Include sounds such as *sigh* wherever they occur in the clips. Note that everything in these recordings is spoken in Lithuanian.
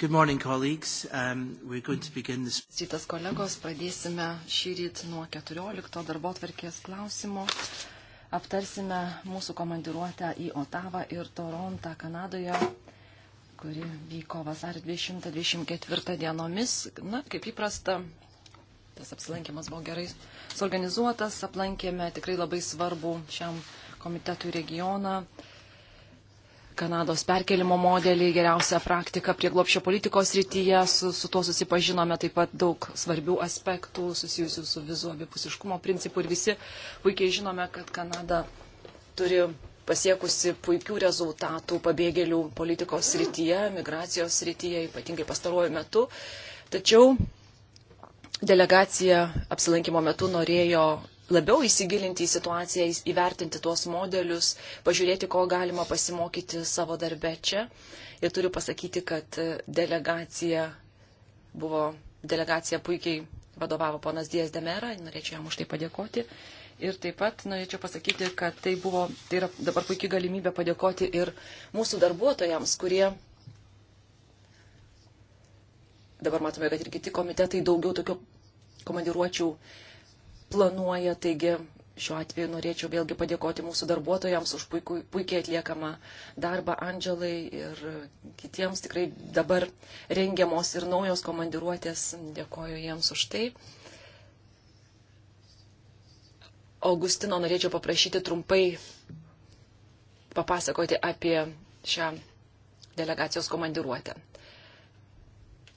Good morning, colleagues. Um, we're going to begin this. Sitas kolegos, pradėsime šį rytą nuo 14 darbo tvarkės klausimo. Aptarsime mūsų komandiruotę į Otavą ir Torontą Kanadoje, kuri vyko vasarį 20-24 dienomis. Na, kaip įprasta, tas apsilankimas buvo gerai suorganizuotas, aplankėme tikrai labai svarbu šiam komitetui regioną Kanados perkelimo modelį, geriausią praktiką prie glopšio politikos rytyje, su, su tuo susipažinome taip pat daug svarbių aspektų susijusių su vizu abipusiškumo principu ir visi puikiai žinome, kad Kanada turi pasiekusi puikių rezultatų pabėgėlių politikos srityje, migracijos srityje, ypatingai pastaruoju metu. Tačiau delegacija apsilankimo metu norėjo labiau įsigilinti į situaciją, įvertinti tuos modelius, pažiūrėti, ko galima pasimokyti savo darbe čia. Ir turiu pasakyti, kad e, delegacija buvo, delegacija puikiai vadovavo ponas Dijas Demera, norėčiau jam už tai padėkoti. Ir taip pat norėčiau pasakyti, kad tai buvo, tai yra dabar puikiai galimybė padėkoti ir mūsų darbuotojams, kurie dabar matome, kad ir kiti komitetai daugiau tokio komandiruočių planuoja. Taigi šiuo atveju norėčiau vėlgi padėkoti mūsų darbuotojams už puikų, puikiai atliekamą darbą Andželai ir kitiems. Tikrai dabar rengiamos ir naujos komandiruotės. Dėkoju jiems už tai. Augustino norėčiau paprašyti trumpai papasakoti apie šią delegacijos komandiruotę.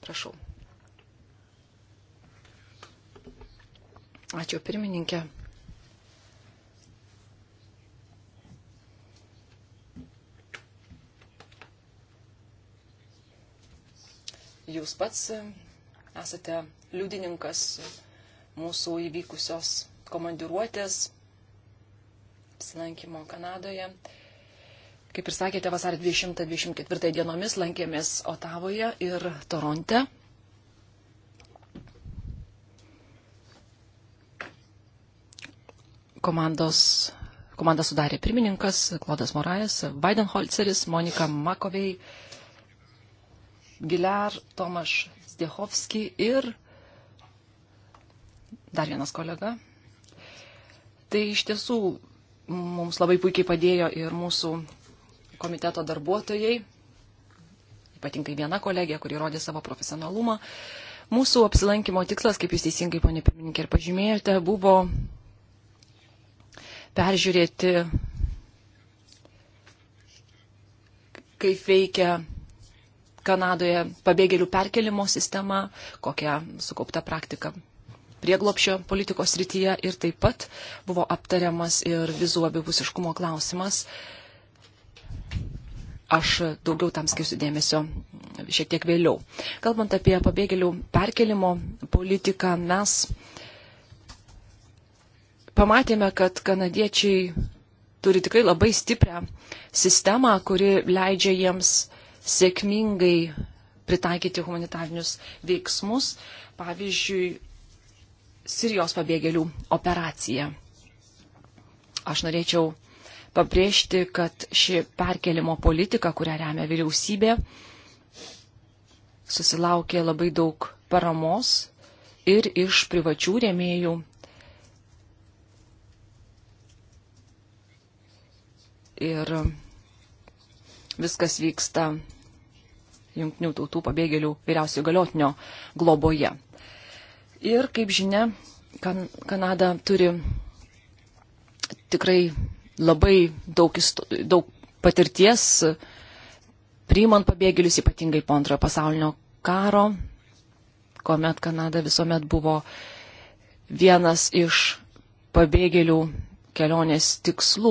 Prašau. Ačiū pirmininkė. Jūs pats esate liudininkas mūsų įvykusios komandiruotės apsilankimo Kanadoje. Kaip ir sakėte, vasar 20-24 dienomis lankėmės Otavoje ir Toronte. komandos, komandą sudarė pirmininkas Klodas Morajas, Weidenholzeris, Monika Makovei, Gilar, Tomaš Zdechovski ir dar vienas kolega. Tai iš tiesų mums labai puikiai padėjo ir mūsų komiteto darbuotojai, ypatingai viena kolegė, kuri rodė savo profesionalumą. Mūsų apsilankimo tikslas, kaip jūs teisingai, ponė pirmininkė, ir pažymėjote, buvo peržiūrėti, kaip veikia Kanadoje pabėgėlių perkelimo sistema, kokia sukaupta praktika prieglopšio politikos rytyje ir taip pat buvo aptariamas ir vizų abipusiškumo klausimas. Aš daugiau tam skirsiu dėmesio šiek tiek vėliau. Kalbant apie pabėgėlių perkelimo politiką, mes pamatėme, kad kanadiečiai turi tikrai labai stiprią sistemą, kuri leidžia jiems sėkmingai pritaikyti humanitarinius veiksmus, pavyzdžiui, Sirijos pabėgėlių operacija. Aš norėčiau pabrėžti, kad ši perkelimo politika, kurią remia vyriausybė, susilaukė labai daug paramos ir iš privačių rėmėjų, ir viskas vyksta Junktinių tautų pabėgėlių vyriausiojo galiotinio globoje. Ir, kaip žinia, kan Kanada turi tikrai labai daug, daug patirties priimant pabėgėlius, ypatingai po antrojo pasaulinio karo, kuomet Kanada visuomet buvo vienas iš pabėgėlių kelionės tikslų,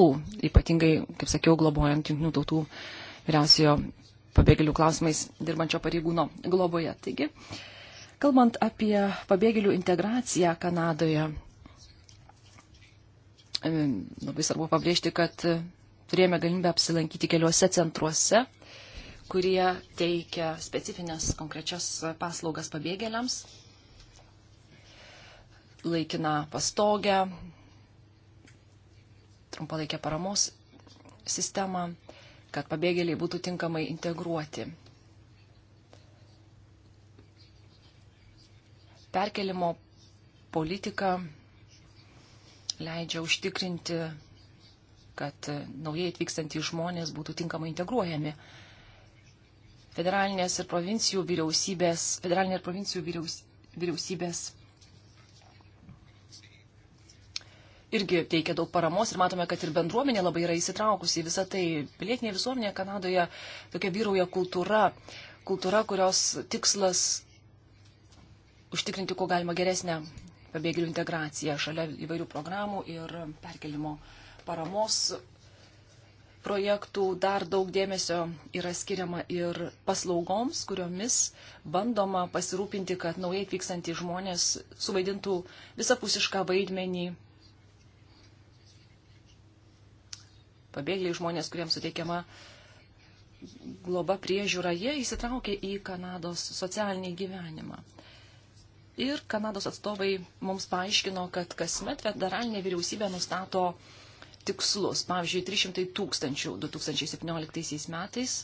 ypatingai, kaip sakiau, globojant jungtinių tautų vyriausiojo pabėgėlių klausimais dirbančio pareigūno globoje. Taigi, kalbant apie pabėgėlių integraciją Kanadoje, e, labai svarbu pabrėžti, kad turėjome galimybę apsilankyti keliuose centruose, kurie teikia specifines konkrečias paslaugas pabėgėliams, laikiną pastogę, trumpalaikę paramos sistemą, kad pabėgėliai būtų tinkamai integruoti. Perkelimo politika leidžia užtikrinti, kad naujai atvykstantys žmonės būtų tinkamai integruojami. Federalinės ir provincijų vyriausybės, federalinė ir provincijų vyriaus, vyriausybės irgi teikia daug paramos ir matome, kad ir bendruomenė labai yra įsitraukusi į visą tai. Pilietinė visuomenė Kanadoje tokia vyrauja kultūra, kultūra, kurios tikslas užtikrinti kuo galima geresnę pabėgėlių integraciją šalia įvairių programų ir perkelimo paramos projektų dar daug dėmesio yra skiriama ir paslaugoms, kuriomis bandoma pasirūpinti, kad naujai atvykstantys žmonės suvaidintų visapusišką vaidmenį pabėgėliai žmonės, kuriems suteikiama globa priežiūra, jie įsitraukė į Kanados socialinį gyvenimą. Ir Kanados atstovai mums paaiškino, kad kasmet federalinė vyriausybė nustato tikslus. Pavyzdžiui, 300 tūkstančių 2017 metais.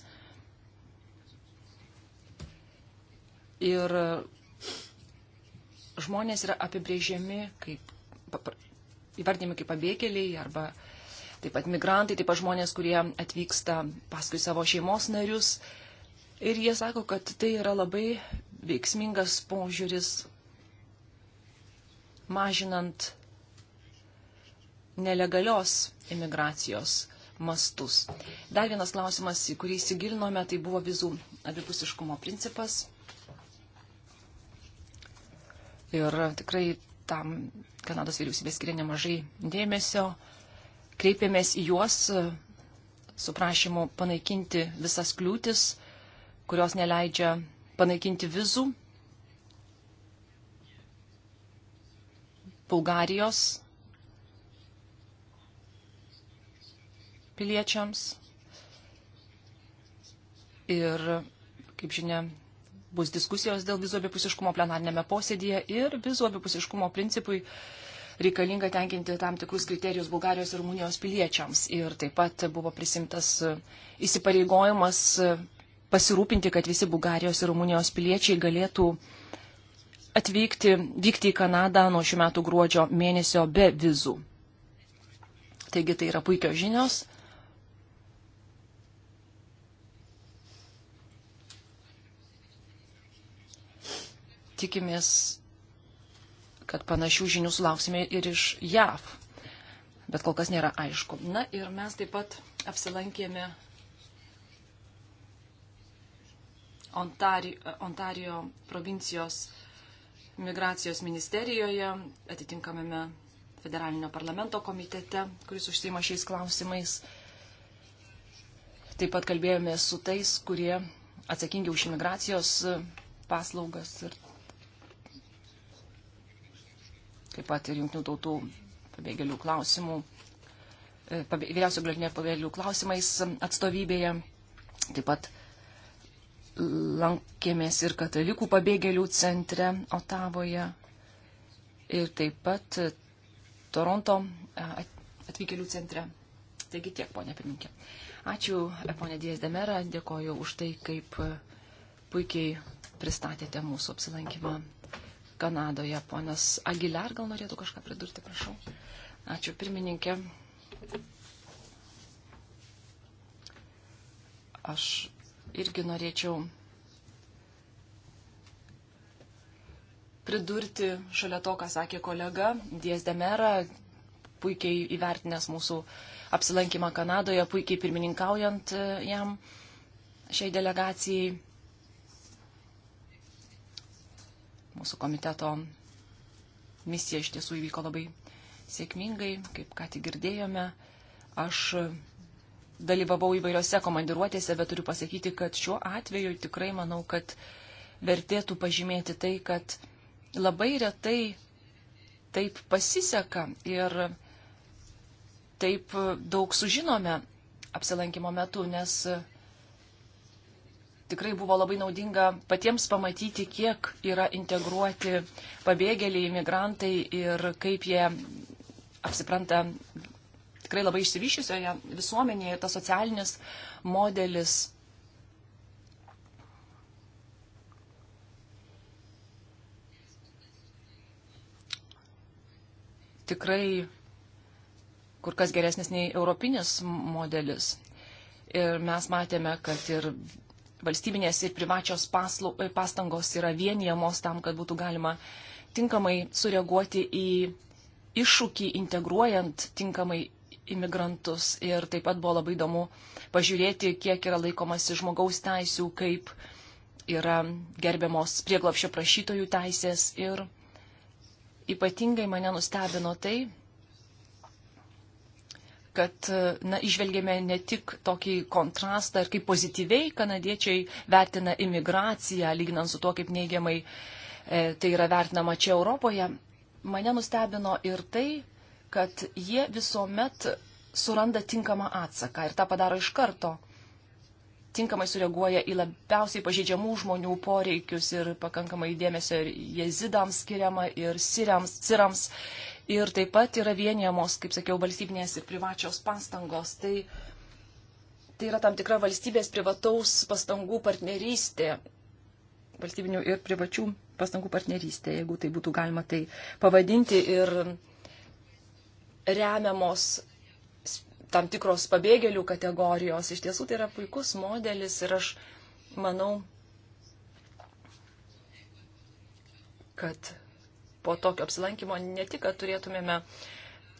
Ir žmonės yra apibrėžiami kaip įvardėmi kaip pabėgėliai arba uh, taip pat migrantai, taip pat žmonės, kurie atvyksta paskui savo šeimos narius. Ir jie sako, kad tai yra labai veiksmingas požiūris mažinant nelegalios imigracijos mastus. Dar vienas klausimas, į kurį įsigilinome, tai buvo vizų abipusiškumo principas. Ir tikrai tam Kanados vyriausybė skiria nemažai dėmesio kreipėmės į juos su prašymu panaikinti visas kliūtis, kurios neleidžia panaikinti vizų Bulgarijos piliečiams. Ir, kaip žinia, bus diskusijos dėl vizų abipusiškumo plenarnėme posėdėje ir vizų abipusiškumo principui uh, reikalinga tenkinti tam tikrus kriterijus Bulgarijos ir Rumunijos piliečiams. Ir taip pat buvo prisimtas e, įsipareigojimas e, pasirūpinti, kad visi Bulgarijos ir Rumunijos piliečiai galėtų atvykti, vykti į Kanadą nuo šių metų gruodžio mėnesio be vizų. Taigi tai yra puikios žinios. Tikimės kad panašių žinių sulauksime ir iš JAV. Bet kol kas nėra aišku. Na ir mes taip pat apsilankėme Ontari, Ontarijo provincijos migracijos ministerijoje, atitinkamame federalinio parlamento komitete, kuris užsima šiais klausimais. Taip pat kalbėjome su tais, kurie atsakingi už imigracijos paslaugas ir taip pat ir jungtinių tautų pabėgėlių klausimų, e, pabė, vyriausio galiotinio pabėgėlių klausimais atstovybėje. Taip pat lankėmės ir katalikų pabėgėlių centre Otavoje ir taip pat Toronto e, atvykėlių centre. Taigi tiek, ponė pirminkė. Ačiū, e, ponė Dijas Demera, dėkoju už tai, kaip puikiai pristatėte mūsų apsilankymą Kanadoje. Ponas Aguilar gal norėtų kažką pridurti, prašau. Ačiū, pirmininkė. Aš irgi norėčiau pridurti šalia to, ką sakė kolega Diezdemera, puikiai įvertinęs mūsų apsilankymą Kanadoje, puikiai pirmininkaujant e, jam šiai delegacijai. Mūsų komiteto misija iš tiesų įvyko labai sėkmingai, kaip ką tik girdėjome. Aš dalyvavau įvairiose komandiruotėse, bet turiu pasakyti, kad šiuo atveju tikrai manau, kad vertėtų pažymėti tai, kad labai retai taip pasiseka ir taip daug sužinome apsilankimo metu, nes tikrai buvo labai naudinga patiems pamatyti, kiek yra integruoti pabėgėliai, imigrantai ir kaip jie apsipranta tikrai labai išsivyšiusioje visuomenėje ir tas socialinis modelis. Tikrai kur kas geresnis nei europinis modelis. Ir mes matėme, kad ir valstybinės ir privačios paslu, e, pastangos yra vienijamos tam, kad būtų galima tinkamai sureaguoti į iššūkį, integruojant tinkamai imigrantus. Ir taip pat buvo labai įdomu pažiūrėti, kiek yra laikomasi žmogaus teisų, kaip yra gerbiamos prieglapšio prašytojų teisės. Ir ypatingai mane nustebino tai, kad na, išvelgėme ne tik tokį kontrastą ir kaip pozityviai kanadiečiai vertina imigraciją, lyginant su to, kaip neigiamai e, tai yra vertinama čia Europoje. Mane nustebino ir tai, kad jie visuomet suranda tinkamą atsaką ir tą padaro iš karto. Tinkamai sureaguoja į labiausiai pažeidžiamų žmonių poreikius ir pakankamai dėmesio ir jezidams skiriama, ir siriams, sirams. sirams ir taip pat yra vienijamos, kaip sakiau, valstybinės ir privačios pastangos. Tai, tai yra tam tikra valstybės privataus pastangų partnerystė, valstybinių ir privačių pastangų partnerystė, jeigu tai būtų galima tai pavadinti, ir remiamos tam tikros pabėgėlių kategorijos. Iš tiesų tai yra puikus modelis ir aš manau, kad po tokio apsilankimo ne tik, kad turėtumėme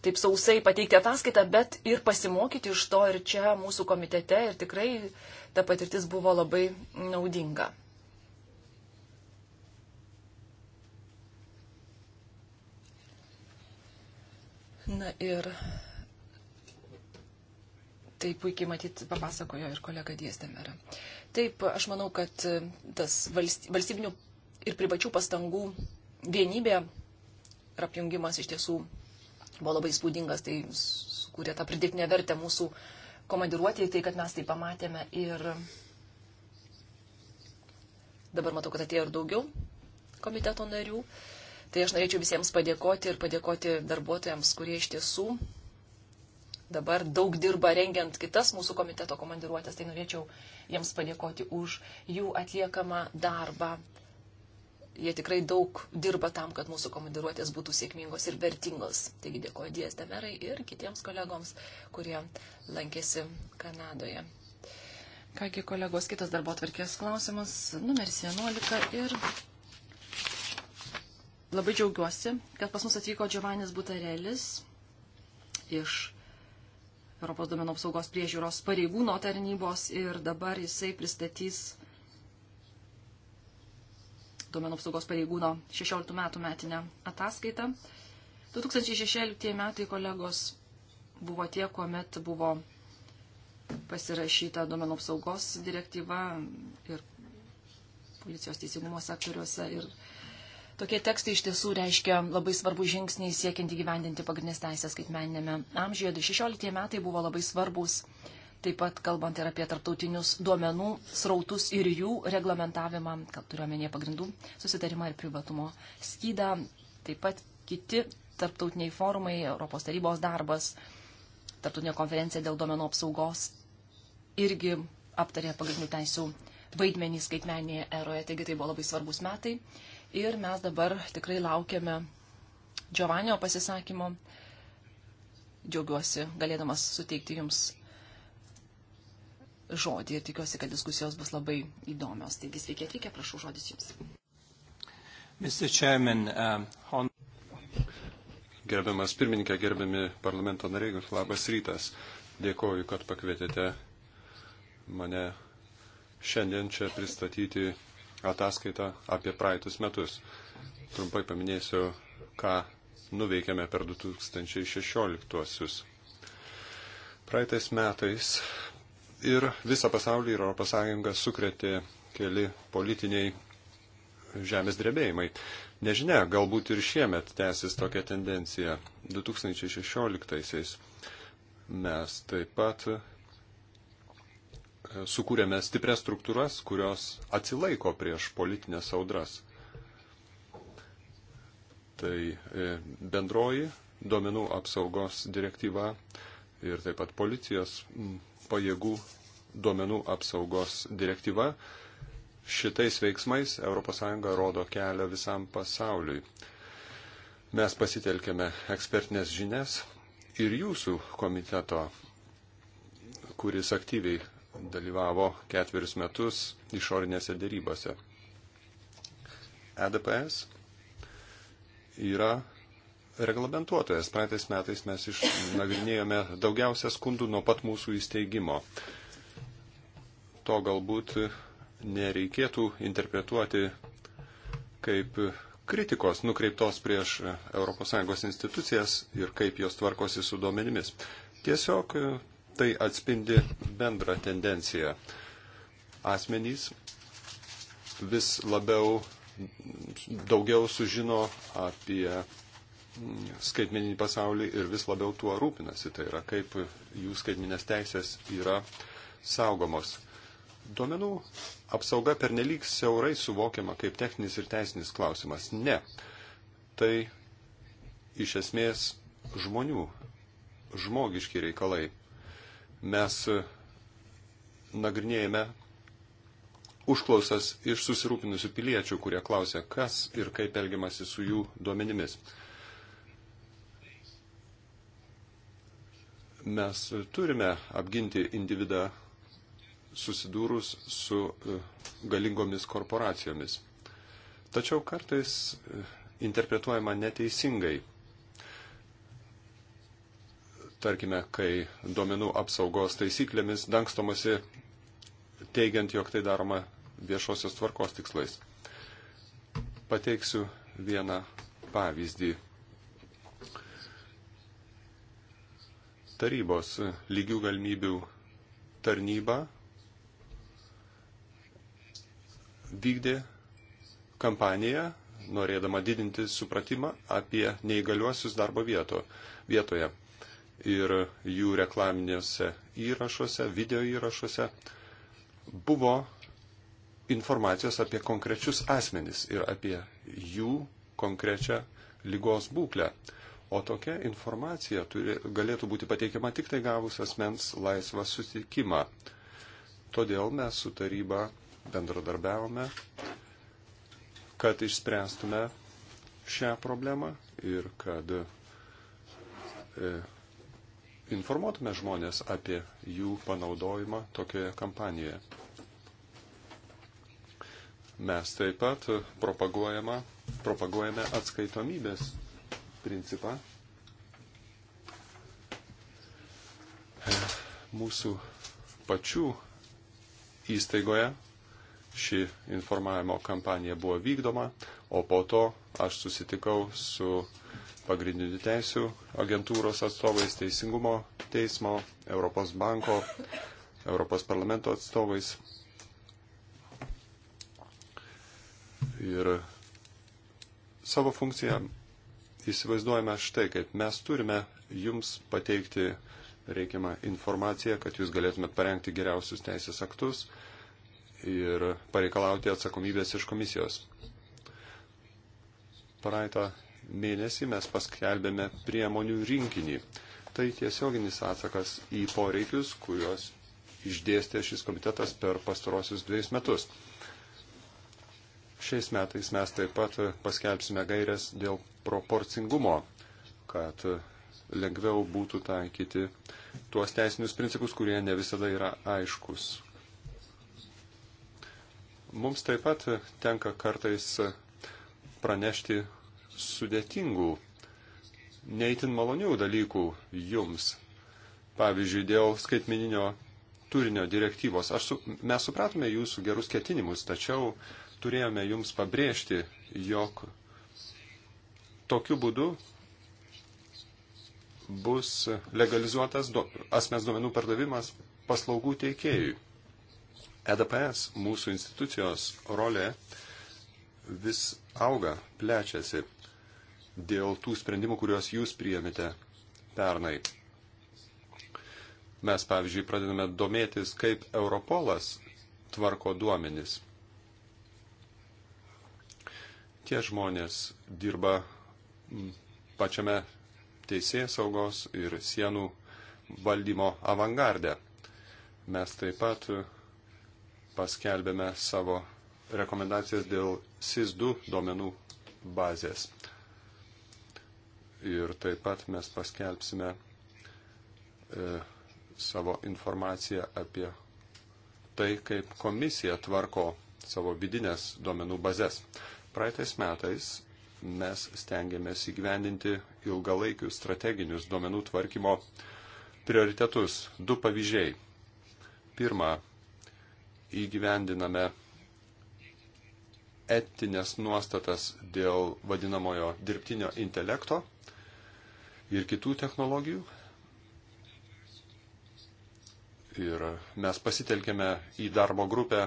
taip sausai pateikti ataskaitą, bet ir pasimokyti iš to ir čia mūsų komitete ir tikrai ta patirtis buvo labai naudinga. Na ir tai puikiai matyti papasakojo ir kolega Diezdemera. Taip, aš manau, kad tas valstybinių ir privačių pastangų vienybė ir apjungimas iš tiesų buvo labai spūdingas, tai sukūrė tą pridėtinę vertę mūsų komandiruotėje, tai kad mes tai pamatėme ir dabar matau, kad atėjo ir daugiau komiteto narių. Tai aš norėčiau visiems padėkoti ir padėkoti darbuotojams, kurie iš tiesų dabar daug dirba rengiant kitas mūsų komiteto komandiruotės. Tai norėčiau jiems padėkoti už jų atliekamą darbą, jie tikrai daug dirba tam, kad mūsų komandiruotės būtų sėkmingos ir vertingos. Taigi dėkoju Dijas Demerai ir kitiems kolegoms, kurie lankėsi Kanadoje. Kągi kolegos, kitas darbo atvarkės klausimas, numeris 11 ir labai džiaugiuosi, kad pas mus atvyko Giovannis Butarelis iš Europos duomenų apsaugos priežiūros pareigūno tarnybos ir dabar jisai pristatys duomenų apsaugos pareigūno 16 metų metinę ataskaitą. 2016 metai kolegos buvo tie, kuomet buvo pasirašyta duomenų apsaugos direktyva ir policijos teisingumo sektoriuose. Ir tokie tekstai iš tiesų reiškia labai svarbu žingsnį siekiant įgyvendinti pagrindinės teisės skaitmeninėme amžiuje. 2016 metai buvo labai svarbus Taip pat kalbant ir apie tarptautinius duomenų srautus ir jų reglamentavimą, turiuomenėje pagrindų susitarimą ir privatumo skydą, taip pat kiti tarptautiniai forumai, Europos tarybos darbas, tarptautinė konferencija dėl duomenų apsaugos irgi aptarė pagrindinių teisų vaidmenį skaitmenėje eroje, taigi tai buvo labai svarbus metai. Ir mes dabar tikrai laukiame Giovanio pasisakymo. Džiaugiuosi galėdamas suteikti Jums žodį ir tikiuosi, kad diskusijos bus labai įdomios. Taigi sveiki atvykę, prašau žodis Jums. Chairman, um, on... Gerbiamas pirmininkė, gerbiami parlamento nariai, labas rytas. Dėkoju, kad pakvietėte mane šiandien čia pristatyti ataskaitą apie praeitus metus. Trumpai paminėsiu, ką nuveikėme per 2016. -tuosius. Praeitais metais Ir visą pasaulį ir ES sukretė keli politiniai žemės drebėjimai. Nežinia, galbūt ir šiemet tęsis tokia tendencija. 2016 mes taip pat e, sukūrėme stiprias struktūras, kurios atsilaiko prieš politinės audras. Tai e, bendroji duomenų apsaugos direktyva ir taip pat policijos pajėgų duomenų apsaugos direktyva. Šitais veiksmais ES rodo kelią visam pasauliui. Mes pasitelkėme ekspertinės žinias ir jūsų komiteto, kuris aktyviai dalyvavo ketverius metus išorinėse dėrybose. EDPS yra reglamentuotojas. Praeitais metais mes išnagrinėjome daugiausia skundų nuo pat mūsų įsteigimo. To galbūt nereikėtų interpretuoti kaip kritikos nukreiptos prieš ES institucijas ir kaip jos tvarkosi su duomenimis. Tiesiog tai atspindi bendrą tendenciją. Asmenys vis labiau daugiau sužino apie skaitmeninį pasaulį ir vis labiau tuo rūpinasi. Tai yra, kaip jų skaitminės teisės yra saugomos. Duomenų apsauga pernelyg siaurai suvokiama kaip techninis ir teisinis klausimas. Ne. Tai iš esmės žmonių, žmogiški reikalai. Mes e, nagrinėjame užklausas iš susirūpinusių piliečių, kurie klausia, kas ir kaip elgiamasi su jų duomenimis. Mes turime apginti individą susidūrus su e, galingomis korporacijomis. Tačiau kartais e, interpretuojama neteisingai. Tarkime, kai duomenų apsaugos taisyklėmis dangstomasi teigiant, jog tai daroma viešosios tvarkos tikslais. Pateiksiu vieną pavyzdį tarybos lygių galimybių tarnyba vykdė kampaniją, norėdama didinti supratimą apie neįgaliuosius darbo vieto, vietoje. Ir jų reklaminiuose įrašuose, video įrašuose buvo informacijos apie konkrečius asmenis ir apie jų konkrečią lygos būklę. O tokia informacija turi, galėtų būti pateikiama tik tai gavus asmens laisvą sutikimą. Todėl mes su taryba bendradarbiavome, kad išspręstume šią problemą ir kad e, informuotume žmonės apie jų panaudojimą tokioje kampanijoje. Mes taip pat propaguojame atskaitomybės principą. Mūsų pačių įstaigoje ši informavimo kampanija buvo vykdoma, o po to aš susitikau su pagrindinių teisų agentūros atstovais, Teisingumo teismo, Europos banko, Europos parlamento atstovais. Ir savo funkciją įsivaizduojame štai, kaip mes turime jums pateikti reikiamą informaciją, kad jūs galėtumėt parengti geriausius teisės aktus ir pareikalauti atsakomybės iš komisijos. Praeitą mėnesį mes paskelbėme priemonių rinkinį. Tai tiesioginis atsakas į poreikius, kuriuos išdėstė šis komitetas per pastarosius dviejus metus. Šiais metais mes taip pat paskelbsime gairias dėl proporcingumo, kad lengviau būtų taikyti tuos teisinius principus, kurie ne visada yra aiškus. Mums taip pat tenka kartais pranešti sudėtingų, neįtin malonių dalykų jums. Pavyzdžiui, dėl skaitmininio turinio direktyvos. Aš su, mes supratome jūsų gerus ketinimus, tačiau turėjome jums pabrėžti, jog tokiu būdu bus legalizuotas do, asmens duomenų pardavimas paslaugų teikėjui. EDPS mūsų institucijos rolė vis auga, plečiasi dėl tų sprendimų, kuriuos jūs priėmėte pernai. Mes, pavyzdžiui, pradedame domėtis, kaip Europolas tvarko duomenis. Tie žmonės dirba pačiame teisėjų saugos ir sienų valdymo avangardę. Mes taip pat paskelbėme savo rekomendacijas dėl SIS2 duomenų bazės. Ir taip pat mes paskelbsime e, savo informaciją apie tai, kaip komisija tvarko savo vidinės duomenų bazės. Praeitais metais mes stengiamės įgyvendinti ilgalaikius strateginius duomenų tvarkymo prioritetus. Du pavyzdžiai. Pirma, įgyvendiname etinės nuostatas dėl vadinamojo dirbtinio intelekto ir kitų technologijų. Ir mes pasitelkėme į darbo grupę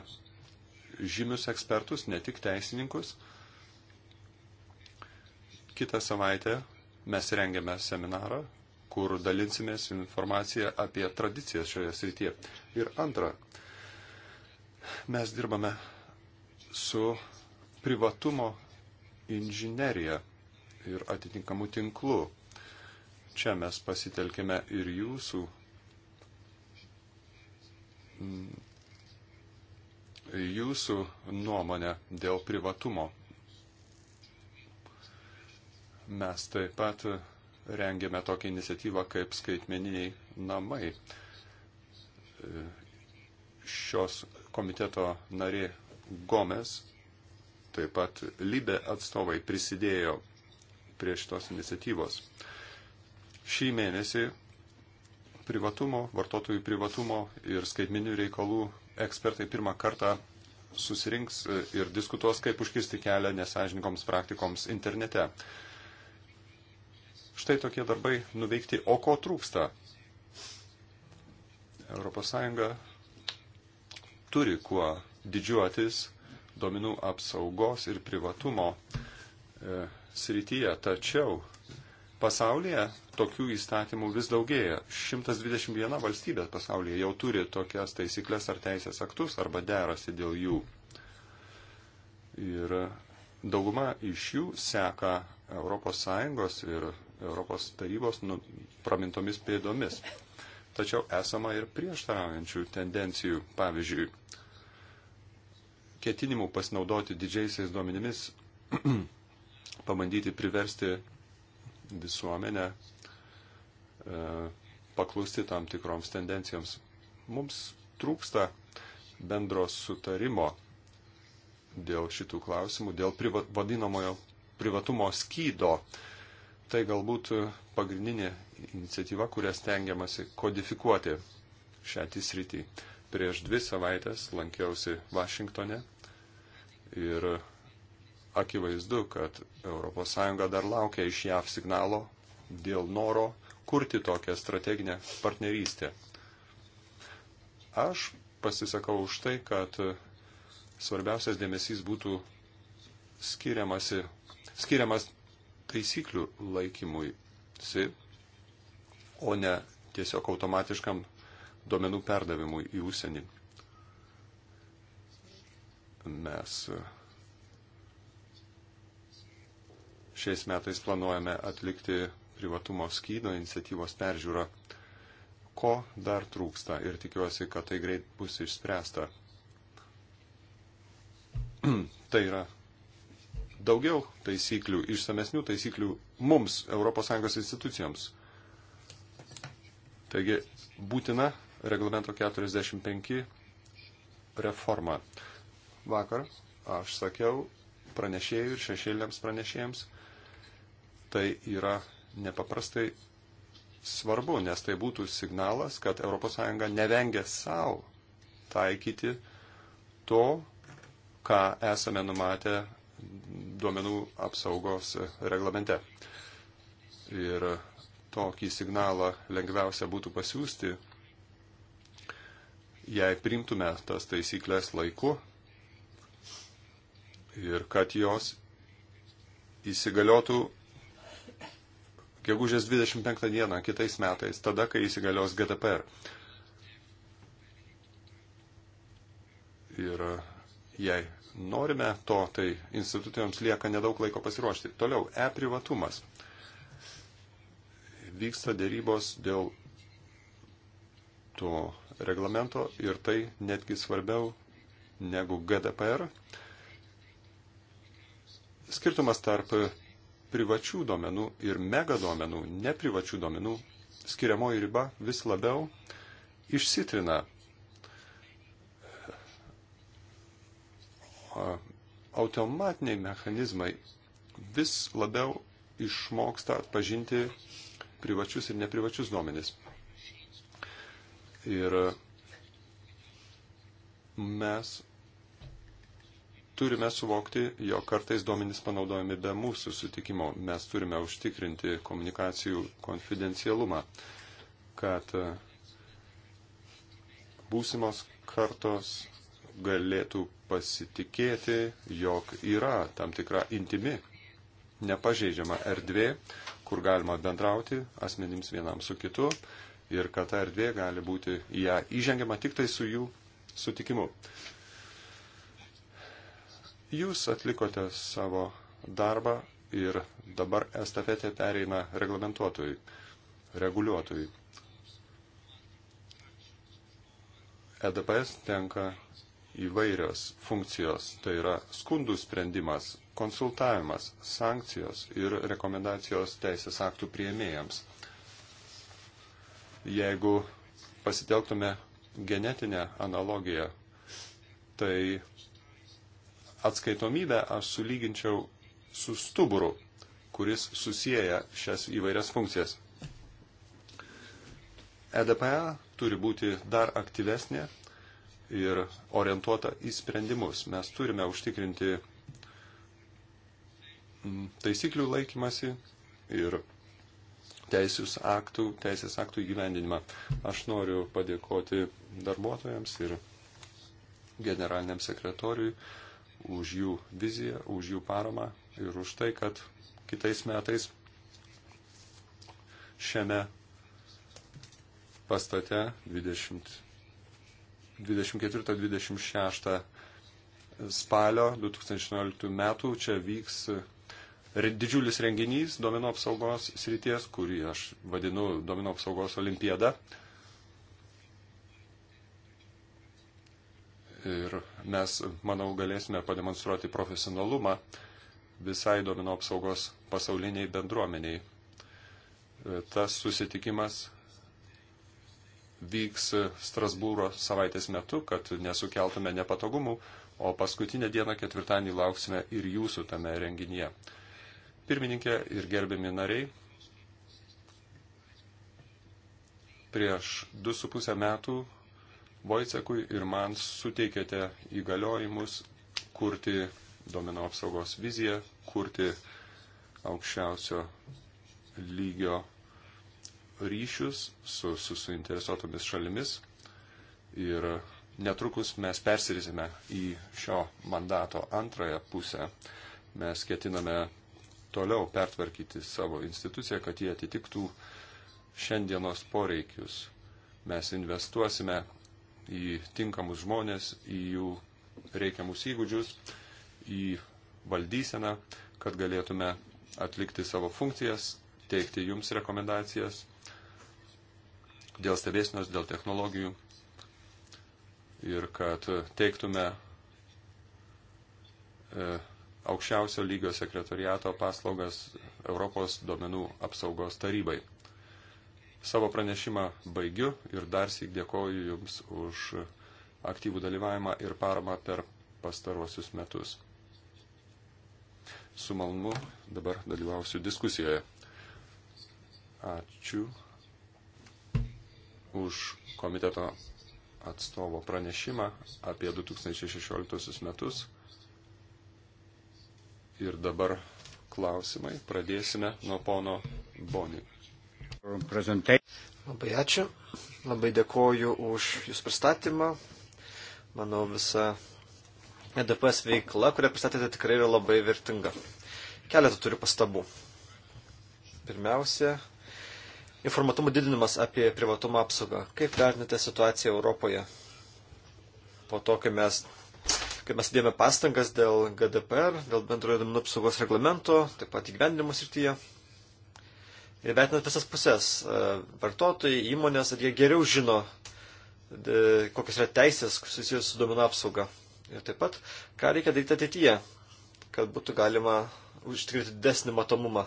žymius ekspertus, ne tik teisininkus, Kitą savaitę mes rengiame seminarą, kur dalinsimės informaciją apie tradicijas šioje srityje. Ir antra, mes dirbame su privatumo inžinerija ir atitinkamų tinklų. Čia mes pasitelkime ir jūsų jūsų nuomonę dėl privatumo Mes taip pat rengėme tokią iniciatyvą kaip skaitmeniniai namai. Šios komiteto narė Gomes, taip pat Libė atstovai prisidėjo prie šitos iniciatyvos. Šį mėnesį privatumo, vartotojų privatumo ir skaitminių reikalų ekspertai pirmą kartą susirinks ir diskutuos, kaip užkirsti kelią nesažininkoms praktikoms internete. Štai tokie darbai nuveikti, o ko trūksta. ES turi kuo didžiuotis domenų apsaugos ir privatumo e, srityje, tačiau pasaulyje tokių įstatymų vis daugėja. 121 valstybė pasaulyje jau turi tokias taisyklės ar teisės aktus arba derasi dėl jų. Ir dauguma iš jų seka ES ir Europos tarybos nu, pramintomis pėdomis. Tačiau esama ir prieštaraujančių tendencijų, pavyzdžiui, ketinimų pasinaudoti didžiaisiais duomenimis, *clears throat* pabandyti priversti visuomenę e, paklusti tam tikroms tendencijoms. Mums trūksta bendro sutarimo dėl šitų klausimų, dėl priva, vadinamojo privatumo skydo, Tai galbūt pagrindinė iniciatyva, kurią stengiamasi kodifikuoti šią sritį. Prieš dvi savaitės lankiausi Vašingtone ir akivaizdu, kad ES dar laukia iš JAV signalo dėl noro kurti tokią strateginę partnerystę. Aš pasisakau už tai, kad svarbiausias dėmesys būtų skiriamas taisyklių laikymui, si, o ne tiesiog automatiškam duomenų perdavimui į ūsienį. Mes e, šiais metais planuojame atlikti privatumo skydo iniciatyvos peržiūrą, ko dar trūksta ir tikiuosi, kad tai greit bus išspręsta. *clears throat* tai yra daugiau taisyklių, išsamesnių taisyklių mums, ES institucijoms. Taigi būtina reglamento 45 reforma. Vakar aš sakiau pranešėjų ir šešėliams pranešėjams, tai yra nepaprastai svarbu, nes tai būtų signalas, kad ES nevengia savo taikyti to, ką esame numatę duomenų apsaugos reglamente. Ir tokį signalą lengviausia būtų pasiūsti, jei primtume tas taisyklės laiku ir kad jos įsigaliotų gegužės 25 dieną kitais metais, tada, kai įsigalios GDPR. Ir jei norime to, tai institucijoms lieka nedaug laiko pasiruošti. Toliau, e-privatumas. Vyksta dėrybos dėl to reglamento ir tai netgi svarbiau negu GDPR. Skirtumas tarp privačių duomenų ir megaduomenų, neprivačių duomenų skiriamoji riba vis labiau išsitrina automatiniai mechanizmai vis labiau išmoksta pažinti privačius ir neprivačius duomenis. Ir mes turime suvokti, jog kartais duomenys panaudojami be mūsų sutikimo. Mes turime užtikrinti komunikacijų konfidencialumą, kad e, būsimos kartos galėtų pasitikėti, jog yra tam tikra intimi, nepažeidžiama erdvė, kur galima bendrauti asmenims vienam su kitu ir kad ta erdvė gali būti į ją įžengiama tik tai su jų sutikimu. Jūs atlikote savo darbą ir dabar estafetė pereina reglamentuotojui, reguliuotojui. EDPS tenka įvairios funkcijos, tai yra skundų sprendimas, konsultavimas, sankcijos ir rekomendacijos teisės aktų prieimėjams. Jeigu pasitelktume genetinę analogiją, tai atskaitomybę aš sulyginčiau su stuburu, kuris susijęja šias įvairias funkcijas. EDPA turi būti dar aktyvesnė ir orientuota į sprendimus. Mes turime užtikrinti mm, taisyklių laikymasi ir teisės aktų, teisės aktų įgyvendinimą. Aš noriu padėkoti darbuotojams ir generaliniam sekretoriui už jų viziją, už jų paramą ir už tai, kad kitais metais šiame pastate 20 24-26 spalio 2019 metų čia vyks didžiulis renginys domino apsaugos srities, kurį aš vadinu domino apsaugos olimpiada. Ir mes, manau, galėsime pademonstruoti profesionalumą visai domino apsaugos pasauliniai bendruomeniai. Tas susitikimas vyks Strasbūro savaitės metu, kad nesukeltume nepatogumų, o paskutinę dieną ketvirtadienį lauksime ir jūsų tame renginyje. Pirmininkė ir gerbiami nariai, prieš 2,5 metų Vojcekui ir man suteikėte įgaliojimus kurti domino apsaugos viziją, kurti aukščiausio lygio ryšius su, su suinteresuotomis šalimis ir netrukus mes persirisime į šio mandato antrąją pusę. Mes ketiname toliau pertvarkyti savo instituciją, kad jie atitiktų šiandienos poreikius. Mes investuosime į tinkamus žmonės, į jų reikiamus įgūdžius, į valdyseną, kad galėtume atlikti savo funkcijas, teikti jums rekomendacijas dėl stebėsinos, dėl technologijų ir kad teiktume e, aukščiausio lygio sekretoriato paslaugas Europos duomenų apsaugos tarybai. Savo pranešimą baigiu ir dar sėk dėkoju Jums už aktyvų dalyvavimą ir paramą per pastaruosius metus. Su malonu dabar dalyvausiu diskusijoje. Ačiū už komiteto atstovo pranešimą apie 2016 metus. Ir dabar klausimai. Pradėsime nuo pono Boni. Labai ačiū. Labai dėkoju už Jūsų pristatymą. Manau, visa EDPS veikla, kurią pristatėte, tikrai yra labai vertinga. Keletą turiu pastabų. Pirmiausia, informatumų didinimas apie privatumą apsaugą. Kaip vertinate situaciją Europoje? Po to, kai mes, kai mes dėjome pastangas dėl GDPR, dėl bendrojo duomenų apsaugos reglamento, taip pat įgyvendinimo srityje. Ir vertinant visas pusės, e, vartotojai, įmonės, ar jie geriau žino, e, kokios yra teisės susijusios su duomenų apsauga. Ir taip pat, ką reikia daryti ateityje, kad būtų galima užtikrinti desnį matomumą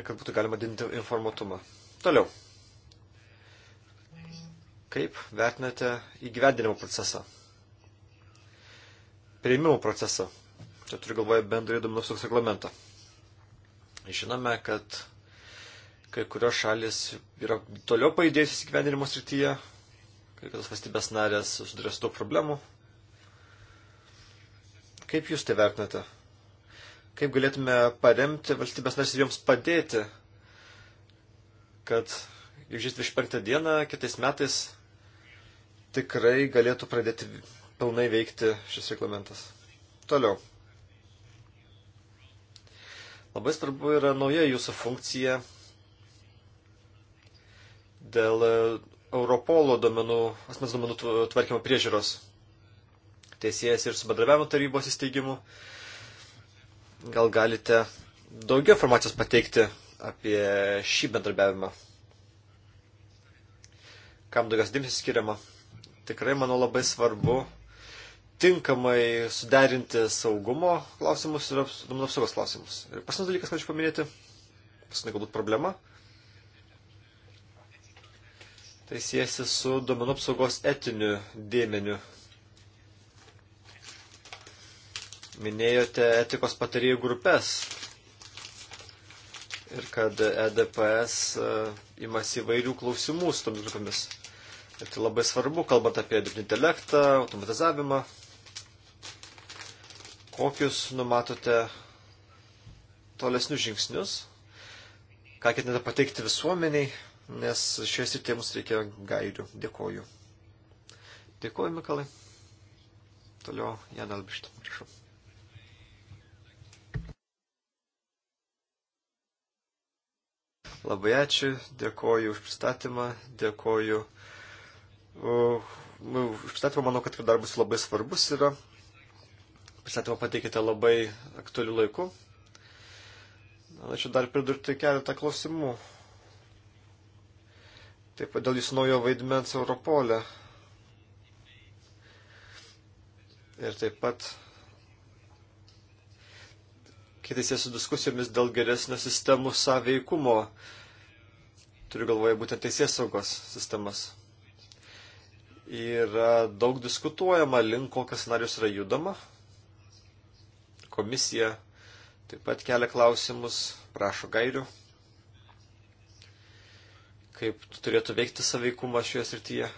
kad būtų galima didinti informatumą. Toliau. Kaip vertinate įgyvendinimo procesą? Prieimimo procesą. Čia turiu galvoje bendrai duomenų apsaugos reglamentą. Žinome, kad kai kurios šalis yra toliau pajudėjusios įgyvendinimo srityje, kai kitos valstybės narės susiduria su daug problemų. Kaip jūs tai vertinate? kaip galėtume paremti valstybės narės ir joms padėti, kad jau žiūrės 25 dieną kitais metais tikrai galėtų pradėti pilnai veikti šis reglamentas. Toliau. Labai svarbu yra nauja jūsų funkcija dėl Europolo domenų, asmens domenų tvarkymo priežiūros. Teisėjas ir su bendravimo tarybos įsteigimu Gal galite daugiau informacijos pateikti apie šį bendrabiavimą? Kam daugiausia dėmesio skiriama? Tikrai, manau, labai svarbu tinkamai suderinti saugumo klausimus ir duomenų apsaugos klausimus. Ir paskutinis dalykas, ką aš paminėti, paskutinis galbūt problema, tai siejasi su duomenų apsaugos etiniu dėmeniu Minėjote etikos patarėjų grupės ir kad EDPS e, imasi įvairių klausimų su tomis grupėmis. Ir tai labai svarbu, kalbant apie dirbtinį intelektą, automatizavimą. Kokius numatote tolesnius žingsnius, ką ketinate pateikti visuomeniai, nes šioje srityje mums reikia gairių. Dėkoju. Dėkoju, Mikalai. Toliau Jan Albišt, prašau. Labai ačiū, dėkoju už pristatymą, dėkoju. Uh, už pristatymą manau, kad darbas labai svarbus yra. Pristatymą pateikite labai aktualiu laiku. Norėčiau dar pridurti keletą klausimų. Taip pat dėl jūsų naujo vaidmens Europolė. Ir taip pat kitais su diskusijomis dėl geresnio sistemų sąveikumo. Turiu galvoje būtent teisės saugos sistemas. Yra daug diskutuojama, link kokias scenarius yra judama. Komisija taip pat kelia klausimus, prašo gairių, kaip turėtų veikti saveikumas šioje srityje.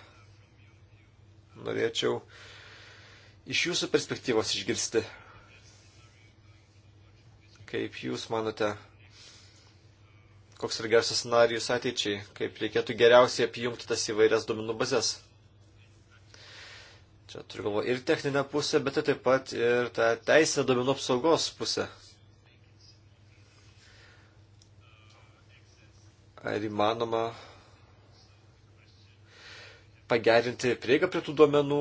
Norėčiau iš jūsų perspektyvos išgirsti, Kaip Jūs manote, koks yra geriausias scenarijus ateičiai, kaip reikėtų geriausiai apjungti tas įvairias duomenų bazės? Čia turiu galvo ir techninę pusę, bet tai taip pat ir tą teisinę duomenų apsaugos pusę. Ar įmanoma pagerinti prieigą prie tų duomenų,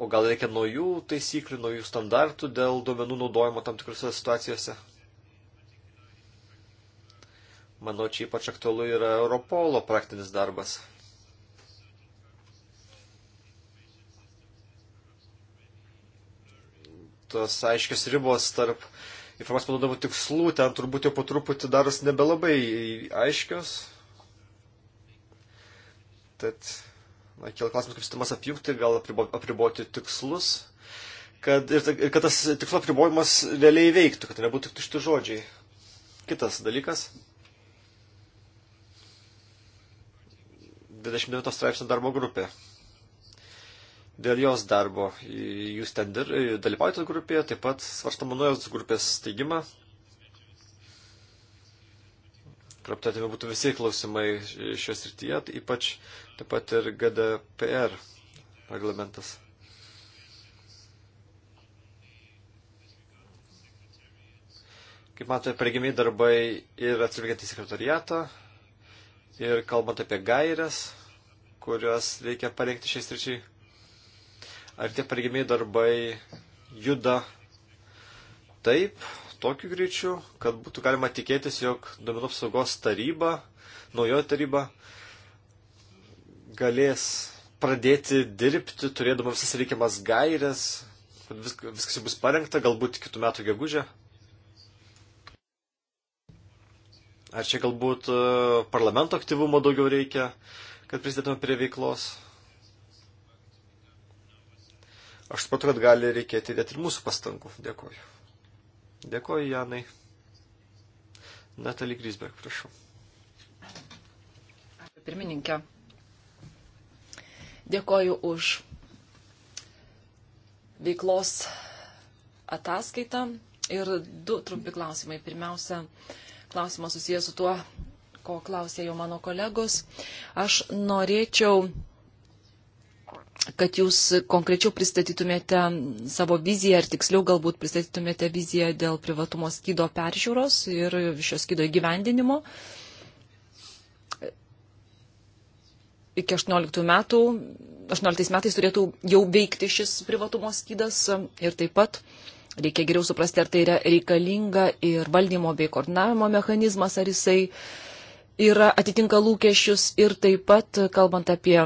o gal reikia naujų taisyklių, naujų standartų dėl duomenų naudojimo tam tikrose situacijose? Manau, čia ypač aktualu yra Europolo praktinis darbas. Tos aiškios ribos tarp informacijos panaudojimo tikslų ten turbūt jau po truputį daros nebelabai aiškios. Tad, na, kėl klausimas, kaip sistemas apjungti, gal apriboti tikslus, kad, ir, ir kad tas tikslo apribojimas realiai veiktų, kad tai nebūtų tik tušti žodžiai. Kitas dalykas. 29 straipsnio darbo grupė. Dėl jos darbo jūs ten dalyvaujate grupėje, taip pat svarstama naujos grupės steigimą. Kur aptartėme būtų visi klausimai šios rytyje, ypač taip pat ir GDPR reglamentas. Kaip matote, pareigimiai darbai ir atsižvelgiant į sekretariatą, ir kalbant apie gairias, kurios reikia parengti šiais tričiai, ar tie pareigimiai darbai juda taip, tokiu greičiu, kad būtų galima tikėtis, jog duomenų apsaugos taryba, naujoji taryba, galės pradėti dirbti, turėdama visas reikiamas gairias, kad viskas jau bus parengta, galbūt kitų metų gegužę. Ar čia galbūt e, parlamento aktyvumo daugiau reikia, kad prisidėtume prie veiklos? Aš supratau, kad gali reikėti dėti ir mūsų pastangų. Dėkoju. Dėkoju, Janai. Natalie Grisberg, prašau. Pirmininkė, dėkoju už veiklos ataskaitą ir du trumpi klausimai. Pirmiausia, klausimas susijęs su tuo, ko klausė jau mano kolegos. Aš norėčiau, kad jūs konkrečiau pristatytumėte savo viziją ir tiksliau galbūt pristatytumėte viziją dėl privatumo skydo peržiūros ir šios skydo įgyvendinimo. Iki 18 metų, 18 metais turėtų jau veikti šis privatumo skydas ir taip pat uh, Reikia geriau suprasti, ar tai yra reikalinga ir valdymo bei koordinavimo mechanizmas, ar jisai yra atitinka lūkesčius ir taip pat, kalbant apie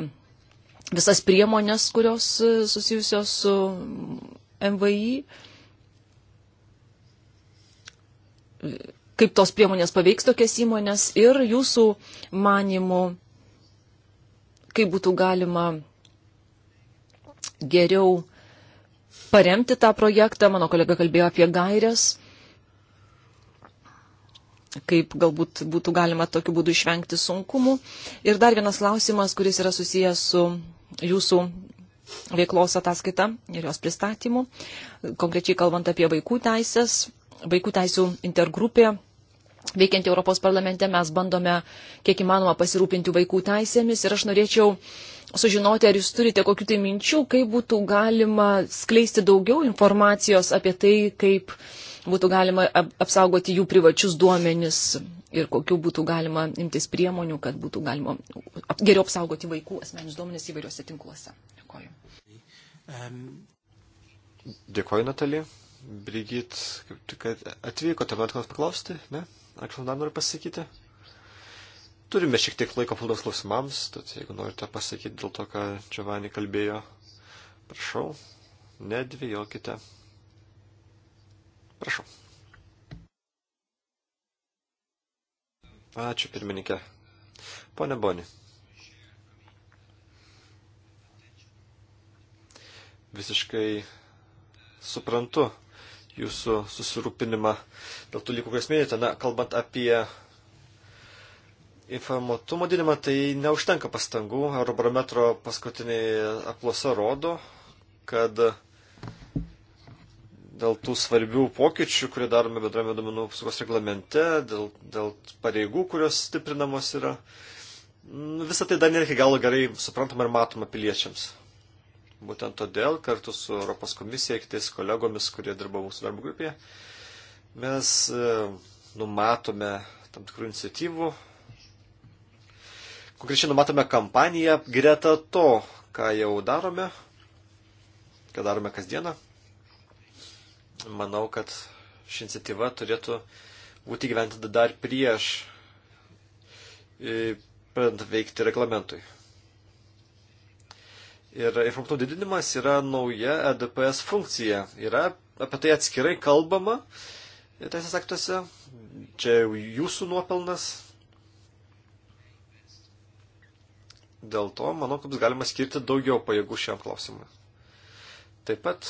visas priemonės, kurios e, susijusios su MVI, kaip tos priemonės paveiks tokias įmonės ir jūsų manimų, kaip būtų galima geriau paremti tą projektą. Mano kolega kalbėjo apie gairias, kaip galbūt būtų galima tokiu būdu išvengti sunkumų. Ir dar vienas klausimas, kuris yra susijęs su jūsų veiklos ataskaita ir jos pristatymu. Konkrečiai kalbant apie vaikų teisės, vaikų teisų intergrupė. Veikiant Europos parlamente mes bandome kiek įmanoma pasirūpinti vaikų teisėmis ir aš norėčiau uh, sužinoti, ar jūs turite kokių tai minčių, kaip būtų galima skleisti daugiau informacijos apie tai, kaip būtų galima apsaugoti jų privačius duomenis ir kokiu būtų galima imtis priemonių, kad būtų galima geriau apsaugoti vaikų asmenius duomenis įvairiuose tinkluose. Dėkoju. Dėkoju, Natalija. Brigit, kaip tik atvyko, tavęs klausimą paklausti, ne? Ar kažką dar nori pasakyti? Turime šiek tiek laiko paldos klausimams, tad jeigu norite pasakyti dėl to, ką Giovanni kalbėjo, prašau, nedvėjokite. Prašau. Ačiū pirmininkė. Pone Boni. Visiškai suprantu jūsų susirūpinimą dėl tų lygų, kurias minėjote. Na, kalbant apie informuotumo didinimą, tai neužtenka pastangų. Eurobarometro paskutinė apklausa rodo, kad dėl tų svarbių pokyčių, kurie darome bendrame duomenų apsaugos reglamente, dėl, dėl pareigų, kurios stiprinamos yra, nu, visą tai dar nėra iki galo gerai suprantama ir matoma piliečiams. Būtent todėl kartu su Europos komisija, kitais kolegomis, kurie dirba mūsų darbo grupėje, mes e, numatome tam tikrų iniciatyvų Konkrečiai numatome kampaniją greta to, ką jau darome, ką darome kasdieną. Manau, kad ši iniciatyva turėtų būti gyventinta dar prieš e, pradant veikti reglamentui. Ir informatumo didinimas yra nauja EDPS funkcija. Yra apie tai atskirai kalbama e, teisės aktuose. Čia jūsų nuopelnas, Dėl to, manau, kad bus galima skirti daugiau pajėgų šiam klausimui. Taip pat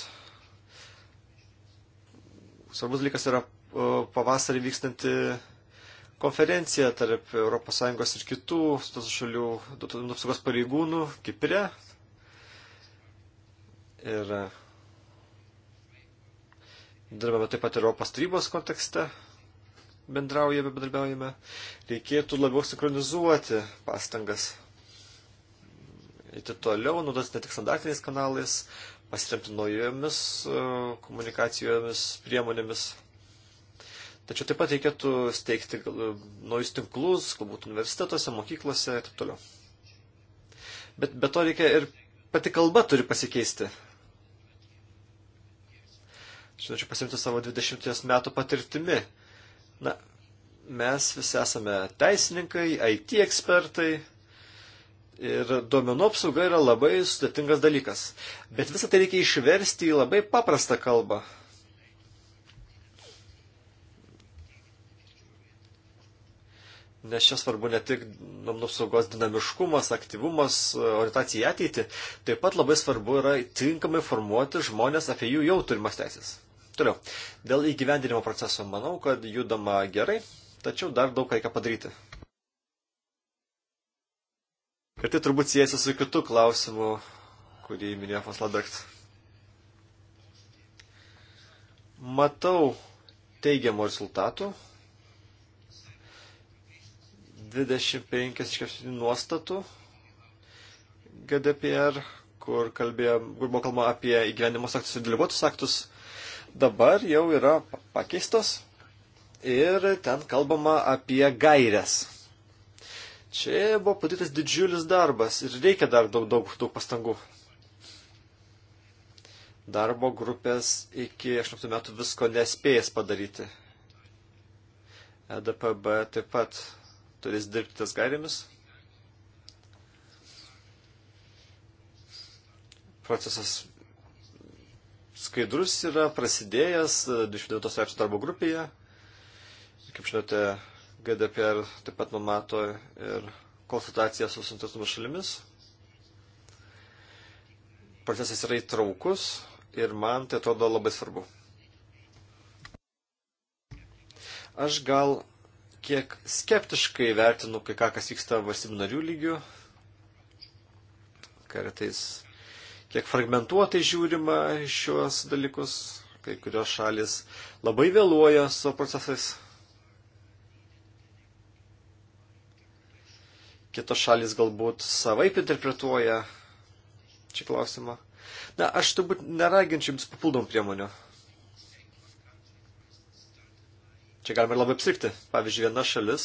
svarbus dalykas yra pavasarį vykstanti konferencija tarp ES ir kitų šalių duomenų apsaugos pareigūnų Kipre. Ir dirbame taip pat Europos tarybos kontekste, bendraujame, bendradarbiaujame. Reikėtų labiau sinchronizuoti pastangas eiti toliau, naudotis ne tik standartiniais kanalais, pasiremti naujomis e, komunikacijomis, priemonėmis. Tačiau taip pat reikėtų steigti e, naujus tinklus, galbūt universitetuose, mokyklose ir taip toliau. Bet be to reikia ir pati kalba turi pasikeisti. Žinočiau, pasimti savo 20 metų patirtimi. Na, mes visi esame teisininkai, IT ekspertai, Ir duomenų apsauga yra labai sudėtingas dalykas. Bet visą tai reikia išversti į labai paprastą kalbą. Nes čia svarbu ne tik duomenų apsaugos dinamiškumas, aktyvumas, orientacija į ateitį, taip pat labai svarbu yra tinkamai formuoti žmonės apie jų jau turimas teisės. Toliau, dėl įgyvendinimo proceso manau, kad judama gerai, tačiau dar daug reikia padaryti. Ir tai turbūt siejasi su kitu klausimu, kurį minėjo Fasladarkt. Matau teigiamų rezultatų. 25 iš 4 nuostatų GDPR, kur, kalbėjo, kur buvo kalbama apie įgyvenimus aktus ir dalyvuotus aktus, dabar jau yra pakeistos ir ten kalbama apie gairias Čia buvo padarytas didžiulis darbas ir reikia dar daug, daug, daug pastangų. Darbo grupės iki 18 metų visko nespėjęs padaryti. EDPB taip pat turės dirbti ties gairėmis. Procesas skaidrus yra prasidėjęs 29 e, straipsnio darbo grupėje. Kaip žinote, GDPR taip pat numato ir konsultaciją su suinteresuotomis šalimis. Procesas yra įtraukus ir man tai atrodo labai svarbu. Aš gal kiek skeptiškai vertinu kai ką, kas vyksta valstybių narių lygių. Kartais kiek fragmentuotai žiūrima šiuos dalykus. Kai kurios šalis labai vėluoja su procesais kitos šalis galbūt savaip interpretuoja šį klausimą. Na, aš turbūt neraginčiau jums papildomų priemonių. Čia galima ir labai apsirkti. Pavyzdžiui, viena šalis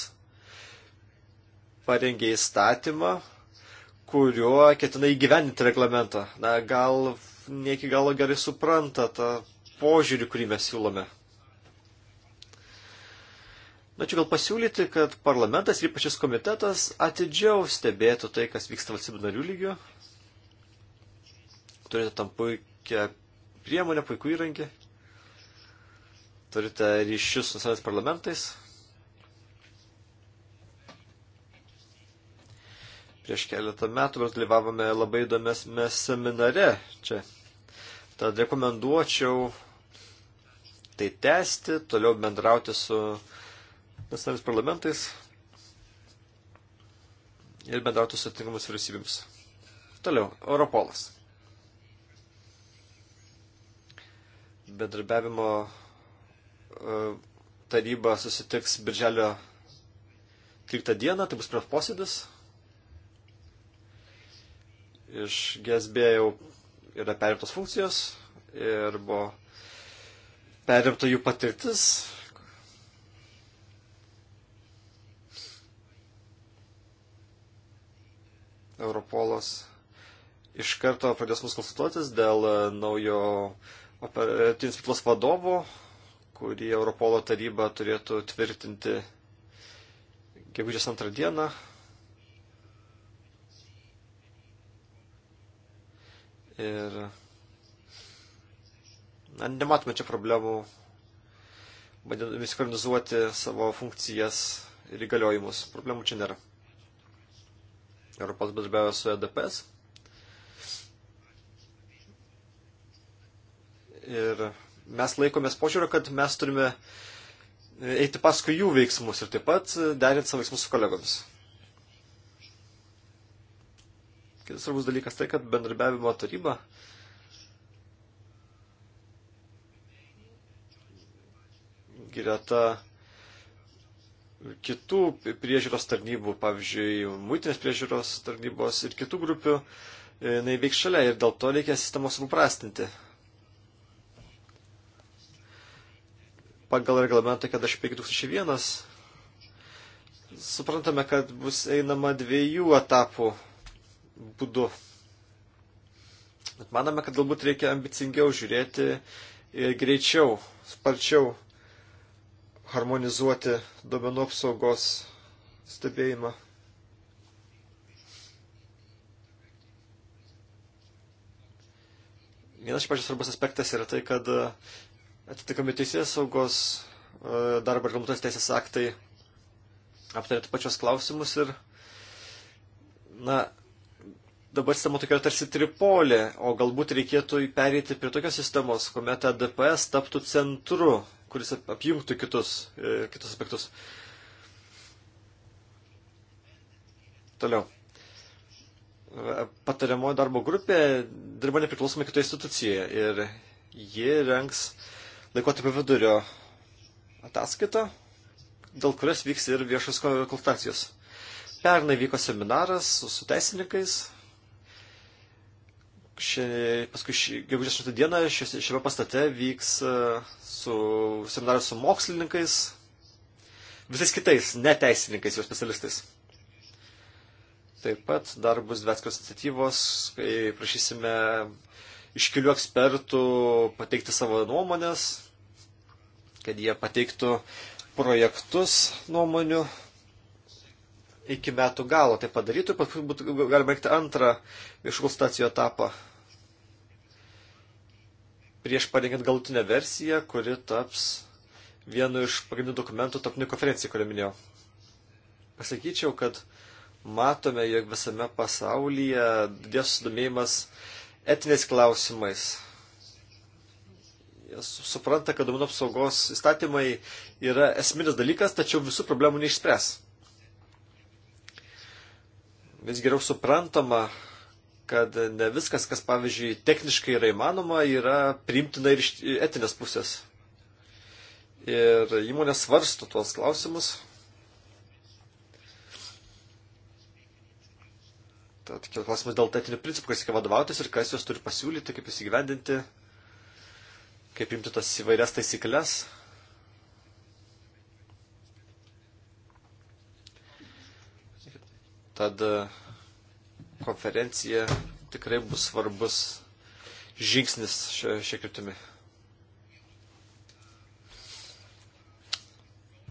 parengė įstatymą, kuriuo ketina įgyveninti reglamentą. Na, gal ne iki galo gerai supranta tą požiūrį, kurį mes siūlome. Norėčiau gal pasiūlyti, kad parlamentas ir ypač šis komitetas atidžiau stebėtų tai, kas vyksta valstybių narių lygių. Turite tam puikią priemonę, puikų įrankį. Turite ryšius su nacionaliniais parlamentais. Prieš keletą metų mes dalyvavome labai įdomiame seminare čia. Tad rekomenduočiau tai tęsti, toliau bendrauti su nacionalinis parlamentais ir bendrauti su atitinkamus vyriausybėms. Toliau, Europolas. Bedarbiavimo e, taryba susitiks birželio 13 dieną, tai bus prieš posėdis. Iš GSB jau yra perimtos funkcijos ir buvo perimta jų patirtis Europolas iš karto pradės mus konsultuotis dėl e, naujo operatyvinės veiklos vadovo, kurį Europolo taryba turėtų tvirtinti gegužės antrą dieną. Ir na, nematome čia problemų, bandėdami sinchronizuoti savo funkcijas ir įgaliojimus. Problemų čia nėra. Europos bendradarbiavimo su EDPS. Ir mes laikomės požiūrio, kad mes turime eiti paskui jų veiksmus ir taip pat derinti savo veiksmus su kolegomis. Kitas svarbus dalykas tai, kad bendradarbiavimo taryba greta kitų priežiūros tarnybų, pavyzdžiui, mūtinės priežiūros tarnybos ir kitų grupių, e, jinai veiks šalia ir dėl to reikia sistemos suprastinti. Pagal reglamentą 45001 suprantame, kad bus einama dviejų etapų būdu. Bet manome, kad galbūt reikia ambicingiau žiūrėti ir greičiau, sparčiau harmonizuoti duomenų apsaugos stebėjimą. Vienas iš pačios svarbus aspektas yra tai, kad e, atitinkami teisės saugos e, darbo reglamentos teisės aktai aptarėtų pačios klausimus ir, na, dabar sistema tokia tarsi tripolė, o galbūt reikėtų perėti prie tokios sistemos, kuomet ADPS e taptų centru, kuris apjungtų kitus, e, kitus aspektus. Toliau. E, patariamoji darbo grupė dirba nepriklausomai kitoje institucijoje ir ji renks laikotarpio vidurio ataskaitą, dėl kurios vyks ir viešos konsultacijos. Pernai vyko seminaras su, su teisininkais, Šia, paskui šį, gegužės 6 dieną šiame pastate vyks e, su seminaras su mokslininkais, visais kitais neteisininkais, jau specialistais. Taip pat dar bus dvi atskiros iniciatyvos, kai prašysime iškilių ekspertų pateikti savo nuomonės, kad jie pateiktų projektus nuomonių iki metų galo tai padarytų, paskui būtų galima baigti antrą viešų konsultacijų etapą prieš parengiant galutinę versiją, kuri taps vienu iš pagrindinių dokumentų tarpinį konferenciją, kurią minėjau. Pasakyčiau, kad matome, jog visame pasaulyje didės sudomėjimas etiniais klausimais. Jis supranta, kad duomenų apsaugos įstatymai yra esminis dalykas, tačiau visų problemų neišspręs. Vis geriau suprantama, kad ne viskas, kas, pavyzdžiui, techniškai yra įmanoma, yra priimtina ir iš etinės pusės. Ir įmonė svarsto tuos klausimus. Tad kėl klausimas dėl etinių principų, kas reikia vadovautis ir kas juos turi pasiūlyti, kaip įsigyvendinti, kaip imti tas įvairias taisyklės. Tad konferencija tikrai bus svarbus žingsnis šia, šia kryptimi.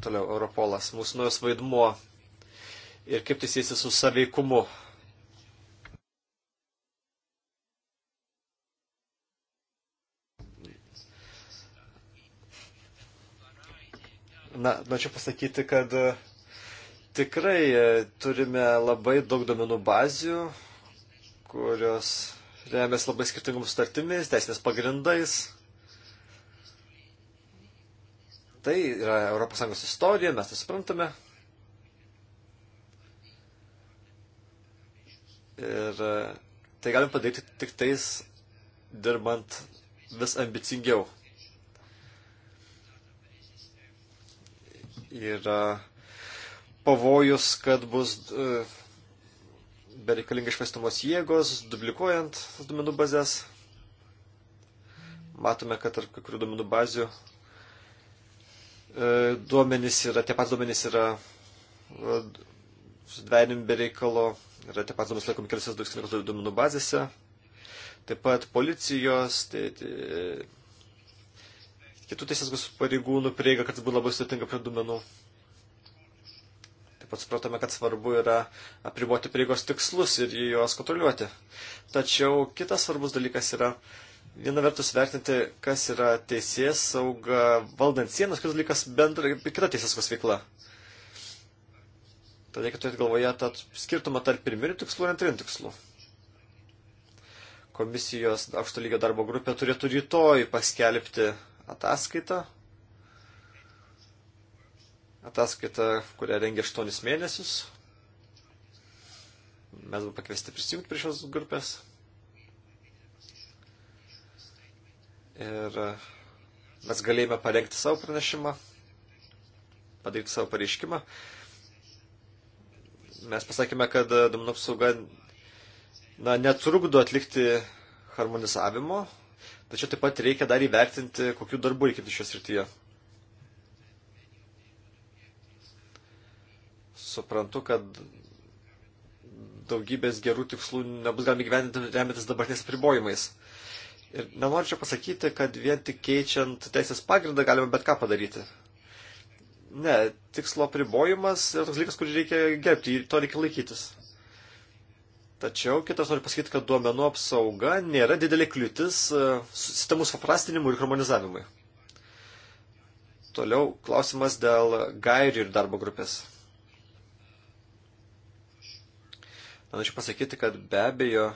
Toliau Europolas, mūsų naujas vaidmuo ir kaip tai siejasi su saveikumu. Na, norėčiau pasakyti, kad uh, Tikrai e, turime labai daug domenų bazių, kurios remiasi labai skirtingomis sutartimis, teisinės pagrindais. Tai yra ES istorija, mes tai suprantame. Ir e, tai galim padaryti tik tais dirbant vis ambicingiau. Yra pavojus, kad bus e, bereikalingai išvestumos jėgos, duplikuojant duomenų bazės. Matome, kad tarp kai kurių duomenų bazių e, duomenys yra, tie patys duomenys yra e, sudveinim bereikalo, yra tie patys duomenys laikomi keliose skirtingose duomenų bazėse. Taip pat policijos, tai, tai, kitų teisės pareigūnų prieiga, kad būtų labai sudėtinga prie duomenų pat supratome, kad svarbu yra apriboti prieigos tikslus ir juos kontroliuoti. Tačiau kitas svarbus dalykas yra viena vertus vertinti, kas yra teisės sauga valdant sienas, kitas dalykas bendra, kita teisės saugos veikla. Tad reikia turėti galvoje tą skirtumą tarp pirminių tikslų ir antrinių tikslų. Komisijos aukšto lygio darbo grupė turėtų rytoj paskelbti ataskaitą ataskaita, kurią rengia 8 mėnesius. Mes buvome pakviesti prisijungti prie šios grupės. Ir e, mes galėjome parengti savo pranešimą, padaryti savo pareiškimą. Mes pasakėme, kad e, duomenų apsauga na, netrukdo atlikti harmonizavimo, tačiau taip pat reikia dar įvertinti, kokiu darbu reikėtų šios rytyje. suprantu, kad daugybės gerų tikslų nebus galima gyventi remiantis dabartiniais apribojimais. Ir nenoriu čia pasakyti, kad vien tik keičiant teisės pagrindą galima bet ką padaryti. Ne, tikslo apribojimas yra toks dalykas, kurį reikia gerbti, to reikia laikytis. Tačiau kitas noriu pasakyti, kad duomenų apsauga nėra didelė kliūtis e, sistemų suprastinimui ir harmonizavimui. Toliau klausimas dėl gairių ir darbo grupės. Norėčiau pasakyti, kad be abejo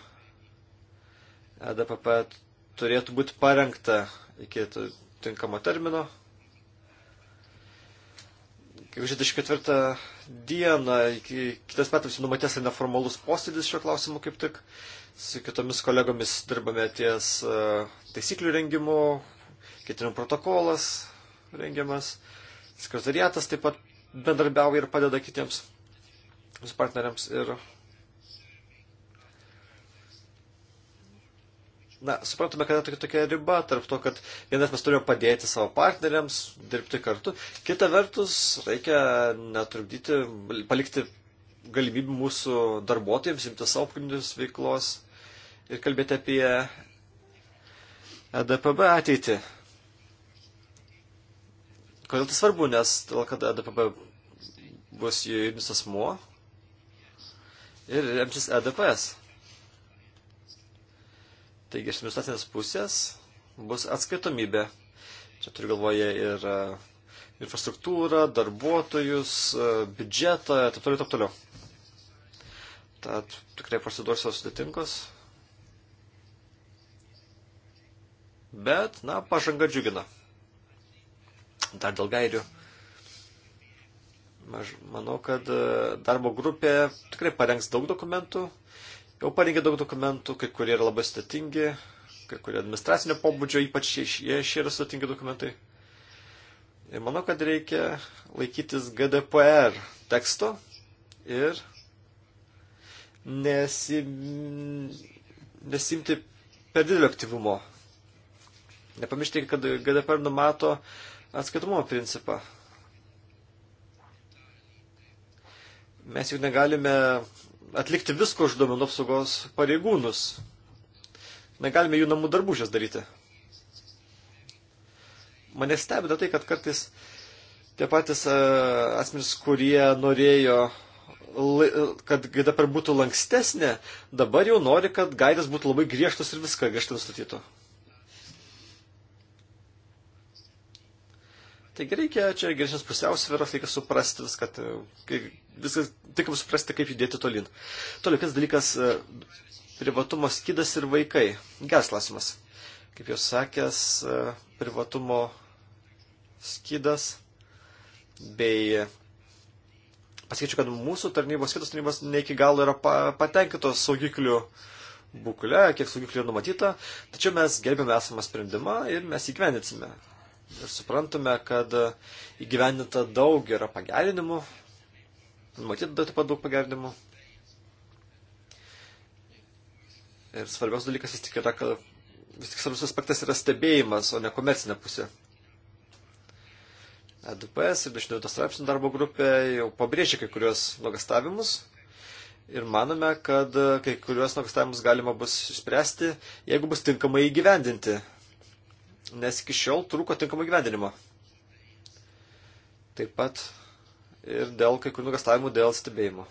EDPP turėtų būti parengta iki tinkamo termino. Kaip 24 dieną, kitas metas numatęs neformalus posėdis šio klausimu kaip tik. Su kitomis kolegomis dirbame ties e, taisyklių rengimu, ketinimų protokolas rengiamas, sekretariatas taip pat bendarbiauja ir padeda kitiems partneriams ir na, suprantame, kad yra tokia riba tarp to, kad vienas mes turime padėti savo partneriams, dirbti kartu, kita vertus reikia netrukdyti, palikti galimybių mūsų darbuotojams imti savo pagrindinius veiklos ir kalbėti apie EDPB ateitį. Kodėl tai svarbu, nes todėl, kad EDPB bus juridinis asmuo ir remsis EDPS. Taigi iš administracinės pusės bus atskaitomybė. Čia turiu galvoje ir e, infrastruktūrą, darbuotojus, e, biudžetą, taip toliau, taip toliau. Tad tikrai procedūros yra sudėtingos. Bet, na, pažanga džiugina. Dar dėl gairių. Aš manau, kad e, darbo grupė tikrai parengs daug dokumentų Jau parengė daug dokumentų, kai kurie yra labai statingi, kai kurie administracinio pobūdžio, ypač jie šie yra statingi dokumentai. Ir manau, kad reikia laikytis GDPR teksto ir nesim, nesimti per didelio aktyvumo. Nepamiršti, kad GDPR numato atskaitumo principą. Mes jau negalime atlikti visko už duomenų apsaugos pareigūnus. Negalime jų namų darbužės daryti. Mane stebina tai, kad kartais tie patys e, asmenys, kurie norėjo, kad GDPR būtų lankstesnė, dabar jau nori, kad gairės būtų labai griežtos ir viską griežtai nustatytų. Taigi reikia čia grįžęs pusiausvėros, reikia suprasti viską, viskas, tik suprasti, kaip judėti tolin. Toliau, kitas dalykas e, - privatumo skydas ir vaikai. Geras klausimas. Kaip jau sakęs, e, privatumo skydas bei e, pasakyčiau, kad mūsų tarnybos, kitos tarnybos ne iki galo yra patenkintos saugiklių būklė, kiek saugiklių yra numatyta, tačiau mes gerbėme esamą sprendimą ir mes įgyvendysime ir suprantame, kad įgyvendinta daug yra pagerinimų, matyti taip pat daug pagerinimų. Ir svarbiausias dalykas vis tik yra, kad vis tik svarbus aspektas yra stebėjimas, o ne komercinė pusė. EDPS ir 29 straipsnių darbo grupė jau pabrėžė kai kurios nuogastavimus ir manome, kad kai kuriuos nuogastavimus galima bus išspręsti, jeigu bus tinkamai įgyvendinti nes iki šiol trūko tinkamo gyvendinimo. Taip pat ir dėl kai kurių nugastavimų dėl stebėjimo.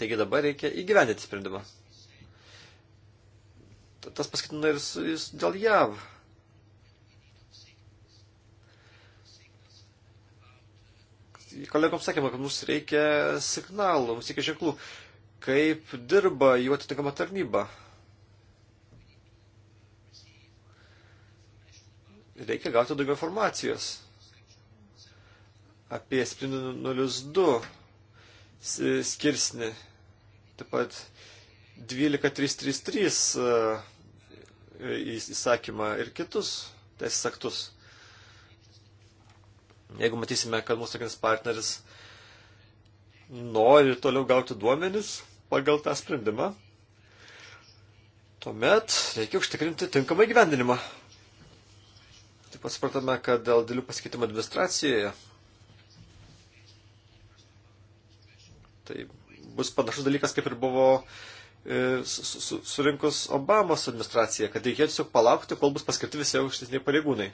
Taigi dabar reikia įgyvendinti sprendimą. Tas paskatino ir su, jis dėl JAV. Kolegoms sakėme, kad mums reikia signalų, mums reikia ženklų, kaip dirba jų atitinkama tarnyba. reikia gauti daugiau informacijos apie sprindų 02 skirsnį. Taip pat 12333 e, įsakymą ir kitus teisės aktus. Jeigu matysime, kad mūsų tokinis partneris nori toliau gauti duomenis pagal tą sprendimą, tuomet reikia užtikrinti tinkamą gyvendinimą pasipratome, kad dėl dėlių pasikeitimų administracijoje tai bus panašus dalykas, kaip ir buvo e, surinkus Obamos administraciją, kad reikėjo tiesiog palaukti, kol bus paskirti visi aukštesniai pareigūnai.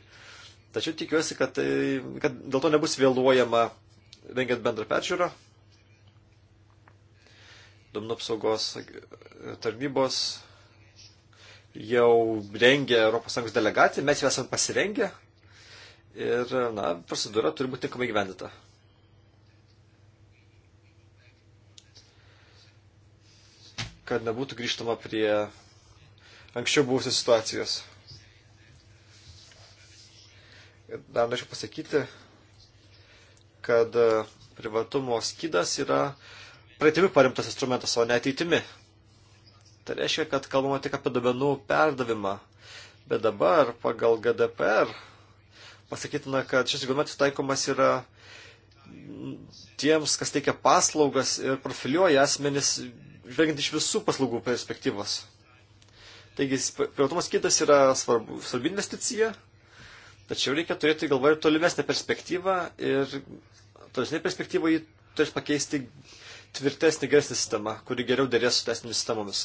Tačiau tikiuosi, kad, tai, kad dėl to nebus vėluojama rengiant bendrą peržiūrą. Domino apsaugos tarnybos jau rengia ES delegaciją, mes jau esame pasirengę ir, na, procedūra turi būti tinkamai gyvendita. Kad nebūtų grįžtama prie anksčiau buvusios situacijos. Ir dar norėčiau pasakyti, kad e, privatumo skydas yra praeitimi paremtas instrumentas, o ne ateitimi. Tai reiškia, kad kalbama tik apie duomenų perdavimą, bet dabar pagal GDPR pasakytina, kad šis reglamentas taikomas yra tiems, kas teikia paslaugas ir profiliuoja asmenis, žvelgiant iš visų paslaugų perspektyvos. Taigi, privatumas kitas yra svarbu, svarbi investicija, tačiau reikia turėti galvoje ir tolimesnę perspektyvą ir tolesnė perspektyva jį turės pakeisti tvirtesnį, geresnį sistemą, kuri geriau dėrės su tesnėmis sistemomis.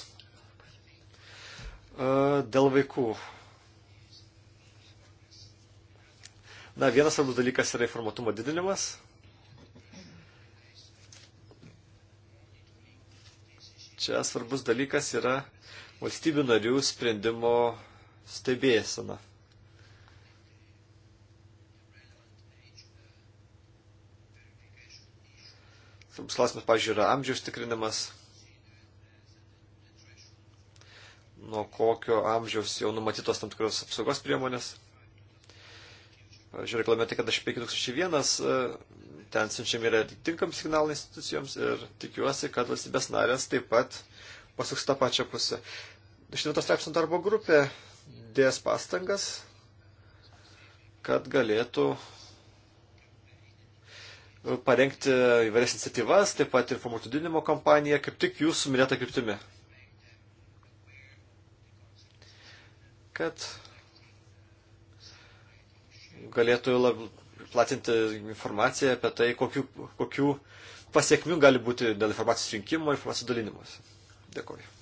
Dėl vaikų Na, vienas svarbus dalykas yra informatumo didinimas. Čia svarbus dalykas yra valstybių narių sprendimo stebėsena. Svarbus klausimas, pažiūrėjau, yra amžiaus tikrinimas. Nuo kokio amžiaus jau numatytos tam tikros apsaugos priemonės. Pavyzdžiui, reglamente, kad aš 5001 e, ten siunčiami yra atitinkami signalai institucijoms ir tikiuosi, kad valstybės narės taip pat pasuks tą pačią pusę. Šimtas straipsnių darbo grupė dės pastangas, kad galėtų parengti įvairias iniciatyvas, taip pat ir pamatudinimo kampaniją, kaip tik jūsų minėta kryptimi. Kad galėtų lab, platinti informaciją apie tai, kokių, kokių pasiekmių gali būti dėl informacijos rinkimo, informacijos dalinimuose. Dėkuoju.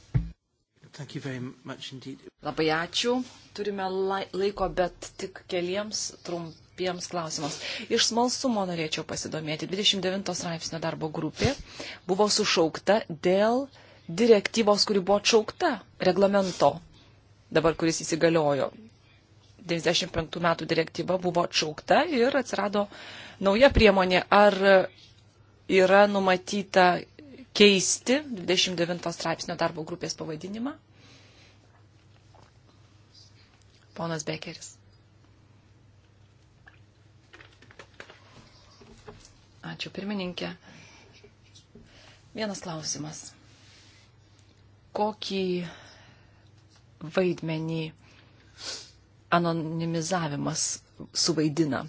Labai ačiū. Turime laiko, bet tik keliems trumpiems klausimams. Iš smalsumo norėčiau pasidomėti. 29 straipsnio darbo grupė buvo sušaukta dėl direktyvos, kuri buvo atšaukta reglamento, dabar kuris įsigaliojo. 95 metų direktyva buvo atšaukta ir atsirado nauja priemonė. Ar yra numatyta keisti 29 straipsnio darbo grupės pavadinimą? Ponas Bekeris. Ačiū pirmininkė. Vienas klausimas. Kokį vaidmenį anonimizavimas suvaidina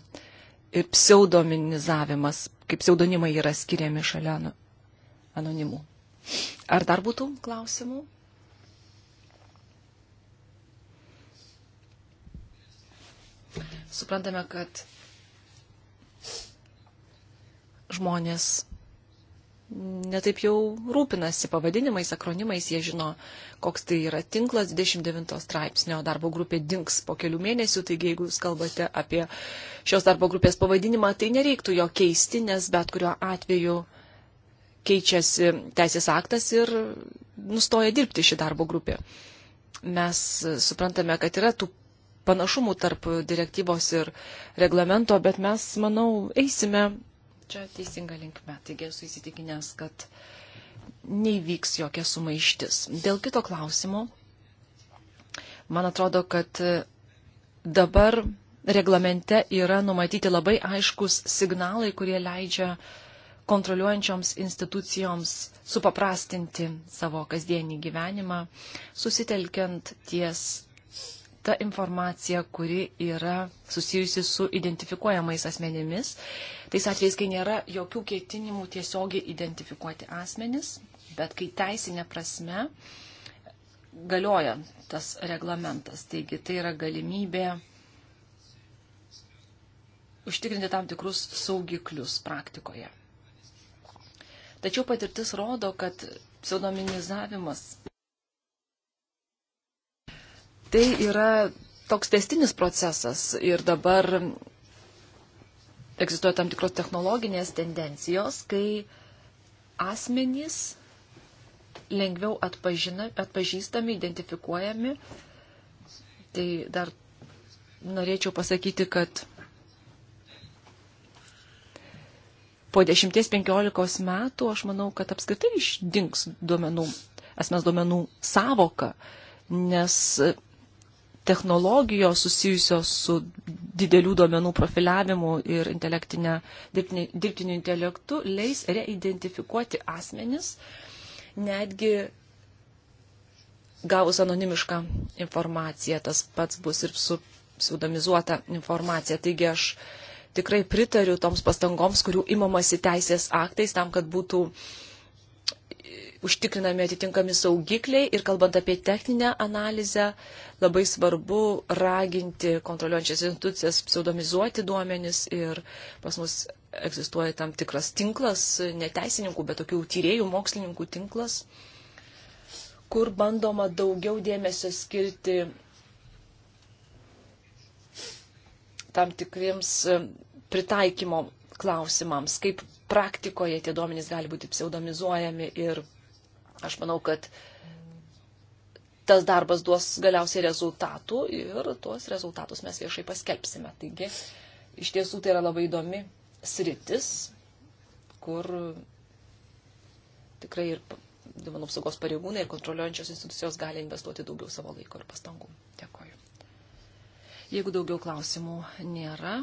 ir pseudominizavimas, kaip pseudonimai yra skiriami šalia anonimų. Ar dar būtų klausimų? Suprantame, kad žmonės netaip jau rūpinasi pavadinimais, akronimais, jie žino, koks tai yra tinklas 29 straipsnio darbo grupė dinks po kelių mėnesių, taigi jeigu jūs kalbate apie šios darbo grupės pavadinimą, tai nereiktų jo keisti, nes bet kuriuo atveju keičiasi teisės aktas ir nustoja dirbti ši darbo grupė. Mes suprantame, kad yra tų panašumų tarp direktyvos ir reglamento, bet mes, manau, eisime čia teisinga linkme. Taigi esu įsitikinęs, kad neįvyks jokia sumaištis. Dėl kito klausimo, man atrodo, kad dabar reglamente yra numatyti labai aiškus signalai, kurie leidžia kontroliuojančioms institucijoms supaprastinti savo kasdienį gyvenimą, susitelkiant ties ta informacija, kuri yra susijusi su identifikuojamais asmenimis. Tais atvejais, kai nėra jokių ketinimų tiesiogiai identifikuoti asmenis, bet kai teisinė prasme galioja tas reglamentas. Taigi tai yra galimybė užtikrinti tam tikrus saugiklius praktikoje. Tačiau patirtis rodo, kad pseudonimizavimas Tai yra toks testinis procesas ir dabar egzistuoja tam tikros technologinės tendencijos, kai asmenys lengviau atpažina, atpažįstami, identifikuojami. Tai dar norėčiau pasakyti, kad po 10-15 metų aš manau, kad apskritai išdings duomenų, asmens duomenų savoka, nes technologijos susijusios su didelių duomenų profiliavimu ir dirbtiniu, dirbtiniu intelektu leis reidentifikuoti asmenis, netgi gavus anonimišką informaciją. Tas pats bus ir su pseudomizuota informacija. Taigi aš tikrai pritariu toms pastangoms, kurių imamasi teisės aktais tam, kad būtų uh, užtikrinami atitinkami saugikliai ir kalbant apie techninę analizę, labai svarbu raginti kontroliuojančias institucijas pseudomizuoti duomenis ir pas mus egzistuoja tam tikras tinklas, ne teisininkų, bet tokių tyriejų, mokslininkų tinklas, kur bandoma daugiau dėmesio skirti tam tikriems e, pritaikymo klausimams, kaip praktikoje tie duomenys gali būti pseudomizuojami ir Aš manau, kad tas darbas duos galiausiai rezultatų ir tuos rezultatus mes viešai paskelbsime. Taigi, iš tiesų tai yra labai įdomi sritis, kur tikrai ir duomenų apsaugos pareigūnai ir kontroliuojančios institucijos gali investuoti daugiau savo laiko ir pastangų. Dėkoju. Jeigu daugiau klausimų nėra,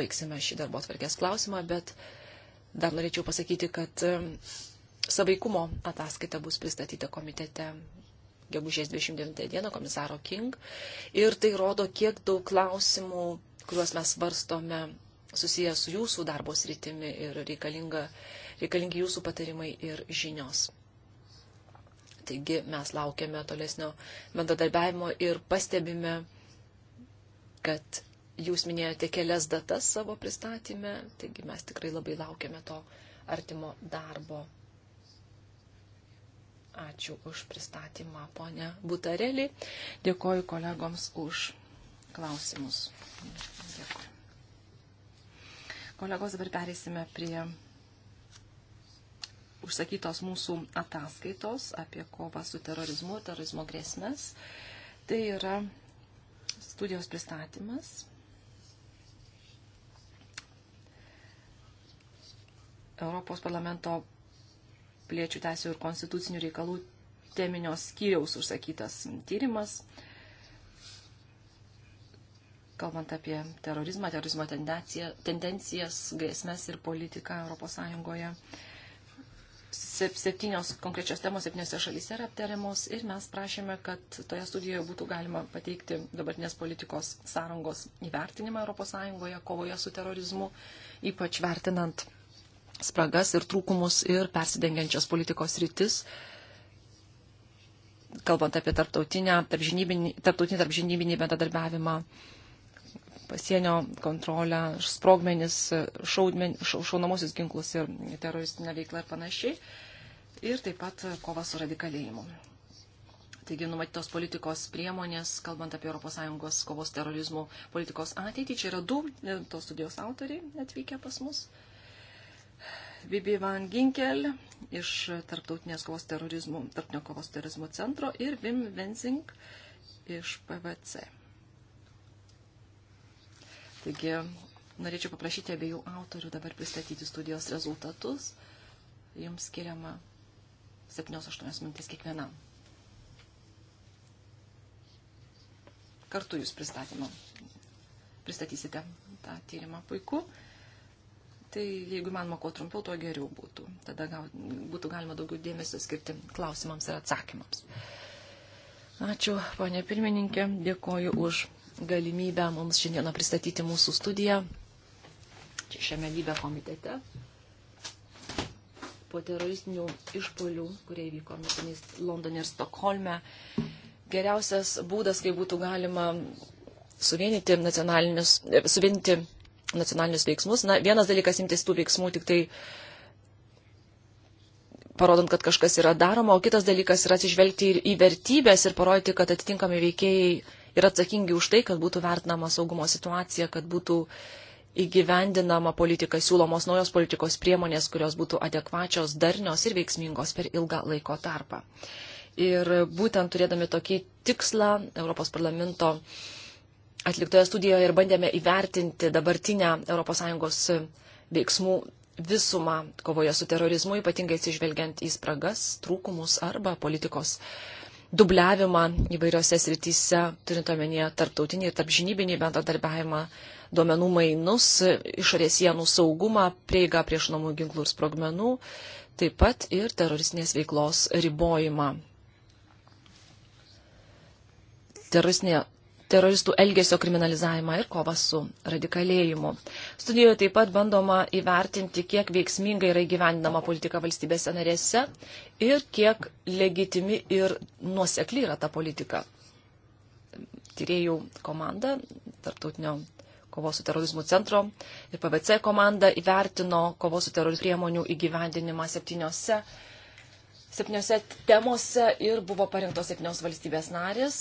baigsime šį darbo atvarkės klausimą, bet dar norėčiau pasakyti, kad Savaikumo ataskaita bus pristatyta komitete gegužės 29 dieną komisaro King. Ir tai rodo, kiek daug klausimų, kuriuos mes svarstome, susijęs su jūsų darbo sritimi ir reikalingi jūsų patarimai ir žinios. Taigi mes laukiame tolesnio bendradarbiavimo ir pastebime, kad jūs minėjote kelias datas savo pristatymę, taigi mes tikrai labai laukiame to artimo darbo Ačiū už pristatymą, ponia Butarelį. Dėkoju kolegoms už klausimus. Dėkui. Kolegos, dabar perėsime prie užsakytos mūsų ataskaitos apie kovą su terorizmu ir terorizmo grėsmės. Tai yra studijos pristatymas. Europos parlamento piliečių teisų ir konstitucinių reikalų teminio skyriaus užsakytas tyrimas, kalbant apie terorizmą, terorizmo tendencijas, grėsmes ir politiką ES. Septynios konkrečios temos septyniose šalyse yra aptariamos ir mes prašėme, kad toje studijoje būtų galima pateikti dabartinės politikos sąrangos įvertinimą ES kovoje su terorizmu, ypač vertinant spragas ir trūkumus ir persidengiančias politikos rytis, kalbant apie tarptautinę, tarpžinybinį, tarptautinį tarpžinybinį bendradarbiavimą, pasienio kontrolę, sprogmenis, šaudmen, ša, šaunamosius ginklus ir teroristinę veiklą ir panašiai. Ir taip pat kova su radikalėjimu. Taigi numatytos politikos priemonės, kalbant apie ES kovos terorizmų politikos ateitį, čia yra du tos studijos autoriai atvykę pas mus. Bibi Van Ginkel iš Tarptautinės kovos terorizmų, Tarptautinio kovos terorizmo centro ir Vim Vensing iš PVC. Taigi, norėčiau paprašyti abiejų autorių dabar pristatyti studijos rezultatus. Jums skiriama 7-8 mintis kiekvienam. Kartu jūs pristatymą pristatysite tą tyrimą puiku tai jeigu manoma, kuo trumpiau, tuo geriau būtų. Tada gal, būtų galima daugiau dėmesio skirti klausimams ir atsakymams. Ačiū, ponė pirmininkė, dėkoju už galimybę mums šiandieną pristatyti mūsų studiją čia šiame lybė komitete po teroristinių išpolių, kurie vyko neseniai Londone ir Stokholme. Geriausias būdas, kai būtų galima suvienyti nacionalinius, suvienyti nacionalinius veiksmus. Na, vienas dalykas imtis tų veiksmų tik tai parodant, kad kažkas yra daroma, o kitas dalykas yra atsižvelgti ir į vertybės ir parodyti, kad atitinkami veikėjai yra atsakingi už tai, kad būtų vertinama saugumo situacija, kad būtų įgyvendinama politika, siūlomos naujos politikos priemonės, kurios būtų adekvačios, darnios ir veiksmingos per ilgą laiko tarpą. Ir būtent turėdami tokį tikslą, Europos parlamento atliktoje studijoje ir bandėme įvertinti dabartinę ES veiksmų visumą kovoje su terorizmu, ypatingai atsižvelgiant į spragas, trūkumus arba politikos dubliavimą įvairiose srityse, turint omenyje tarptautinį ir tarpžinybinį bendradarbiavimą, duomenų mainus, išorės sienų saugumą, prieigą prie šnomų ginklų ir sprogmenų, taip pat ir teroristinės veiklos ribojimą. Teroristinė teroristų elgesio kriminalizavimą ir kovą su radikalėjimu. Studijoje taip pat bandoma įvertinti, kiek veiksmingai yra įgyvendinama politika valstybėse narėse ir kiek legitimi ir nuosekli yra ta politika. Tyrėjų komanda, tarptautinio kovos su terorizmu centro ir PVC komanda įvertino kovos su terorizmu priemonių įgyvendinimą septyniose, septyniose temose ir buvo parinktos septynios valstybės narės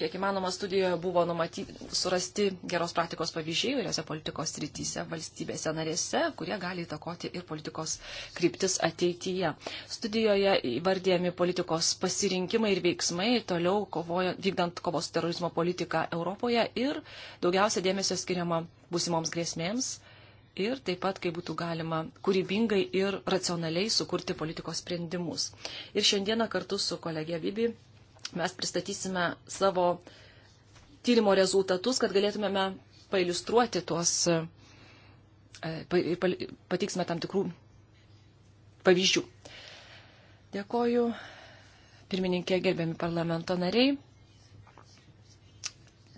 kiek įmanoma studijoje buvo numaty, surasti geros praktikos pavyzdžiai įvairiose politikos rytise valstybėse narėse, kurie gali įtakoti ir politikos kryptis ateityje. Studijoje įvardėjami politikos pasirinkimai ir veiksmai toliau kovoja, vykdant kovos su terorizmo politiką Europoje ir daugiausia dėmesio skiriama būsimoms grėsmėms. Ir taip pat, kaip būtų galima kūrybingai ir racionaliai sukurti politikos sprendimus. Ir šiandieną kartu su kolegė Vibi mes pristatysime savo tyrimo rezultatus, kad galėtumėme pailustruoti tuos, e, pateiksime tam tikrų pavyzdžių. Dėkoju, pirmininkė, gerbiami parlamento nariai.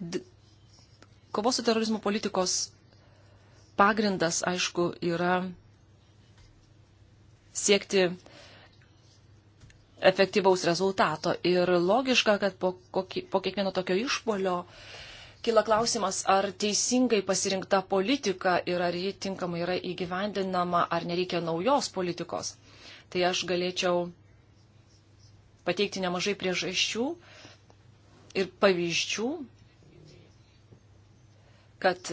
D Kovos su terorizmu politikos pagrindas, aišku, yra siekti efektyvaus rezultato. Ir logiška, kad po, kokį, po kiekvieno tokio išpolio kyla klausimas, ar teisingai pasirinkta politika ir ar ji tinkamai yra įgyvendinama, ar nereikia naujos politikos. Tai aš galėčiau pateikti nemažai priežasčių ir pavyzdžių, kad,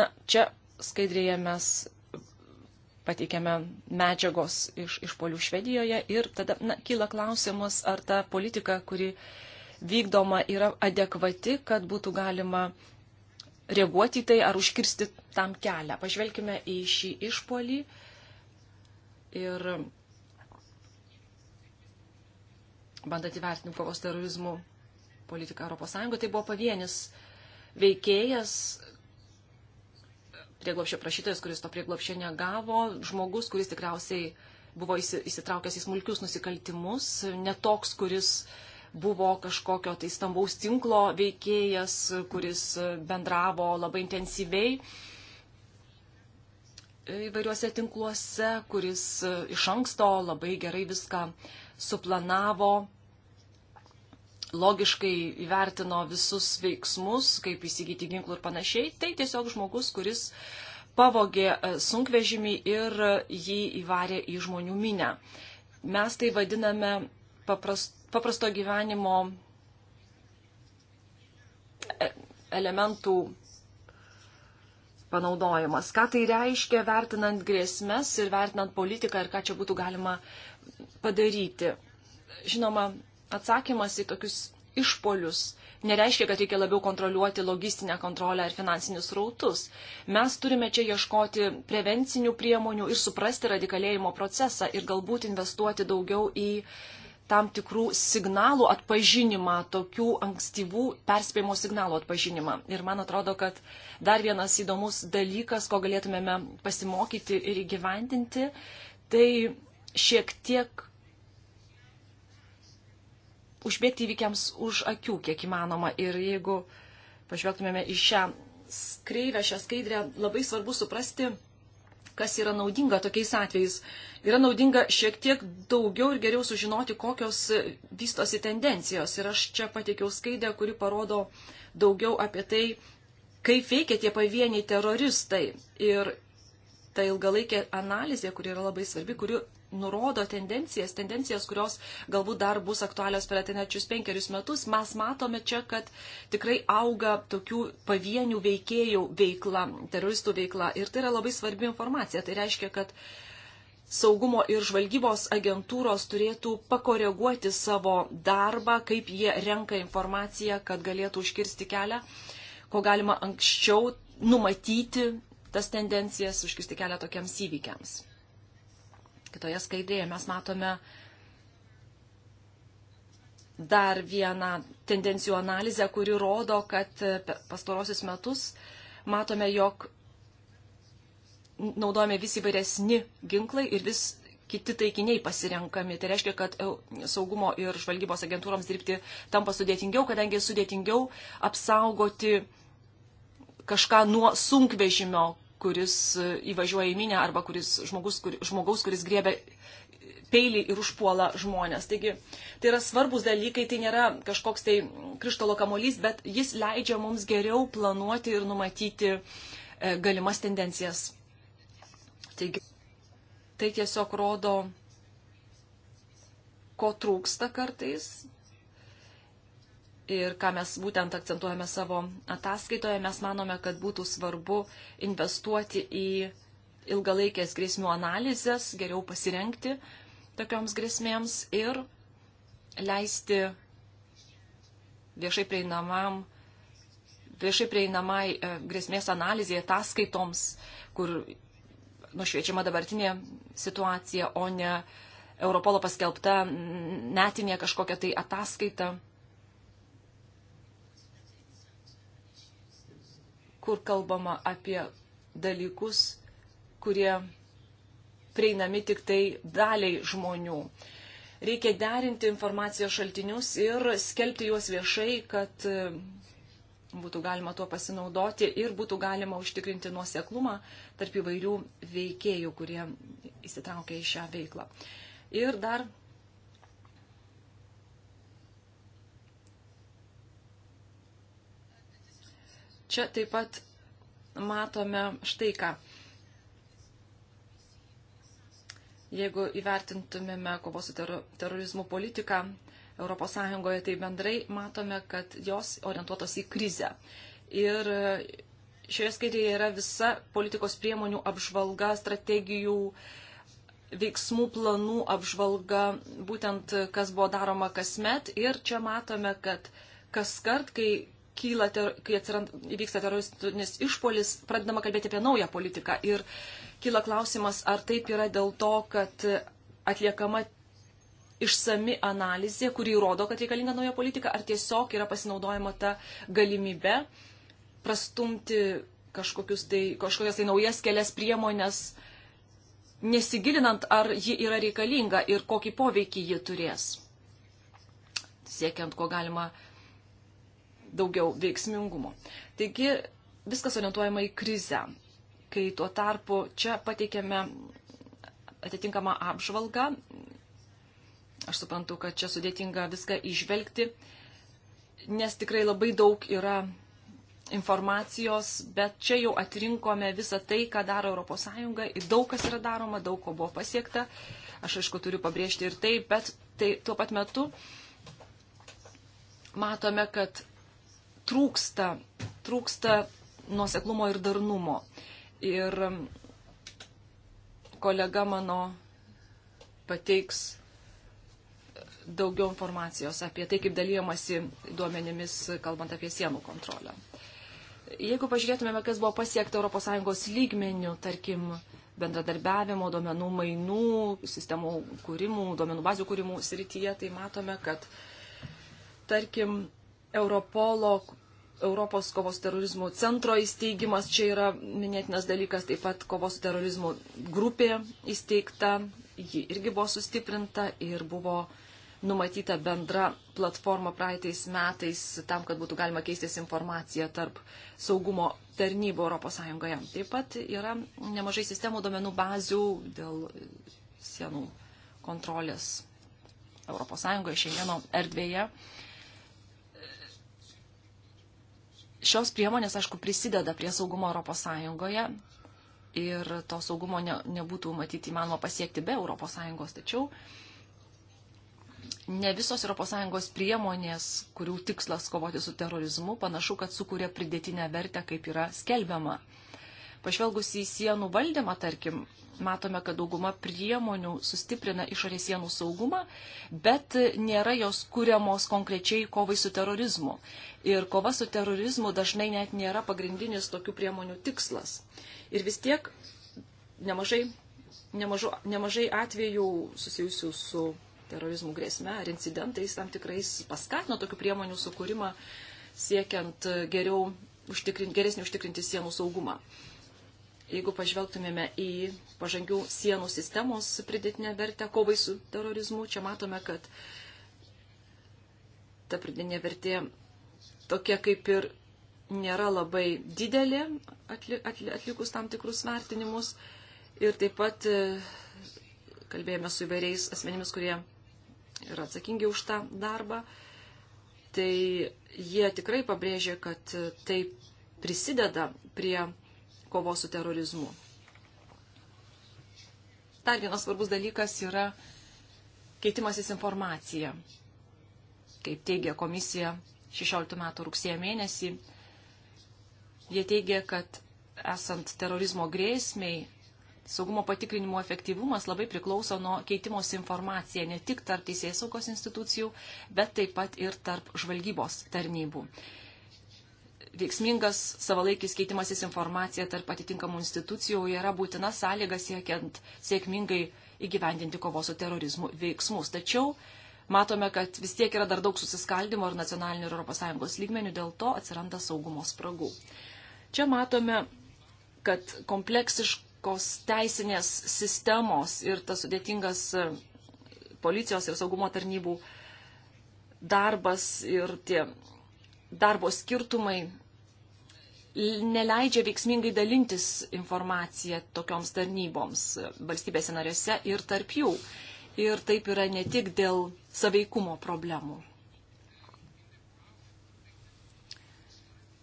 na, čia skaidrėje mes pateikėme medžiagos iš, iš polių Švedijoje ir tada na, kyla klausimas, ar ta politika, kuri vykdoma, yra adekvati, kad būtų galima reaguoti į tai ar užkirsti tam kelią. Pažvelkime į šį išpolį ir bandant įvertinti kovos terorizmų politiką ES, tai buvo pavienis veikėjas, prieglopščio prašytojas, kuris to prieglopščio negavo, žmogus, kuris tikriausiai buvo įsitraukęs į smulkius nusikaltimus, netoks, kuris buvo kažkokio tai stambaus tinklo veikėjas, kuris bendravo labai intensyviai įvairiuose tinkluose, kuris iš anksto labai gerai viską suplanavo, logiškai įvertino visus veiksmus, kaip įsigyti ginklų ir panašiai, tai tiesiog žmogus, kuris pavogė e, sunkvežimį ir e, jį įvarė į žmonių minę. Mes tai vadiname paprasto gyvenimo e, elementų panaudojimas. Ką tai reiškia vertinant grėsmes ir vertinant politiką ir ką čia būtų galima padaryti. Žinoma, atsakymas į tokius išpolius nereiškia, kad reikia labiau kontroliuoti logistinę kontrolę ir finansinius rautus. Mes turime čia ieškoti prevencinių priemonių ir suprasti radikalėjimo procesą ir galbūt investuoti daugiau į tam tikrų signalų atpažinimą, tokių ankstyvų perspėjimo signalų atpažinimą. Ir man atrodo, kad dar vienas įdomus dalykas, ko galėtumėme pasimokyti ir įgyvendinti, tai šiek tiek užbėgti įvykiams už akių, kiek įmanoma. Ir jeigu pažvelgtumėme į šią kreivę, šią skaidrę, labai svarbu suprasti, kas yra naudinga tokiais atvejais. Yra naudinga šiek tiek daugiau ir geriau sužinoti, kokios vystosi tendencijos. Ir aš čia pateikiau skaidę, kuri parodo daugiau apie tai, kaip veikia tie pavieniai teroristai. Ir ta ilgalaikė analizė, kuri yra labai svarbi, kuri nurodo tendencijas, tendencijas, kurios galbūt dar bus aktualios per ateinačius penkerius metus, mes matome čia, kad tikrai auga tokių pavienių veikėjų veikla, teroristų veikla. Ir tai yra labai svarbi informacija. Tai reiškia, kad saugumo ir žvalgybos agentūros turėtų pakoreguoti savo darbą, kaip jie renka informaciją, kad galėtų užkirsti kelią, ko galima anksčiau numatyti tas tendencijas, užkirsti kelią tokiems įvykiams. Kitoje skaidrėje mes matome dar vieną tendencijų analizę, kuri rodo, kad pastarosius metus matome, jog naudojame vis įvairesni ginklai ir vis kiti taikiniai pasirenkami. Tai reiškia, kad saugumo ir žvalgybos agentūroms dirbti tampa sudėtingiau, kadangi sudėtingiau apsaugoti kažką nuo sunkvežimio, kuris e, įvažiuoja į minę arba kuris, žmogus, kur, žmogaus, kuris griebia peilį ir užpuola žmonės. Taigi tai yra svarbus dalykai, tai nėra kažkoks tai krištolo kamolys, bet jis leidžia mums geriau planuoti ir numatyti e, galimas tendencijas. Taigi tai tiesiog rodo, ko trūksta kartais ir ką mes būtent akcentuojame savo ataskaitoje, mes manome, kad būtų svarbu investuoti į ilgalaikės grėsmių analizės, geriau pasirenkti tokioms grėsmėms ir leisti viešai prieinamam viešai prieinamai e, grėsmės analizai, ataskaitoms, kur nušviečiama dabartinė situacija, o ne Europolo paskelbta metinė kažkokia tai ataskaita kur kalbama apie dalykus, kurie prieinami tik tai daliai žmonių. Reikia derinti informacijos šaltinius ir skelbti juos viešai, kad e, būtų galima tuo pasinaudoti ir būtų galima užtikrinti nuoseklumą tarp įvairių veikėjų, kurie įsitraukia į šią veiklą. Ir dar Čia taip pat matome štai ką. Jeigu įvertintumėme kovos su terorizmu politiką ES, tai bendrai matome, kad jos orientuotos į krizę. Ir šioje skaidrėje yra visa politikos priemonių apžvalga, strategijų, veiksmų planų apžvalga, būtent kas buvo daroma kasmet. Ir čia matome, kad kas kart, kai kyla, ter, kai atsirand, įvyksta teroristinis išpolis, pradedama kalbėti apie naują politiką. Ir kyla klausimas, ar taip yra dėl to, kad atliekama išsami analizė, kuri įrodo, kad reikalinga nauja politika, ar tiesiog yra pasinaudojama ta galimybė prastumti tai, kažkokias tai naujas kelias priemonės, nesigilinant, ar ji yra reikalinga ir kokį poveikį ji turės, siekiant, ko galima daugiau veiksmingumo. Taigi viskas orientuojama į krizę, kai tuo tarpu čia pateikėme atitinkamą apžvalgą. Aš suprantu, kad čia sudėtinga viską išvelgti, nes tikrai labai daug yra informacijos, bet čia jau atrinkome visą tai, ką daro ES ir daug kas yra daroma, daug ko buvo pasiekta. Aš aišku turiu pabrėžti ir tai, bet tai tuo pat metu matome, kad trūksta, trūksta nuoseklumo ir darnumo. Ir um, kolega mano pateiks daugiau informacijos apie tai, kaip dalyjamasi duomenimis, kalbant apie sienų kontrolę. Jeigu pažiūrėtumėme, kas buvo pasiekta ES lygmenių, tarkim, bendradarbiavimo, duomenų mainų, sistemų kūrimų, duomenų bazių kūrimų srityje, tai matome, kad, tarkim, Europolo, Europos kovos terorizmų centro įsteigimas, čia yra minėtinas dalykas, taip pat kovos terorizmų grupė įsteigta, ji irgi buvo sustiprinta ir buvo numatyta bendra platforma praeitais metais tam, kad būtų galima keistis informacija tarp saugumo tarnybų ES. Taip pat yra nemažai sistemų domenų bazių dėl sienų kontrolės ES šiandieno erdvėje. Šios priemonės, aišku, prisideda prie saugumo ES ir to saugumo ne, nebūtų matyti įmanoma pasiekti be ES, tačiau ne visos ES priemonės, kurių tikslas kovoti su terorizmu, panašu, kad sukuria pridėtinę vertę, kaip yra skelbiama. Pažvelgus į sienų valdymą, tarkim, matome, kad dauguma priemonių sustiprina išorės sienų saugumą, bet nėra jos kuriamos konkrečiai kovai su terorizmu. Ir kova su terorizmu dažnai net nėra pagrindinis tokių priemonių tikslas. Ir vis tiek nemažai, nemažu, nemažai atvejų susijusių su terorizmų grėsme ar incidentais tam tikrais paskatino tokių priemonių sukūrimą siekiant geriau užtikrinti, geresnį užtikrinti sienų saugumą jeigu pažvelgtumėme į pažangių sienų sistemos pridėtinę vertę kovai su terorizmu, čia matome, kad ta pridėtinė vertė tokia kaip ir nėra labai didelė atlikus tam tikrus vertinimus. Ir taip pat e, kalbėjome su įvairiais asmenimis, kurie yra atsakingi už tą darbą. Tai jie tikrai pabrėžė, kad e, tai prisideda prie kovos su terorizmu. Dar vienas svarbus dalykas yra keitimasis informacija. Kaip teigia komisija 16 metų rugsėjo mėnesį, jie teigia, kad esant terorizmo grėsmiai, saugumo patikrinimo efektyvumas labai priklauso nuo keitimos informacija ne tik tarp teisės saugos institucijų, bet taip pat ir tarp žvalgybos tarnybų veiksmingas savalaikis keitimasis informacija tarp atitinkamų institucijų yra būtina sąlyga siekiant sėkmingai įgyvendinti kovos su terorizmu veiksmus. Tačiau matome, kad vis tiek yra dar daug susiskaldimo ir nacionalinių ir ES lygmenių, dėl to atsiranda saugumo spragų. Čia matome, kad kompleksiškos teisinės sistemos ir tas sudėtingas e, policijos ir saugumo tarnybų darbas ir tie darbo skirtumai neleidžia veiksmingai dalintis informaciją tokioms tarnyboms valstybėse narėse ir tarp jų. Ir taip yra ne tik dėl saveikumo problemų.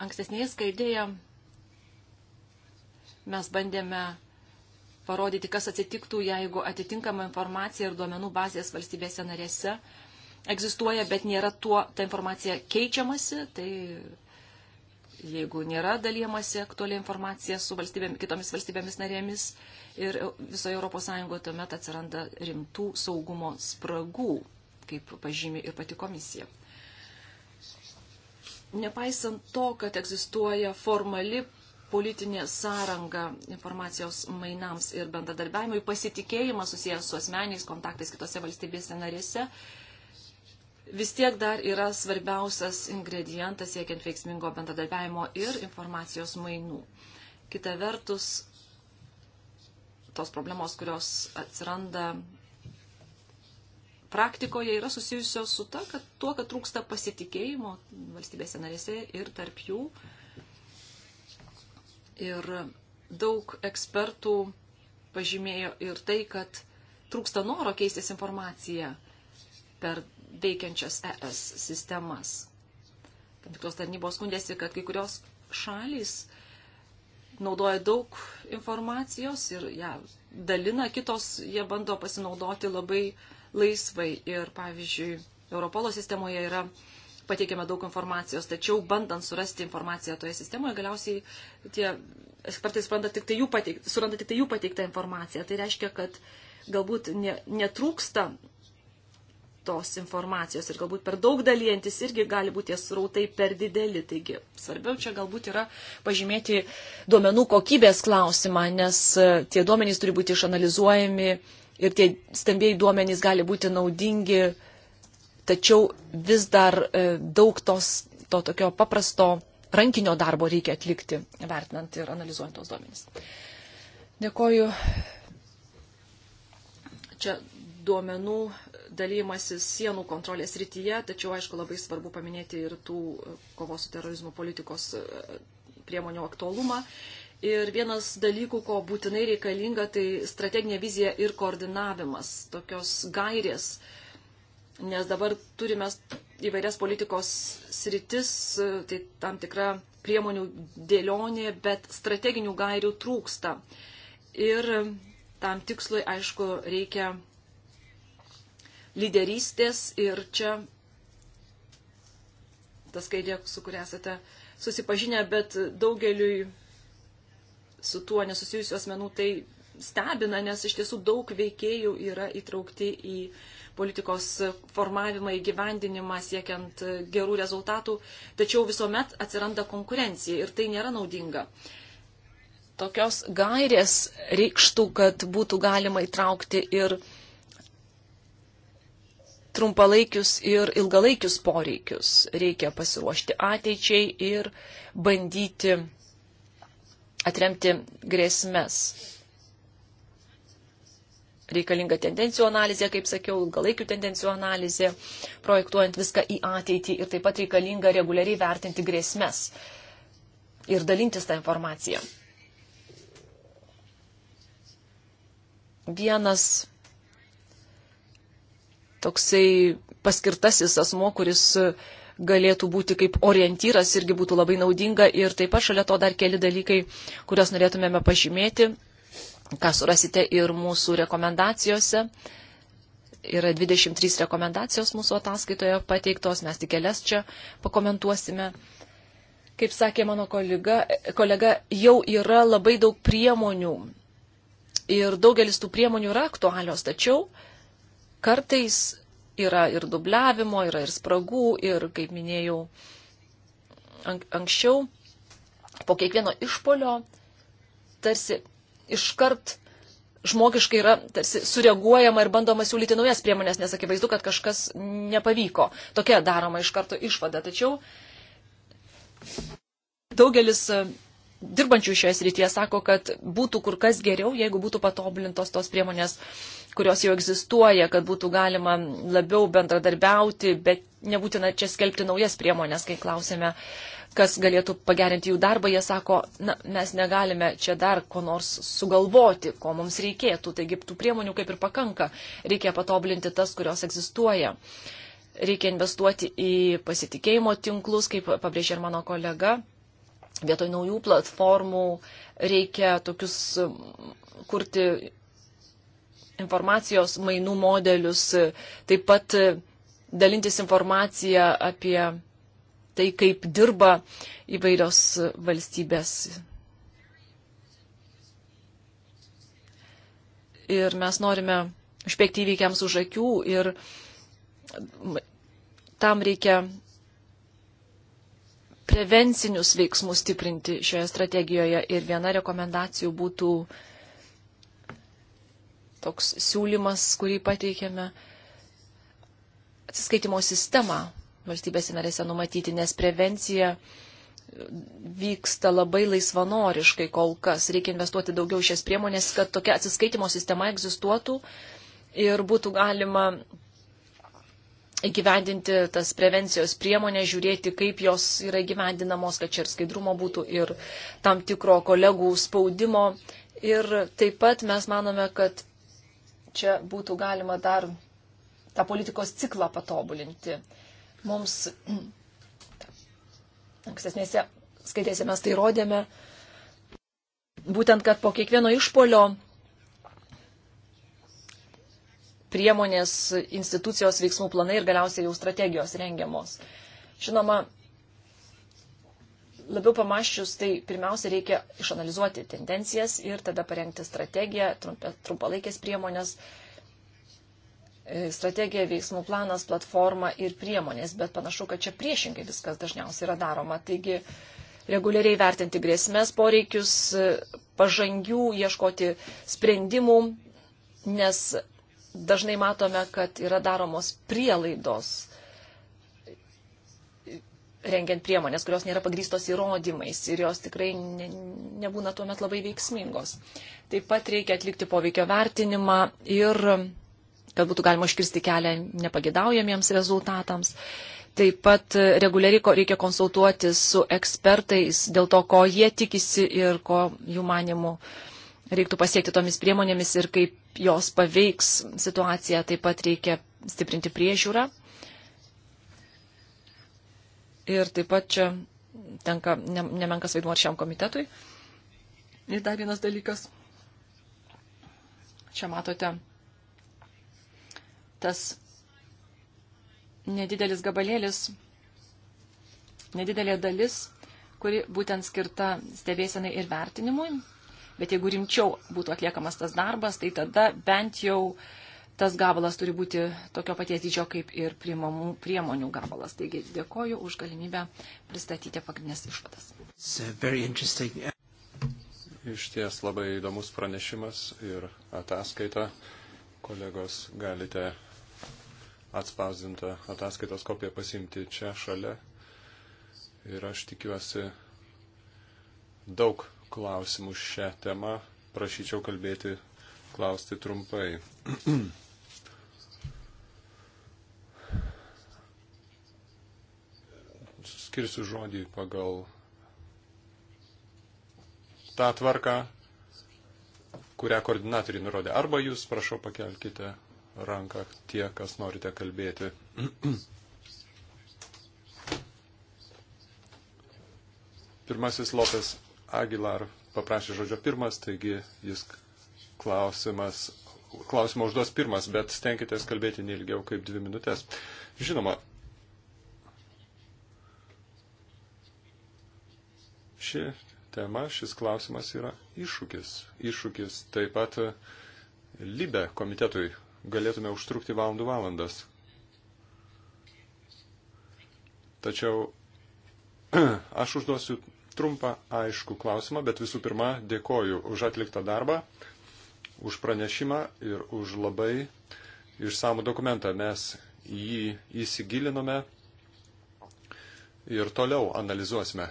Ankstesnėje skaidėje mes bandėme parodyti, kas atsitiktų, jeigu atitinkama informacija ir duomenų bazės valstybėse narėse egzistuoja, bet nėra tuo, ta informacija keičiamasi, tai jeigu nėra dalyjamasi aktuali informacija su valstybėm, kitomis valstybėmis narėmis ir visoje ES tuomet atsiranda rimtų saugumo spragų, kaip pažymė ir pati komisija. Nepaisant to, kad egzistuoja formali politinė sąranga informacijos mainams ir bendradarbiavimui, pasitikėjimas susijęs su asmeniais kontaktais kitose valstybėse narėse vis tiek dar yra svarbiausias ingredientas siekiant veiksmingo bendradarbiavimo ir informacijos mainų. Kita vertus, tos problemos, kurios atsiranda praktikoje, yra susijusios su ta, kad tuo, kad trūksta pasitikėjimo valstybėse narėse ir tarp jų. Ir daug ekspertų pažymėjo ir tai, kad trūksta noro keistis informaciją per veikiančias ES sistemas. Tam tikros tarnybos skundėsi, kad kai kurios šalys naudoja daug informacijos ir ją dalina, kitos jie bando pasinaudoti labai laisvai. Ir pavyzdžiui, Europolo sistemoje yra pateikiama daug informacijos, tačiau bandant surasti informaciją toje sistemoje, galiausiai tie ekspertai suranda tik tai jų pateiktą, suranda tik tai jų pateiktą informaciją. Tai reiškia, kad galbūt ne, netrūksta tos informacijos ir galbūt per daug dalyjantis irgi gali būti srautai per dideli. Taigi svarbiau čia galbūt yra pažymėti duomenų kokybės klausimą, nes e, tie duomenys turi būti išanalizuojami ir tie stambiai duomenys gali būti naudingi, tačiau vis dar e, daug tos, to tokio paprasto rankinio darbo reikia atlikti, vertinant ir analizuojant tos duomenys. Dėkoju. Čia duomenų dalymasis sienų kontrolės rytyje, tačiau aišku labai svarbu paminėti ir tų e, kovos su terorizmu politikos e, priemonių aktualumą. Ir vienas dalykų, ko būtinai reikalinga, tai strateginė vizija ir koordinavimas, tokios gairės, nes dabar turime įvairias politikos sritis, e, tai tam tikra priemonių dėlionė, bet strateginių gairių trūksta. Ir tam tikslui, aišku, reikia lyderystės ir čia tas skaidė, su kuria esate susipažinę, bet daugeliui su tuo nesusijusių asmenų tai stebina, nes iš tiesų daug veikėjų yra įtraukti į politikos formavimą, įgyvendinimą, siekiant gerų rezultatų, tačiau visuomet atsiranda konkurencija ir tai nėra naudinga. Tokios gairės reikštų, kad būtų galima įtraukti ir trumpalaikius ir ilgalaikius poreikius. Reikia pasiruošti ateičiai ir bandyti atremti grėsmes. Reikalinga tendencijų analizė, kaip sakiau, ilgalaikių tendencijų analizė, projektuojant viską į ateitį ir taip pat reikalinga reguliariai vertinti grėsmes ir dalintis tą informaciją. Vienas toksai paskirtasis asmo, kuris galėtų būti kaip orientyras irgi būtų labai naudinga. Ir taip pat šalia to dar keli dalykai, kuriuos norėtumėme pažymėti, ką surasite ir mūsų rekomendacijose. Yra 23 rekomendacijos mūsų ataskaitoje pateiktos, mes tik kelias čia pakomentuosime. Kaip sakė mano kolega, kolega jau yra labai daug priemonių ir daugelis tų priemonių yra aktualios, tačiau uh, kartais yra ir dubliavimo, yra ir spragų, ir, kaip minėjau anksčiau, po kiekvieno išpolio tarsi iškart žmogiškai yra tarsi sureaguojama ir bandoma siūlyti naujas priemonės, nes akivaizdu, kad kažkas nepavyko. Tokia daroma iš karto išvada. Tačiau daugelis dirbančių šioje srityje sako, kad būtų kur kas geriau, jeigu būtų patobulintos tos priemonės, kurios jau egzistuoja, kad būtų galima labiau bendradarbiauti, bet nebūtina čia skelbti naujas priemonės, kai klausėme, kas galėtų pagerinti jų darbą, jie sako, na, mes negalime čia dar ko nors sugalvoti, ko mums reikėtų, taigi tų priemonių kaip ir pakanka, reikia patobulinti tas, kurios egzistuoja. Reikia investuoti į pasitikėjimo tinklus, kaip pabrėžė ir mano kolega, Vietoj naujų platformų reikia tokius mm, kurti informacijos mainų modelius, taip pat dalintis informaciją apie tai, kaip dirba įvairios valstybės. Ir mes norime užbėgti įvykiams už akių ir tam reikia prevencinius veiksmus stiprinti šioje strategijoje. Ir viena rekomendacijų būtų toks siūlymas, kurį pateikėme, atsiskaitimo sistemą valstybės narėse numatyti, nes prevencija vyksta labai laisvanoriškai kol kas. Reikia investuoti daugiau šias priemonės, kad tokia atsiskaitimo sistema egzistuotų ir būtų galima įgyvendinti tas prevencijos priemonės, žiūrėti, kaip jos yra įgyvendinamos, kad čia ir skaidrumo būtų ir tam tikro kolegų spaudimo. Ir taip pat mes manome, kad čia būtų galima dar tą politikos ciklą patobulinti. Mums *clears throat* ankstesnėse skaitėse mes tai rodėme, būtent, kad po kiekvieno išpolio priemonės, institucijos veiksmų planai ir galiausiai jau strategijos rengiamos. Žinoma, labiau pamaščius, tai pirmiausia reikia išanalizuoti tendencijas ir tada parengti strategiją, trumpalaikės priemonės, e, strategija, veiksmų planas, platforma ir priemonės, bet panašu, kad čia priešingai viskas dažniausiai yra daroma. Taigi reguliariai vertinti grėsmės, poreikius, e, pažangių, ieškoti sprendimų, nes dažnai matome, kad yra daromos prielaidos rengiant priemonės, kurios nėra pagrystos įrodymais ir jos tikrai ne, nebūna tuomet labai veiksmingos. Taip pat reikia atlikti poveikio vertinimą ir kad būtų galima iškirsti kelią nepagėdaujamiems rezultatams. Taip pat e, reguliariai reikia konsultuoti su ekspertais dėl to, ko jie tikisi ir ko jų manimų uh, reiktų pasiekti tomis priemonėmis ir kaip jos paveiks situaciją. Taip pat reikia stiprinti priežiūrą. Ir taip pat čia tenka nemenkas vaidmuo šiam komitetui. Ir dar vienas dalykas. Čia matote tas nedidelis gabalėlis, nedidelė dalis, kuri būtent skirta stebėsenai ir vertinimui. Bet jeigu rimčiau būtų atliekamas tas darbas, tai tada bent jau tas gabalas turi būti tokio paties dydžio kaip ir priimamų priemonių gabalas. Taigi dėkoju už galimybę pristatyti pagrindinės išvadas. Iš ties labai įdomus pranešimas ir ataskaita. Kolegos, galite atspausdintą ataskaitos kopiją pasimti čia šalia. Ir aš tikiuosi daug klausimų šią temą, prašyčiau kalbėti, klausti trumpai. Skirsiu žodį pagal tą tvarką, kurią koordinatoriai nurodė. Arba jūs, prašau, pakelkite ranką tie, kas norite kalbėti. Pirmasis Lopes Aguilar paprašė žodžio pirmas, taigi jis klausimas, klausimą užduos pirmas, bet stenkitės kalbėti neilgiau kaip dvi minutės. Žinoma, ši tema, šis klausimas yra iššūkis. Iššūkis taip pat libe komitetui galėtume užtrukti valandų valandas. Tačiau *clears throat* aš užduosiu trumpą aišku klausimą, bet visų pirma dėkoju už atliktą darbą, už pranešimą ir už labai išsamų dokumentą. Mes jį įsigilinome ir toliau analizuosime.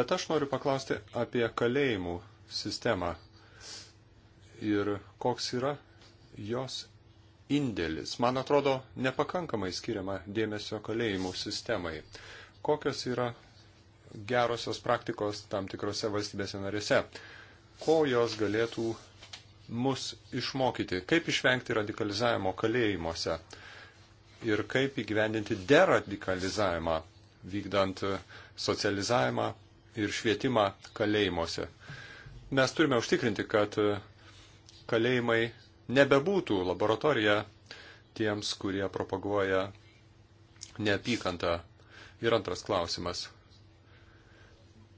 Bet aš noriu paklausti apie kalėjimų sistemą ir koks yra jos indėlis. Man atrodo, nepakankamai skiriama dėmesio kalėjimų sistemai kokios yra gerosios praktikos tam tikrose valstybėse narėse, ko jos galėtų mus išmokyti, kaip išvengti radikalizavimo kalėjimuose ir kaip įgyvendinti deradikalizavimą, vykdant socializavimą ir švietimą kalėjimuose. Mes turime užtikrinti, kad kalėjimai nebebūtų laboratorija tiems, kurie propaguoja neapykantą Ir antras klausimas.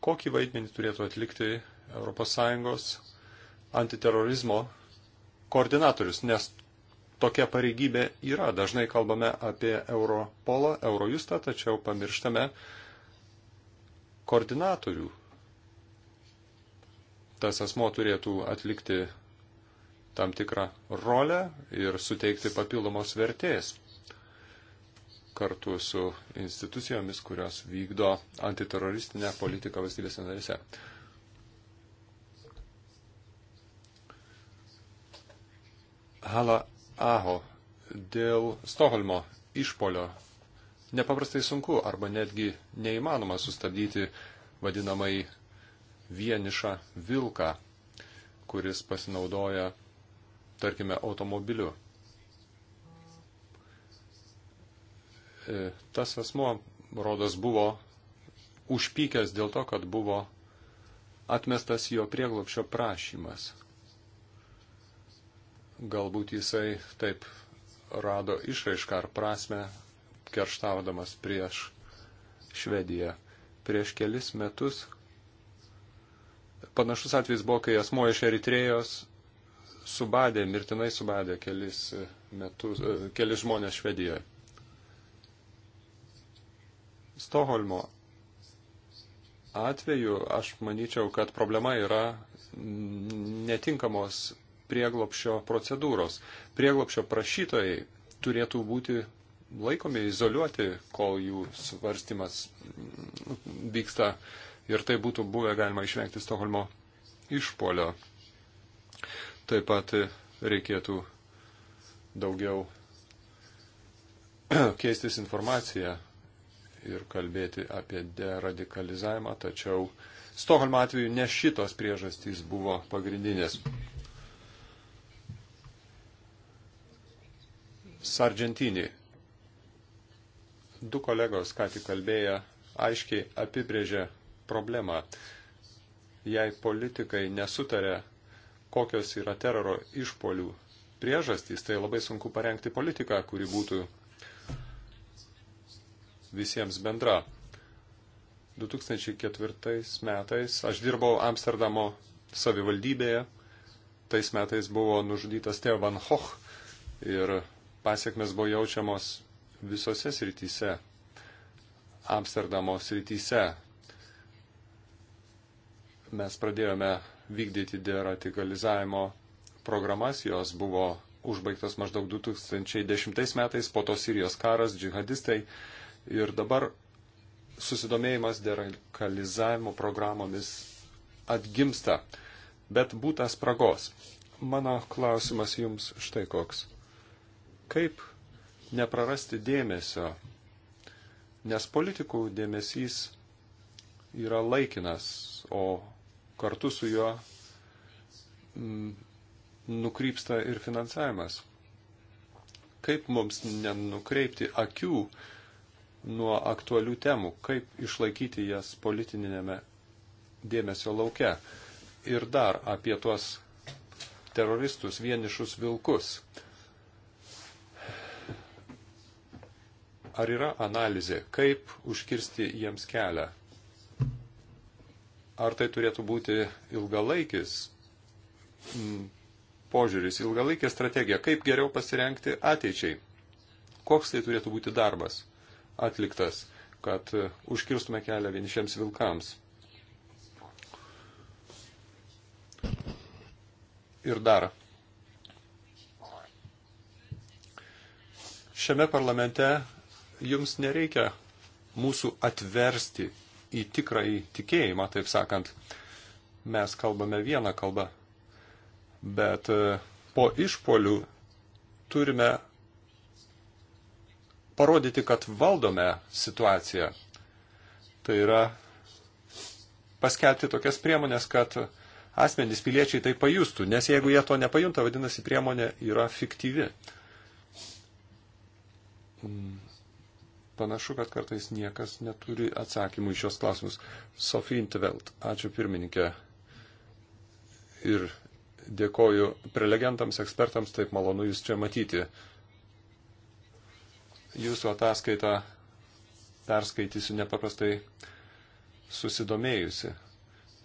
Kokį vaidmenį turėtų atlikti ES antiterorizmo koordinatorius, nes tokia pareigybė yra. Dažnai kalbame apie Europolą, Eurojustą, tačiau pamirštame koordinatorių. Tas asmo turėtų atlikti tam tikrą rolę ir suteikti papildomos vertės kartu su institucijomis, kurios vykdo antiteroristinę politiką valstybės narėse. Hala Aho dėl Stoholmo išpolio nepaprastai sunku arba netgi neįmanoma sustabdyti vadinamai vienišą vilką, kuris pasinaudoja, tarkime, automobiliu E, tas asmo, rodos, buvo užpykęs dėl to, kad buvo atmestas jo prieglopšio prašymas. Galbūt jisai taip rado išraišką ar prasme, kerštaudamas prieš Švediją. Prieš kelis metus panašus atvejs buvo, kai asmo iš Eritrėjos subadė, mirtinai subadė kelis, metus, e, kelis žmonės Švedijoje. Stoholmo atveju aš manyčiau, kad problema yra netinkamos prieglopšio procedūros. Prieglopšio prašytojai turėtų būti laikomi izoliuoti, kol jų svarstymas vyksta ir tai būtų buvę galima išvengti Stokholmo išpolio. Taip pat reikėtų daugiau *clears throat* keistis informaciją ir kalbėti apie deradikalizavimą, tačiau Stokholmo atveju ne šitos priežastys buvo pagrindinės. Sargentinį. Du kolegos, ką tik kalbėję, aiškiai apibrėžė problemą. Jei politikai nesutarė, kokios yra teroro išpolių priežastys, tai labai sunku parengti politiką, kuri būtų visiems bendra. 2004 metais aš dirbau Amsterdamo savivaldybėje. Tais metais buvo nužudytas Teo Van Hoch ir pasiekmes buvo jaučiamos visose srityse. Amsterdamo srityse mes pradėjome vykdyti deradikalizavimo programas, jos buvo užbaigtos maždaug 2010 metais, po to Sirijos karas, džihadistai Ir dabar susidomėjimas deradikalizavimo programomis atgimsta, bet būtų spragos. Mano klausimas jums štai koks. Kaip neprarasti dėmesio, nes politikų dėmesys yra laikinas, o kartu su juo m, mm, nukrypsta ir finansavimas. Kaip mums nenukreipti akių nuo aktualių temų, kaip išlaikyti jas politinėme dėmesio lauke. Ir dar apie tuos teroristus, vienišus vilkus. Ar yra analizė, kaip užkirsti jiems kelią? Ar tai turėtų būti ilgalaikis mm, požiūris, ilgalaikė strategija, kaip geriau pasirenkti ateičiai? Koks tai turėtų būti darbas? atliktas, kad e, užkirstume kelią vienišiems vilkams. Ir dar. Šiame parlamente jums nereikia mūsų atversti į tikrąjį tikėjimą, taip sakant. Mes kalbame vieną kalbą, bet e, po išpolių turime parodyti, kad valdome situaciją. Tai yra paskelbti tokias priemonės, kad asmenys piliečiai tai pajustų, nes jeigu jie to nepajunta, vadinasi, priemonė yra fiktyvi. Panašu, kad kartais niekas neturi atsakymų į šios klausimus. Sofija Intveld, ačiū pirmininkė. Ir dėkoju prelegentams, ekspertams, taip malonu jūs čia matyti jūsų ataskaitą perskaitysiu nepaprastai susidomėjusi,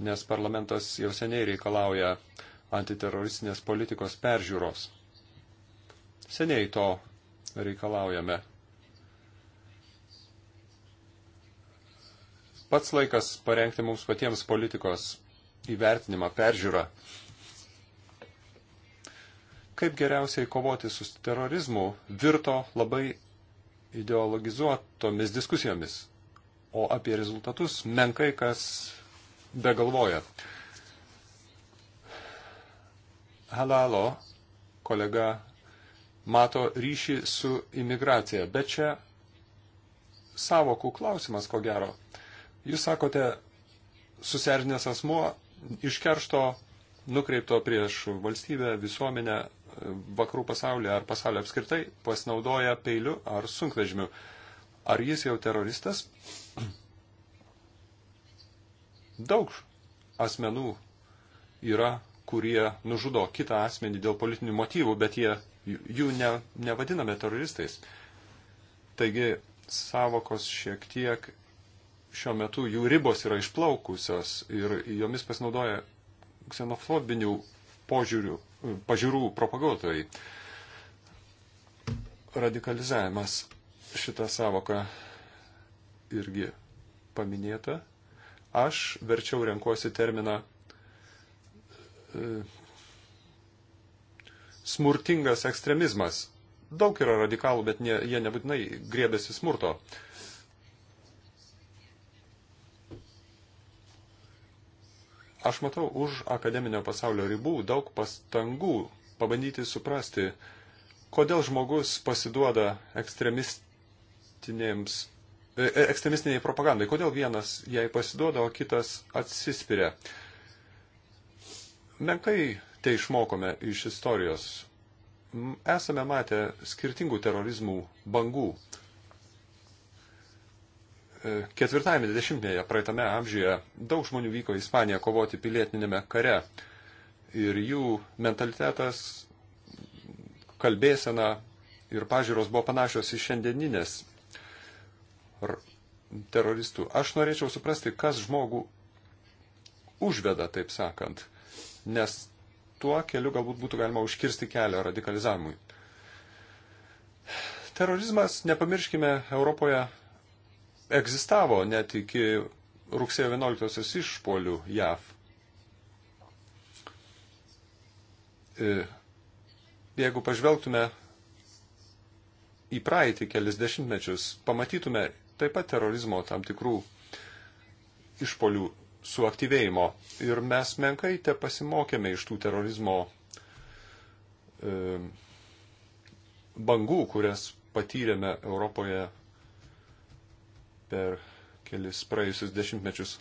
nes parlamentas jau seniai reikalauja antiteroristinės politikos peržiūros. Seniai to reikalaujame. Pats laikas parengti mums patiems politikos įvertinimą, peržiūrą. Kaip geriausiai kovoti su terorizmu virto labai ideologizuotomis diskusijomis, o apie rezultatus menkai kas begalvoja. Halalo kolega mato ryšį su imigracija, bet čia savokų klausimas, ko gero. Jūs sakote, susernės asmuo iš keršto nukreipto prieš valstybę, visuomenę vakarų pasaulyje ar pasaulio apskritai pasinaudoja peiliu ar sunkvežimiu. Ar jis jau teroristas? *clears throat* Daug asmenų yra, kurie nužudo kitą asmenį dėl politinių motyvų, bet jie, jų ne, nevadiname teroristais. Taigi savokos šiek tiek šiuo metu jų ribos yra išplaukusios ir jomis pasinaudoja ksenofobinių požiūrių, pažiūrų propaguotojai. Radikalizavimas šitą savoką irgi paminėta. Aš verčiau renkuosi terminą e, smurtingas ekstremizmas. Daug yra radikalų, bet ne, jie nebūtinai grėbėsi smurto. E, Aš matau už akademinio pasaulio ribų daug pastangų pabandyti suprasti, kodėl žmogus pasiduoda ekstremistinėms e, e, ekstremistiniai propagandai. Kodėl vienas jai pasiduoda, o kitas atsispiria. Menkai tai išmokome iš istorijos. Esame matę skirtingų terorizmų bangų. Ketvirtajame dešimtmėje, praeitame amžiuje, daug žmonių vyko į Ispaniją kovoti pilietinėme kare. Ir jų mentalitetas, kalbėsena ir pažiūros buvo panašios į šiandieninės teroristų. Aš norėčiau suprasti, kas žmogų užveda, taip sakant, nes tuo keliu galbūt būtų galima užkirsti kelią radikalizavimui. Terorizmas, nepamirškime, Europoje egzistavo net iki rugsėjo 11-osios išpolių JAV. E, jeigu pažvelgtume į praeitį kelis dešimtmečius, pamatytume taip pat terorizmo tam tikrų išpolių suaktyvėjimo. Ir mes menkai te pasimokėme iš tų terorizmo e, bangų, kurias patyrėme Europoje per kelis praėjusius dešimtmečius.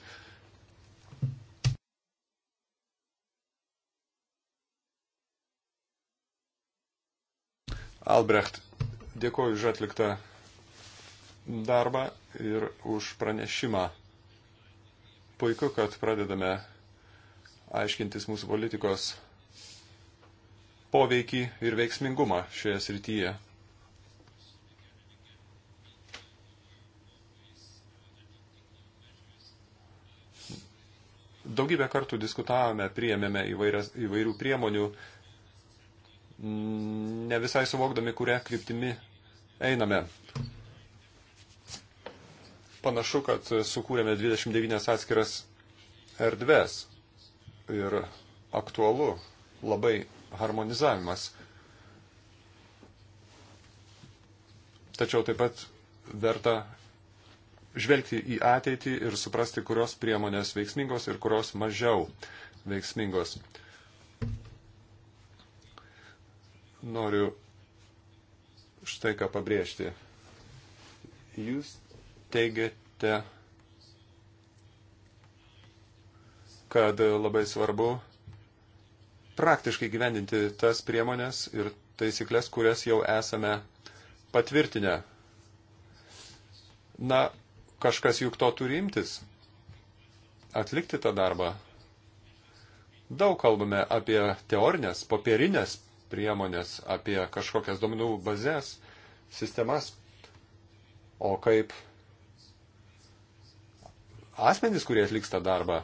Albrecht, dėkoju už atliktą darbą ir už pranešimą. Puiku, kad pradedame aiškintis mūsų politikos poveikį ir veiksmingumą šioje srityje. Daugybę kartų diskutavome, priėmėme įvairias, įvairių priemonių, ne visai suvokdami, kurią kryptimi einame. Panašu, kad sukūrėme 29 atskiras erdves ir aktualu labai harmonizavimas. Tačiau taip pat verta žvelgti į ateitį ir suprasti, kurios priemonės veiksmingos ir kurios mažiau veiksmingos. Noriu štai ką pabrėžti. Jūs teigiate, kad labai svarbu praktiškai gyvendinti tas priemonės ir taisyklės, kurias jau esame patvirtinę. Na, Kažkas juk to turi imtis. Atlikti tą darbą. Daug kalbame apie teorinės, popierinės priemonės, apie kažkokias duomenų bazės, sistemas. O kaip asmenys, kurie atliks tą darbą,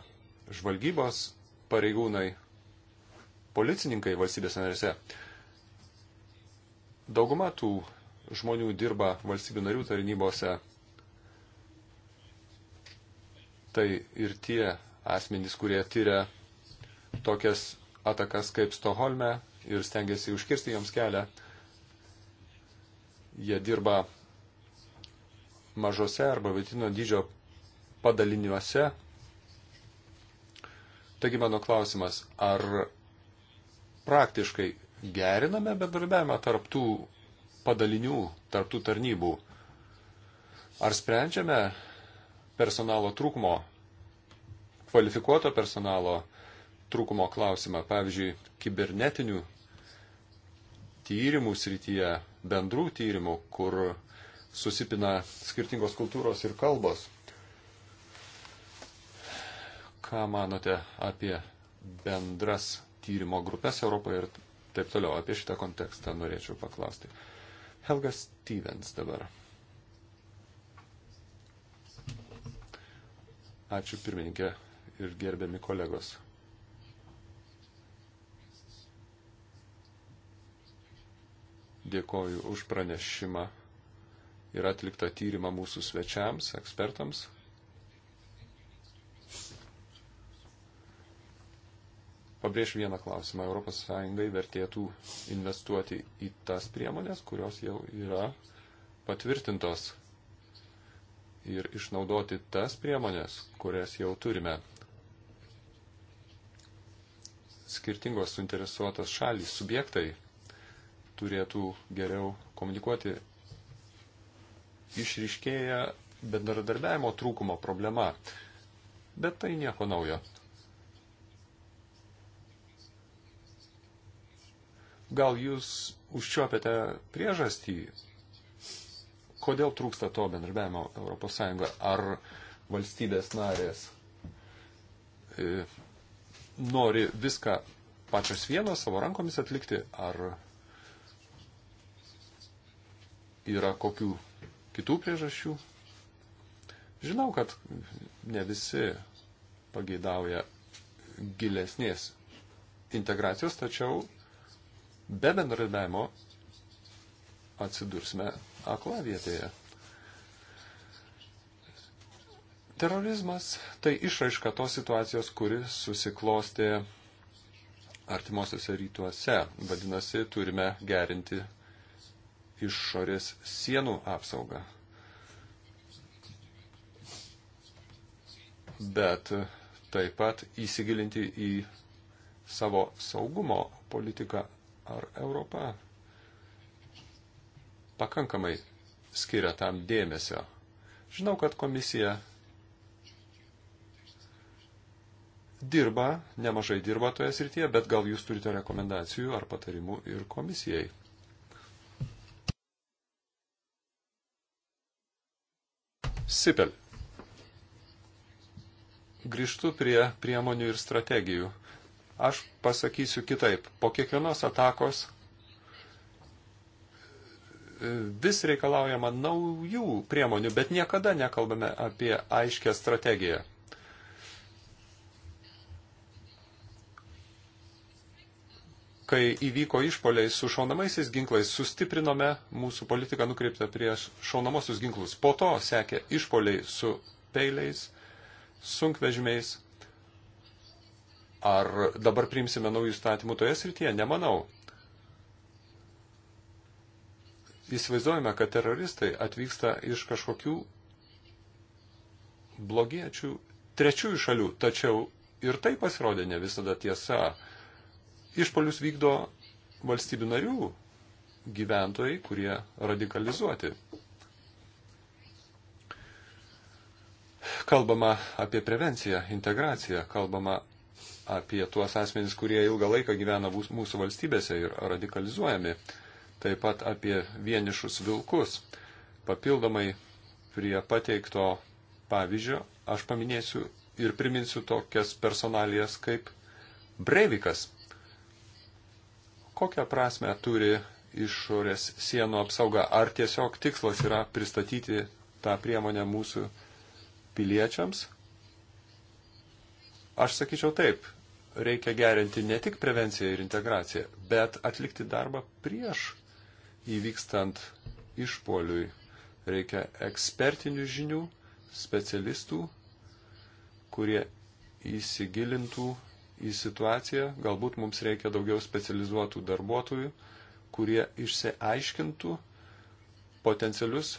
žvalgybos pareigūnai, policininkai valstybės narėse. Dauguma tų žmonių dirba valstybių narių tarnybose tai ir tie asmenys, kurie tyria tokias atakas kaip Stoholme ir stengiasi užkirsti joms kelią. Jie dirba mažose arba vidutinio dydžio padaliniuose. Taigi mano klausimas, ar praktiškai geriname bendradarbiavimą tarptų padalinių, tarptų tarnybų? Ar sprendžiame personalo trūkumo, kvalifikuoto personalo trūkumo klausimą. Pavyzdžiui, kibernetinių tyrimų srityje, bendrų tyrimų, kur susipina skirtingos kultūros ir kalbos. Ką manote apie bendras tyrimo grupės Europoje ir taip toliau? Apie šitą kontekstą norėčiau paklausti. Helga Stevens dabar. Ačiū pirmininkė ir gerbiami kolegos. Dėkoju už pranešimą ir atliktą tyrimą mūsų svečiams, ekspertams. Pabrėšiu vieną klausimą. ES vertėtų investuoti į tas priemonės, kurios jau yra patvirtintos ir išnaudoti tas priemonės, kurias jau turime. Skirtingos suinteresuotos šalys, subjektai turėtų geriau komunikuoti. Išriškėja bendradarbiavimo trūkumo problema, bet tai nieko naujo. Gal jūs užčiuopėte priežastį Kodėl trūksta to bendradarbiavimo ES? Ar valstybės narės e, nori viską pačios vienos savo rankomis atlikti, ar yra kokių kitų priežasčių? Žinau, kad ne visi pageidauja gilesnės integracijos, tačiau be bendradarbiavimo atsidursime aklavietėje. Terorizmas tai išraiška tos situacijos, kuri susiklostė artimuosiuose rytuose. Vadinasi, turime gerinti išorės sienų apsaugą. Bet taip pat įsigilinti į savo saugumo politiką, ar Europa pakankamai skiria tam dėmesio. Žinau, kad komisija dirba, nemažai dirba toje srityje, bet gal jūs turite rekomendacijų ar patarimų ir komisijai. Sipel. Grįžtu prie priemonių ir strategijų. Aš pasakysiu kitaip. Po kiekvienos atakos vis reikalaujama naujų priemonių, bet niekada nekalbame apie aiškę strategiją. Kai įvyko išpoliai su šaunamaisiais ginklais, sustiprinome mūsų politiką nukreiptą prieš šaunamosius ginklus. Po to sekė išpoliai su peiliais, sunkvežimiais. Ar dabar priimsime naujų statymų toje srityje? Nemanau įsivaizduojame, kad teroristai atvyksta iš kažkokių blogiečių trečiųjų šalių, tačiau ir tai pasirodė ne visada tiesa. Išpolius vykdo valstybių narių gyventojai, kurie radikalizuoti. Kalbama apie prevenciją, integraciją, kalbama apie tuos asmenys, kurie ilgą laiką gyvena mūsų valstybėse ir radikalizuojami taip pat apie vienišus vilkus. Papildomai prie pateikto pavyzdžio aš paminėsiu ir priminsiu tokias personalijas kaip Breivikas. Kokią prasme turi išorės sienų apsauga? Ar tiesiog tikslas yra pristatyti tą priemonę mūsų piliečiams? Aš sakyčiau taip, reikia gerinti ne tik prevenciją ir integraciją, bet atlikti darbą prieš įvykstant išpoliui reikia ekspertinių žinių, specialistų, kurie įsigilintų į situaciją. Galbūt mums reikia daugiau specializuotų darbuotojų, kurie išsiaiškintų potencialius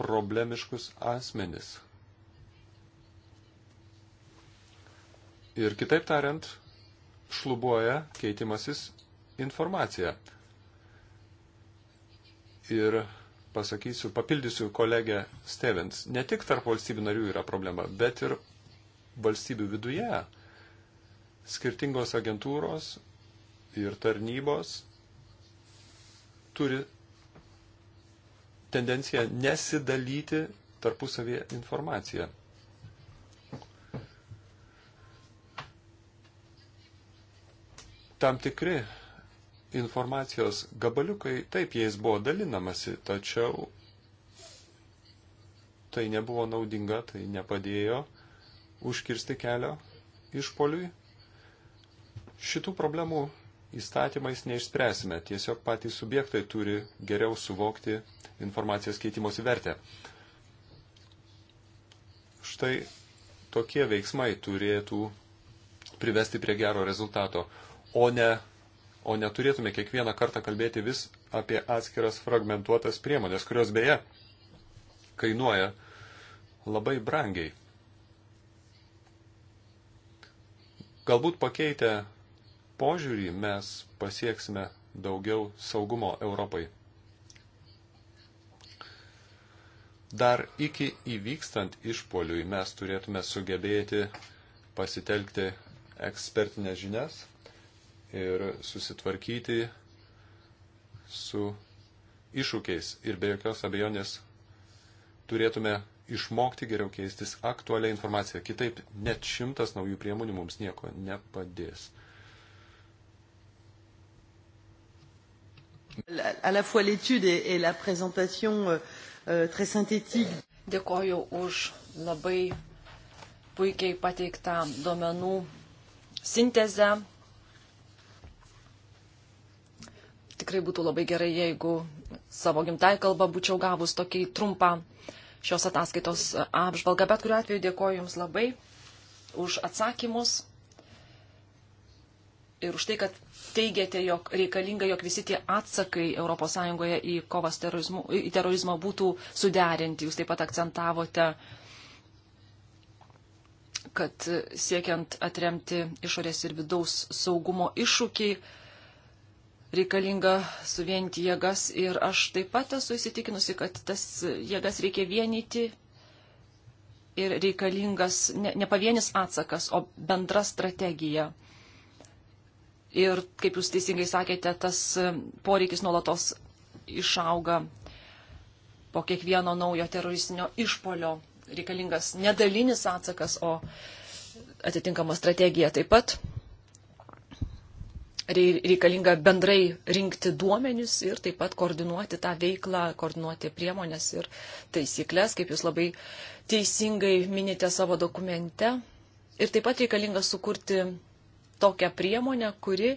problemiškus asmenis. Ir kitaip tariant, šlubuoja keitimasis informacija ir pasakysiu, papildysiu kolegę Stevens. Ne tik tarp valstybių narių yra problema, bet ir valstybių viduje. Skirtingos agentūros ir tarnybos turi tendenciją nesidalyti tarpusavėje informaciją. Tam tikri informacijos gabaliukai, taip jais buvo dalinamasi, tačiau tai nebuvo naudinga, tai nepadėjo užkirsti kelio išpoliui. Šitų problemų įstatymais neišspręsime, tiesiog patys subjektai turi geriau suvokti informacijos keitimosi vertę. Štai tokie veiksmai turėtų privesti prie gero rezultato, o ne o neturėtume kiekvieną kartą kalbėti vis apie atskiras fragmentuotas priemonės, kurios beje kainuoja labai brangiai. Galbūt pakeitę požiūrį mes pasieksime daugiau saugumo Europai. Dar iki įvykstant išpoliui mes turėtume sugebėti pasitelkti ekspertinės žinias ir susitvarkyti su iššūkiais ir be jokios abejonės turėtume išmokti geriau keistis aktualią informaciją. Kitaip net šimtas naujų priemonių mums nieko nepadės. à la fois l'étude et, et la présentation euh, euh très synthétique. Dėkoju už labai puikiai pateiktą duomenų sintezę, tikrai būtų labai gerai, jeigu savo gimtai kalbą būčiau gavus tokį trumpą šios ataskaitos apžvalgą. Bet kuriuo atveju dėkoju Jums labai už atsakymus ir už tai, kad teigiate, jog reikalinga, jog visi tie atsakai ES į kovas terorizmu, į terorizmą būtų suderinti. Jūs taip pat akcentavote, kad siekiant atremti išorės ir vidaus saugumo iššūkiai, reikalinga suvienyti jėgas ir aš taip pat esu įsitikinusi, kad tas jėgas reikia vienyti ir reikalingas ne, ne pavienis atsakas, o bendra strategija. Ir kaip jūs teisingai sakėte, tas poreikis nuolatos išauga po kiekvieno naujo teroristinio išpolio. Reikalingas nedalinis atsakas, o atitinkama strategija taip pat reikalinga bendrai rinkti duomenius ir taip pat koordinuoti tą veiklą, koordinuoti priemonės ir taisyklės, kaip jūs labai teisingai minite savo dokumente. Ir taip pat reikalinga sukurti tokią priemonę, kuri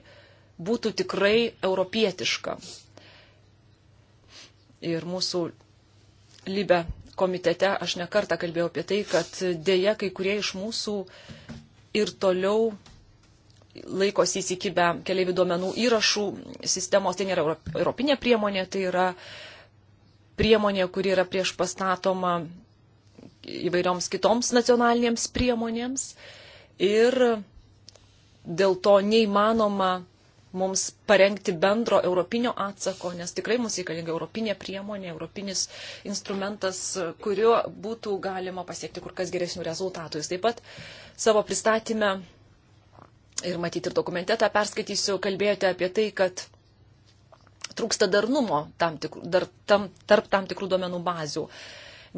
būtų tikrai europietiška. Ir mūsų Libe komitete aš nekartą kalbėjau apie tai, kad dėja kai kurie iš mūsų ir toliau laikosi įsikibę keliaivių duomenų įrašų sistemos, tai nėra europinė priemonė, tai yra priemonė, kuri yra prieš pastatoma įvairioms kitoms nacionalinėms priemonėms ir dėl to neįmanoma mums parengti bendro europinio atsako, nes tikrai mums reikalinga europinė priemonė, europinis instrumentas, kuriuo būtų galima pasiekti kur kas geresnių rezultatų. Jis taip pat savo pristatymę ir matyti ir dokumente tą perskaitysiu, kalbėjote apie tai, kad trūksta darnumo tam tikrų, dar, tam, tarp tam tikrų duomenų bazių,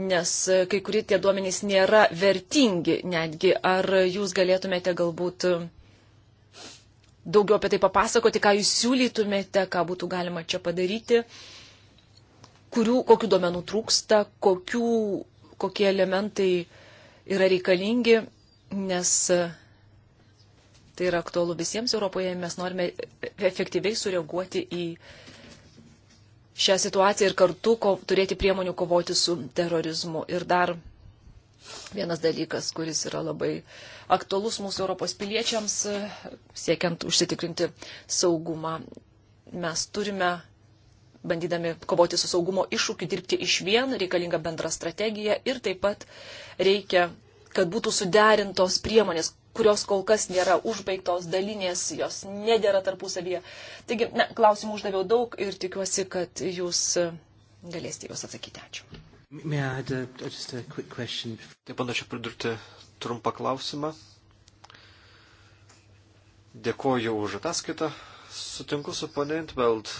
nes e, kai kurie tie duomenys nėra vertingi netgi. Ar jūs galėtumėte galbūt e, daugiau apie tai papasakoti, ką jūs siūlytumėte, ką būtų galima čia padaryti, kurių, kokių duomenų trūksta, kokių, kokie elementai yra reikalingi, nes e, Tai yra aktualu visiems Europoje, mes norime efektyviai sureaguoti į šią situaciją ir kartu ko, turėti priemonių kovoti su terorizmu. Ir dar vienas dalykas, kuris yra labai aktualus mūsų Europos piliečiams, siekiant užsitikrinti saugumą. Mes turime, bandydami kovoti su saugumo iššūkiu, dirbti iš vien, reikalinga bendra strategija ir taip pat reikia, kad būtų suderintos priemonės, kurios kol kas nėra užbaigtos dalinės, jos nedėra tarpusavyje. Taigi, na, klausimų uždaviau daug ir tikiuosi, kad jūs e, galėsite juos atsakyti. Ačiū. Taip panašiai pridurti trumpą klausimą. Dėkoju už ataskaitą. Sutinku su ponė Intveld.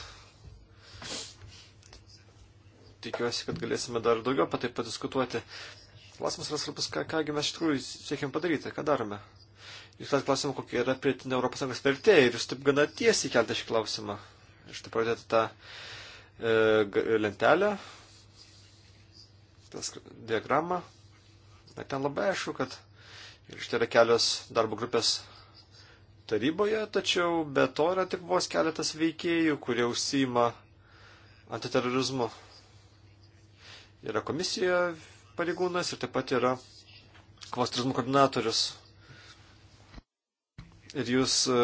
Tikiuosi, kad galėsime dar daugiau apie tai padiskutuoti. Klausimas yra svarbus, ką, kągi mes iš tikrųjų siekiam padaryti, ką darome. Jūs tas klausimą, kokia yra prietinė ES vertė ir jūs taip gana tiesiai keltą šį klausimą. Aš taip pradėtų tą e, lentelę, tas diagramą. Na, ten labai aišku, kad ir štai yra kelios darbo grupės taryboje, tačiau be to yra tik vos keletas veikėjų, kurie užsima antiterorizmu. Yra komisija pareigūnas ir taip pat yra kvastrizmų koordinatorius ir jūs e,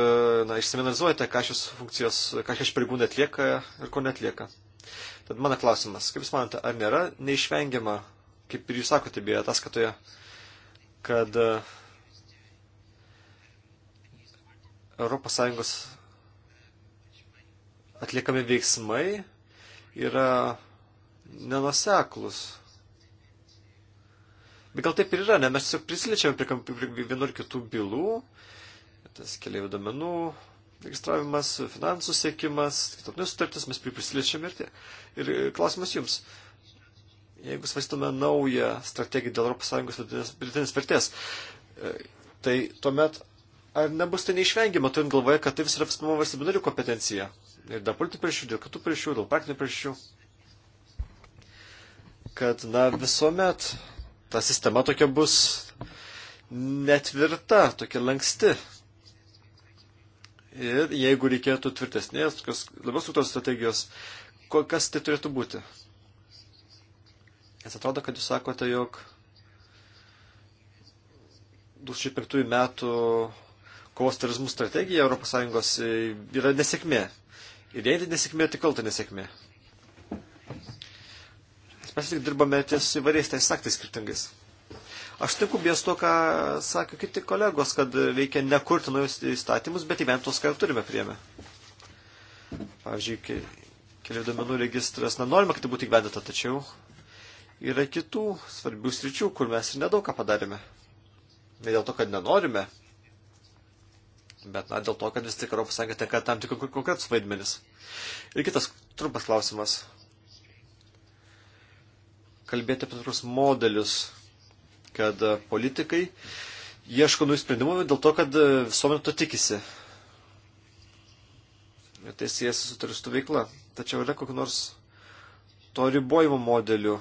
na, išsiminalizuojate, ką šios funkcijos, ką šie pareigūnai atlieka ir ko netlieka. Tad mano klausimas, kaip Jūs manote, ar nėra neišvengiama, kaip ir Jūs sakote, beje, ataskatoje, kad ES atliekami veiksmai yra nenuseklus. Bet gal taip ir yra, ne? Mes tiesiog prisiličiame prie vienų ar kitų bylų tas keliaivių domenų registravimas, finansų sėkimas, kitoknės sutartis, mes priprisiliečiam ir tie. Ir klausimas jums. Jeigu svarstome naują strategiją dėl ES pridėtinės vertės, e, tai tuomet ar nebus tai neišvengiama, turint galvoje, kad tai vis yra apstumama valstybių narių kompetencija. Ir dėl politinių priešių, dėl kitų priešių, dėl praktinių priešių. Kad, na, visuomet ta sistema tokia bus netvirta, tokia lanksti. Ir jeigu reikėtų tvirtesnės, tokios labiau suktos strategijos, kas tai turėtų būti? Nes atrodo, kad jūs sakote, jog 2005 metų kovos terorizmų strategija ES e, yra nesėkmė. Ir jei tai nesėkmė, tai kalta nesėkmė. Mes tik dirbame ties įvairiais teisės aktais skirtingais. Aš tinku bės to, ką sakė kiti kolegos, kad reikia nekurti naujus įstatymus, bet įventos, ką turime prieme. Pavyzdžiui, kelių domenų registras, na, norime, kad tai būtų įgyvendinta, tačiau yra kitų svarbių sričių, kur mes ir nedaug ką padarėme. Ne dėl to, kad nenorime, bet, na, dėl to, kad vis tik Europos Sąjunga tenka tam tikrų konkretus vaidmenis. Ir kitas trumpas klausimas. Kalbėti apie tikrus modelius kad e, politikai ieško naujų sprendimų dėl to, kad e, visuomenė to tikisi. Ir tai siejasi su turistų veikla. Tačiau yra kokiu nors to ribojimo modeliu,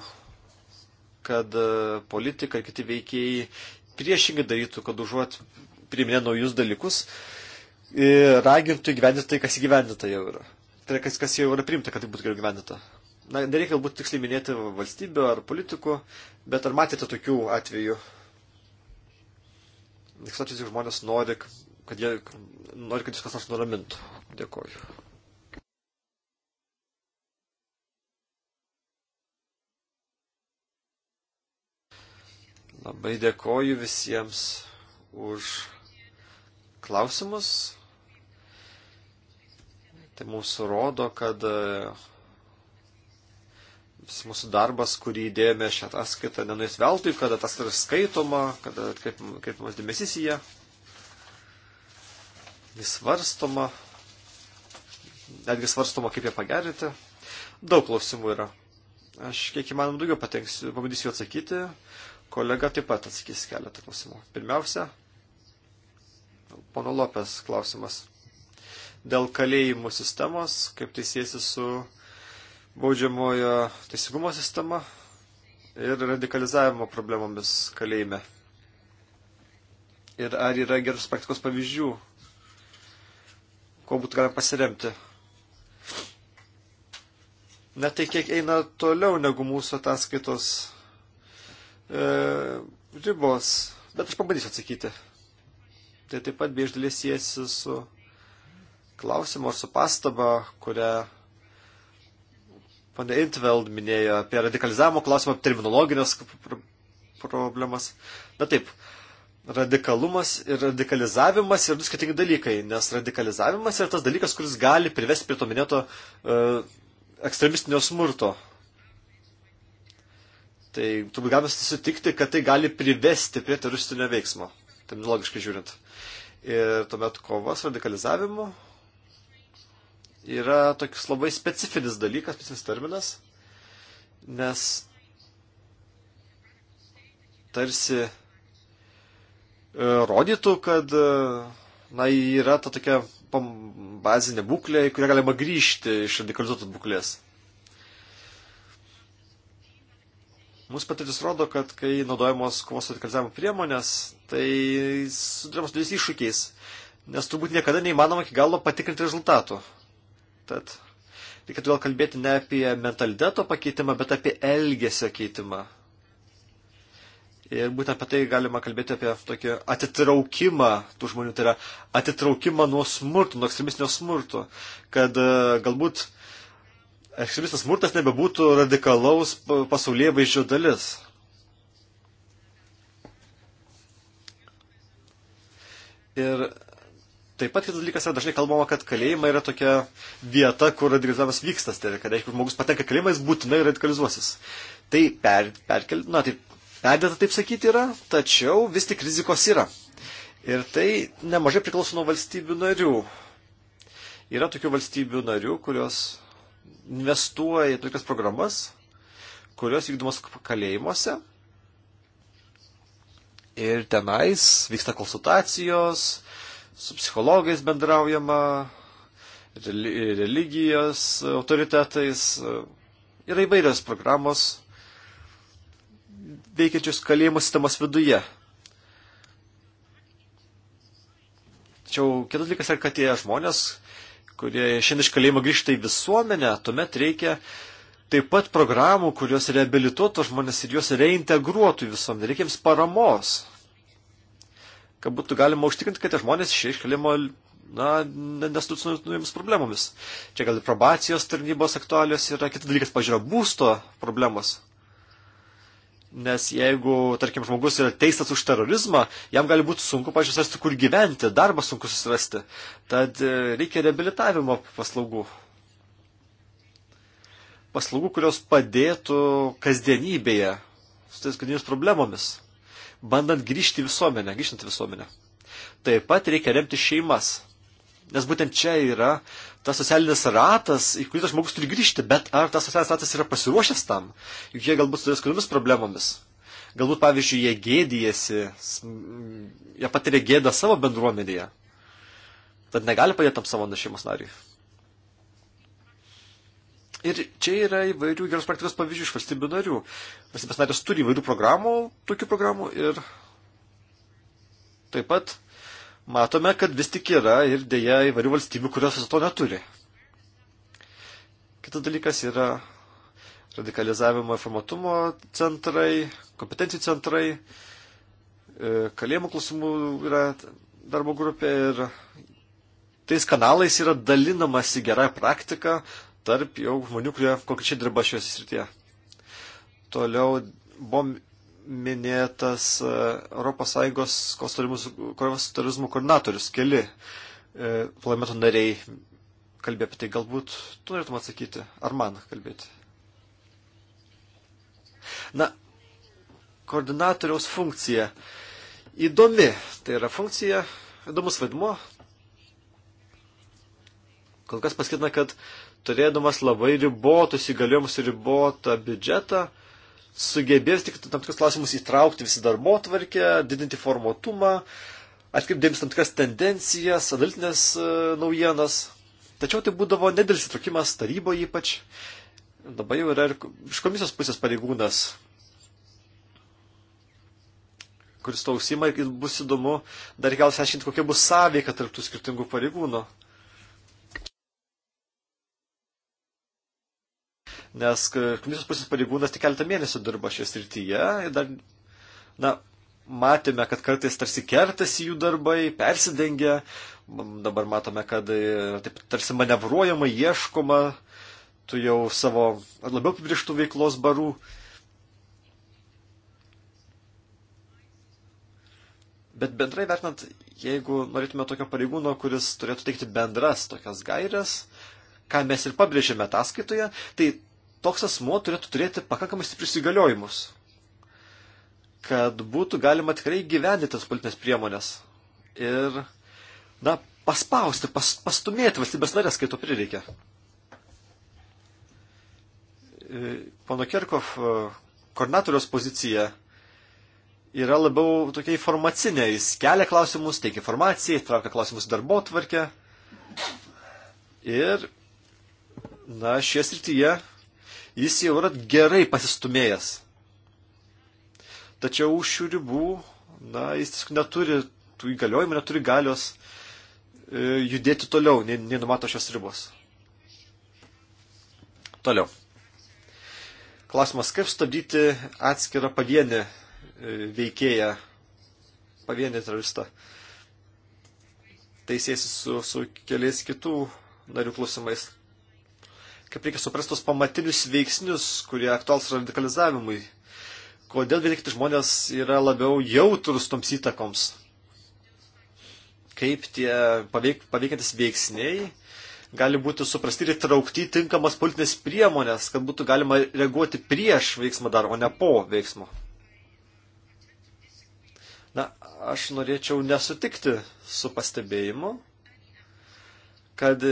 kad e, politika ir kiti veikėjai priešingai darytų, kad užuot priminę naujus dalykus, ragintų įgyvendinti tai, kas įgyvendinta jau yra. Tai yra, kas, kas jau yra priimta, kad tai būtų geriau gyvendinta. Na, nereikia galbūt tiksliai minėti valstybių ar politikų, bet ar matėte tokių atvejų? Nekstačiasi žmonės nori, kad jie nori, kad jūs kas nors nuramintų. Dėkoju. Labai dėkoju visiems už klausimus. Tai mūsų rodo, kad mūsų darbas, kurį įdėjome šią ataskaitą, nenuės veltui, kad ataskaita yra skaitoma, kad kaip, kaip mums dėmesys į ją, jis svarstoma, netgi svarstoma, kaip ją pagerinti. Daug klausimų yra. Aš kiek įmanom daugiau patenksiu, pabandysiu atsakyti. Kolega taip pat atsakys keletą klausimų. Pirmiausia, pono Lopės klausimas. Dėl kalėjimų sistemos, kaip tai siejasi su baudžiamojo teisingumo sistema ir radikalizavimo problemomis kalėjime. Ir ar yra geros praktikos pavyzdžių, ko būtų galima pasiremti. Na tai kiek eina toliau negu mūsų ataskaitos e, ribos, bet aš pabandysiu atsakyti. Tai taip pat bei iš dalies siejasi su klausimu ar su pastaba, kurią Pane Intveld minėjo apie radikalizavimo klausimą, terminologinės problemas. Na taip, radikalumas ir radikalizavimas yra du skirtingi dalykai, nes radikalizavimas yra tas dalykas, kuris gali privesti prie to minėto uh, ekstremistinio smurto. Tai turbūt galime sutikti, kad tai gali privesti prie teroristinio veiksmo, terminologiškai žiūrint. Ir tuomet kovas radikalizavimu yra toks labai specifinis dalykas, specifinis terminas, nes tarsi e, rodytų, kad e, na, yra ta tokia bazinė būklė, į kurią galima grįžti iš radikalizuotos būklės. Mūsų patirtis rodo, kad kai naudojamos kovos su radikalizavimu priemonės, tai sudarimas su iššūkiais, nes turbūt niekada neįmanoma iki galo patikrinti rezultatų. Tad reikėtų gal kalbėti ne apie mentaliteto pakeitimą, bet apie elgesio keitimą. Ir būtent apie tai galima kalbėti apie tokį atitraukimą tų žmonių, tai yra atitraukimą nuo smurto, nuo ekstremistinio smurto, kad e, galbūt ekstremistinis smurtas nebebūtų radikalaus pasaulyje vaizdžio dalis. Ir Taip pat kitas dalykas yra dažnai kalbama, kad kalėjimai yra tokia vieta, kur radikalizavimas vyksta, tai yra, kad jeigu žmogus patenka kalėjimą, jis būtinai radikalizuosis. Tai per, perkel, na, taip, perdėta taip sakyti yra, tačiau vis tik rizikos yra. Ir tai nemažai priklauso nuo valstybių narių. Yra tokių valstybių narių, kurios investuoja į tokias programas, kurios vykdomos kalėjimuose. Ir tenais vyksta konsultacijos, su psichologais bendraujama, religijos autoritetais. Yra įvairios programos veikiančios kalėjimo sistemos viduje. Tačiau kitas dalykas yra, kad tie žmonės, kurie šiandien iš kalėjimo grįžta į visuomenę, tuomet reikia taip pat programų, kurios reabilituotų žmonės ir juos reintegruotų į visuomenę. Reikia jiems paramos kad būtų galima užtikrinti, kad tie žmonės išėjo iš kalėjimo na, nesutinutinomis problemomis. Čia gal probacijos tarnybos aktualios yra kitas dalykas, pažiūrėjau, būsto problemos. Nes jeigu, tarkim, žmogus yra teistas už terorizmą, jam gali būti sunku, pažiūrėjau, surasti, kur gyventi, darbą sunku susirasti. Tad e, reikia reabilitavimo paslaugų. Paslaugų, kurios padėtų kasdienybėje su tais kasdienės problemomis bandant grįžti į visuomenę, grįžtant į visuomenę. Taip pat reikia remti šeimas. Nes būtent čia yra tas socialinis ratas, į kurį tas žmogus turi grįžti, bet ar tas socialinis ratas yra pasiruošęs tam, juk jie galbūt su visomis problemomis. Galbūt, pavyzdžiui, jie gėdijasi, jie patiria gėdą savo bendruomenėje. Tad negali padėti tam savo šeimos nariui. Ir čia yra įvairių geros praktikos pavyzdžių iš valstybių narių. Valstybės narės turi įvairių programų, tokių programų ir taip pat matome, kad vis tik yra ir dėja įvairių valstybių, kurios viso to neturi. Kitas dalykas yra radikalizavimo informatumo centrai, kompetencijų centrai, e, kalėjimų klausimų yra darbo grupė ir tais kanalais yra dalinamasi gerą praktiką, tarp jau žmonių, kurie konkrečiai dirba šioje srityje. Toliau buvo minėtas ES kovos su terorizmu koordinatorius, keli e, parlamento nariai kalbė apie tai. Galbūt tu norėtum atsakyti, ar man kalbėti. Na, koordinatoriaus funkcija įdomi. Tai yra funkcija, įdomus vaidmuo. Kol kas paskirtina, kad turėdamas labai ribotus įgaliojimus ir ribotą biudžetą, sugebės tik tam tikrus klausimus įtraukti visi darbo tvarkę, didinti formatumą, atkreipdėmės tam tikras tendencijas, analitinės e, naujienas. Tačiau tai būdavo nedėlis įtraukimas taryboje ypač. Dabar jau yra ir iš komisijos pusės pareigūnas, kuris to užsima ir bus įdomu dar galiausiai aiškinti, kokia bus sąveika tarp tų skirtingų pareigūnų. No? nes komisijos pusės pareigūnas tik keletą mėnesių dirba šioje srityje ir dar, na, matėme, kad kartais tarsi kertasi jų darbai, persidengia, dabar matome, kad e, taip tarsi manevruojama, ieškoma tų jau savo labiau apibrieštų veiklos barų. Bet bendrai vertinant, jeigu norėtume tokio pareigūno, kuris turėtų teikti bendras tokias gairias, ką mes ir pabrėžėme ataskaitoje, tai toks asmuo turėtų turėti pakankamai stiprius įgaliojimus, kad būtų galima tikrai gyvendyti tas politinės priemonės ir, na, paspausti, pas, pastumėti valstybės narės, kai to prireikia. E, pono Kerkov e, koordinatoriaus pozicija yra labiau tokia informacinė. Jis kelia klausimus, teikia informaciją, traukia klausimus darbo tvarkę. Ir, na, šie srityje jis jau yra gerai pasistumėjęs. Tačiau už šių ribų, na, jis tiesiog neturi tų įgaliojimų, neturi galios e, judėti toliau, nei, nei numato šios ribos. Toliau. Klausimas, kaip stabdyti atskirą pavienį e, veikėją, pavienį teroristą. Tai sėsi su, su keliais kitų narių klausimais kaip reikia suprasti tos pamatinius veiksnius, kurie aktuals radikalizavimui. Kodėl vieni kiti žmonės yra labiau jautrus toms įtakoms? Kaip tie paveik, paveikiantis veiksniai gali būti suprasti ir įtraukti tinkamas politinės priemonės, kad būtų galima reaguoti prieš veiksmą dar, o ne po veiksmo. Na, aš norėčiau nesutikti su pastebėjimu, kad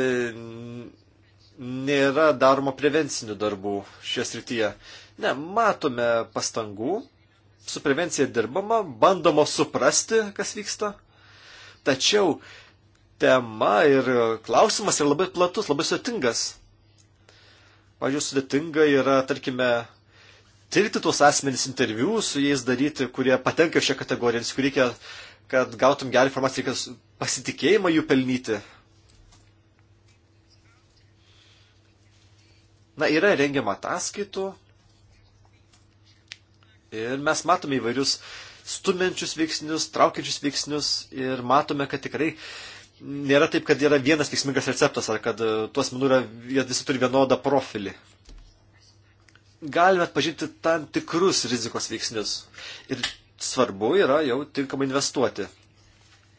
nėra daroma prevencinių darbų šioje srityje. Ne, matome pastangų, su prevencija dirbama, bandoma suprasti, kas vyksta. Tačiau tema ir klausimas yra labai platus, labai sudėtingas. Pavyzdžiui, sudėtinga yra, tarkime, tirti tuos asmenys interviu, su jais daryti, kurie patenka šią kategoriją, nes kur reikia, kad gautum gerą informaciją, reikia pasitikėjimą jų pelnyti. Na, yra rengiama ataskaitų ir mes matome įvairius stumiančius veiksnius, traukiančius veiksnius ir matome, kad tikrai nėra taip, kad yra vienas veiksmingas receptas ar kad e, tuos menų yra, jie visi turi vienodą profilį. Galime atpažinti tam tikrus rizikos veiksnius ir svarbu yra jau tinkamai investuoti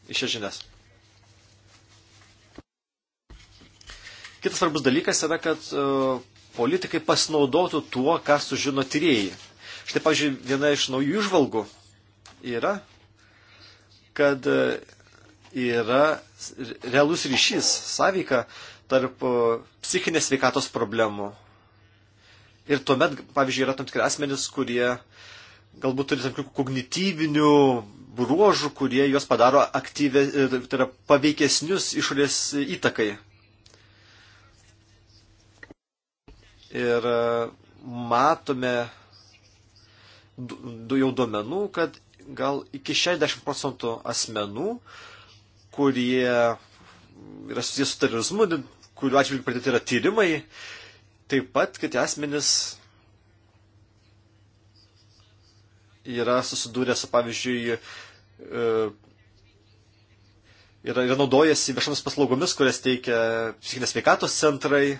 į šias žinias. Kitas svarbus dalykas yra, kad e, politikai pasinaudotų tuo, ką sužino tyrėjai. Štai, pažiūrėjau, viena iš naujų išvalgų yra, kad e, yra realus ryšys, sąveika tarp e, psichinės sveikatos problemų. Ir tuomet, pavyzdžiui, yra tam tikri asmenys, kurie galbūt turi tam tikrų kognityvinių bruožų, kurie juos padaro aktyvė, e, tai yra paveikesnius išorės įtakai. Ir e, matome du jau duomenų, kad gal iki 60 procentų asmenų, kurie yra susijęs su terorizmu, kuriuo atžvilgiu pradėti yra tyrimai, taip pat, kad tie asmenys yra susidūrę su, pavyzdžiui, e, yra, yra naudojasi viešomis paslaugomis, kurias teikia psichinės veikatos centrai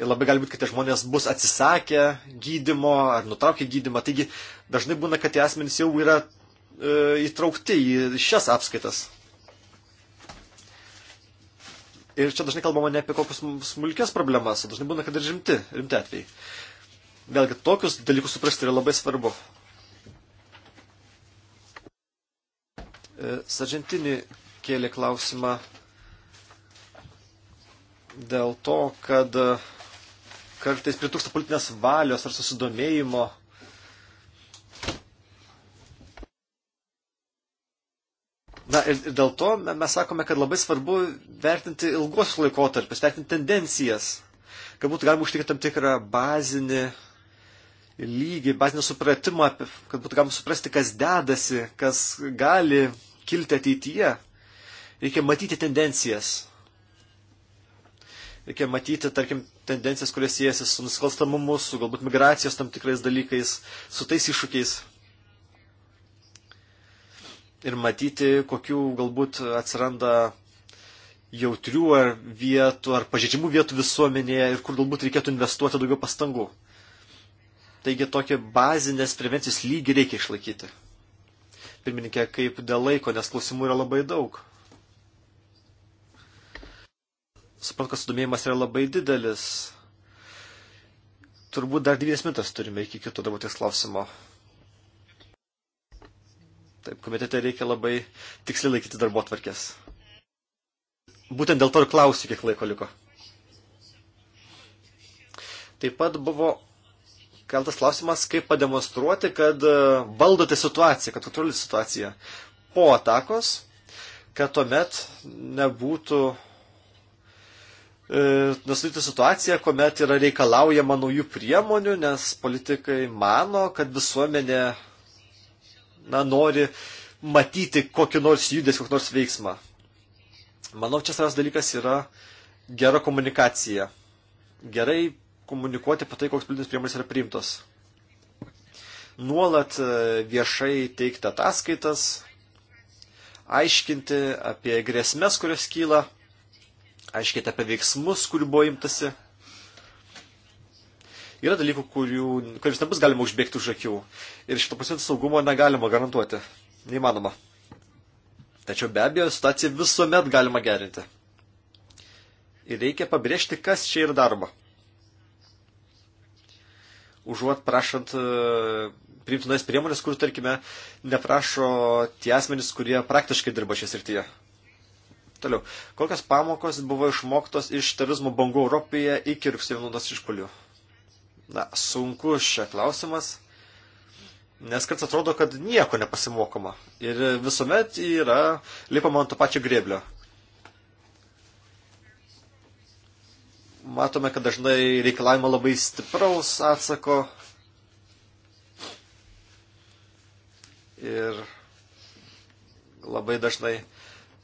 ir labai gali būti, kad tie žmonės bus atsisakę gydimo ar nutraukę gydimą. Taigi dažnai būna, kad tie asmenys jau yra e, įtraukti į šias apskaitas. Ir čia dažnai kalbama ne apie kokius smulkės problemas, dažnai būna, kad ir rimti, rimti atvejai. Vėlgi, tokius dalykus suprasti yra labai svarbu. E, Sargentinį kėlė klausimą dėl to, kad kartais pritrūksta politinės valios ar susidomėjimo. Na ir, ir dėl to mes sakome, kad labai svarbu vertinti ilgos laikotarpius, vertinti tendencijas, kad būtų galima užtikrinti tam tikrą bazinį lygį, bazinį supratimą, kad būtų galima suprasti, kas dedasi, kas gali kilti ateityje. Reikia matyti tendencijas, reikia matyti, tarkim, tendencijas, kurias siejasi su nusikalstamumu, su galbūt migracijos tam tikrais dalykais, su tais iššūkiais. Ir matyti, kokių galbūt atsiranda jautrių ar vietų, ar pažeidžiamų vietų visuomenėje ir kur galbūt reikėtų investuoti daugiau pastangų. Taigi tokį bazinės prevencijos lygį reikia išlaikyti. Pirmininkė, kaip dėl laiko, nes klausimų yra labai daug. suprantu, kad sudomėjimas yra labai didelis. Turbūt dar dvies mintas turime iki kito darbotės klausimo. Taip, komitete reikia labai tiksliai laikyti darbo tvarkės. Būtent dėl to ir klausiu, kiek laiko liko. Taip pat buvo keltas klausimas, kaip pademonstruoti, kad e, valdote situaciją, kad kontroliuojate situaciją po atakos, kad tuomet nebūtų E, nustatyti situaciją, kuomet yra reikalaujama naujų priemonių, nes politikai mano, kad visuomenė na, nori matyti kokį nors judės, kokį nors veiksmą. Manau, čia savas dalykas yra gera komunikacija. Gerai komunikuoti apie tai, koks politinis priemonės yra priimtos. Nuolat e, viešai teikti ataskaitas, aiškinti apie grėsmės, kurios kyla aiškiai apie veiksmus, kurių buvo imtasi. Yra dalykų, kurių, kuriems nebus galima užbėgti už akių. Ir šito pacientų saugumo negalima garantuoti. Neįmanoma. Tačiau be abejo, situaciją visuomet galima gerinti. Ir reikia pabrėžti, kas čia yra daroma. Užuot prašant e, priimtinas priemonės, kur, tarkime, neprašo tie asmenys, kurie praktiškai dirba šią srityje. Toliau, kokios pamokos buvo išmoktos iš terorizmo bangų Europoje iki rugsėjo 11 išpolių? Na, sunku šia klausimas, nes kartais atrodo, kad nieko nepasimokoma ir visuomet yra lipama ant to pačio grėblio. Matome, kad dažnai reikalavimo labai stipraus atsako ir labai dažnai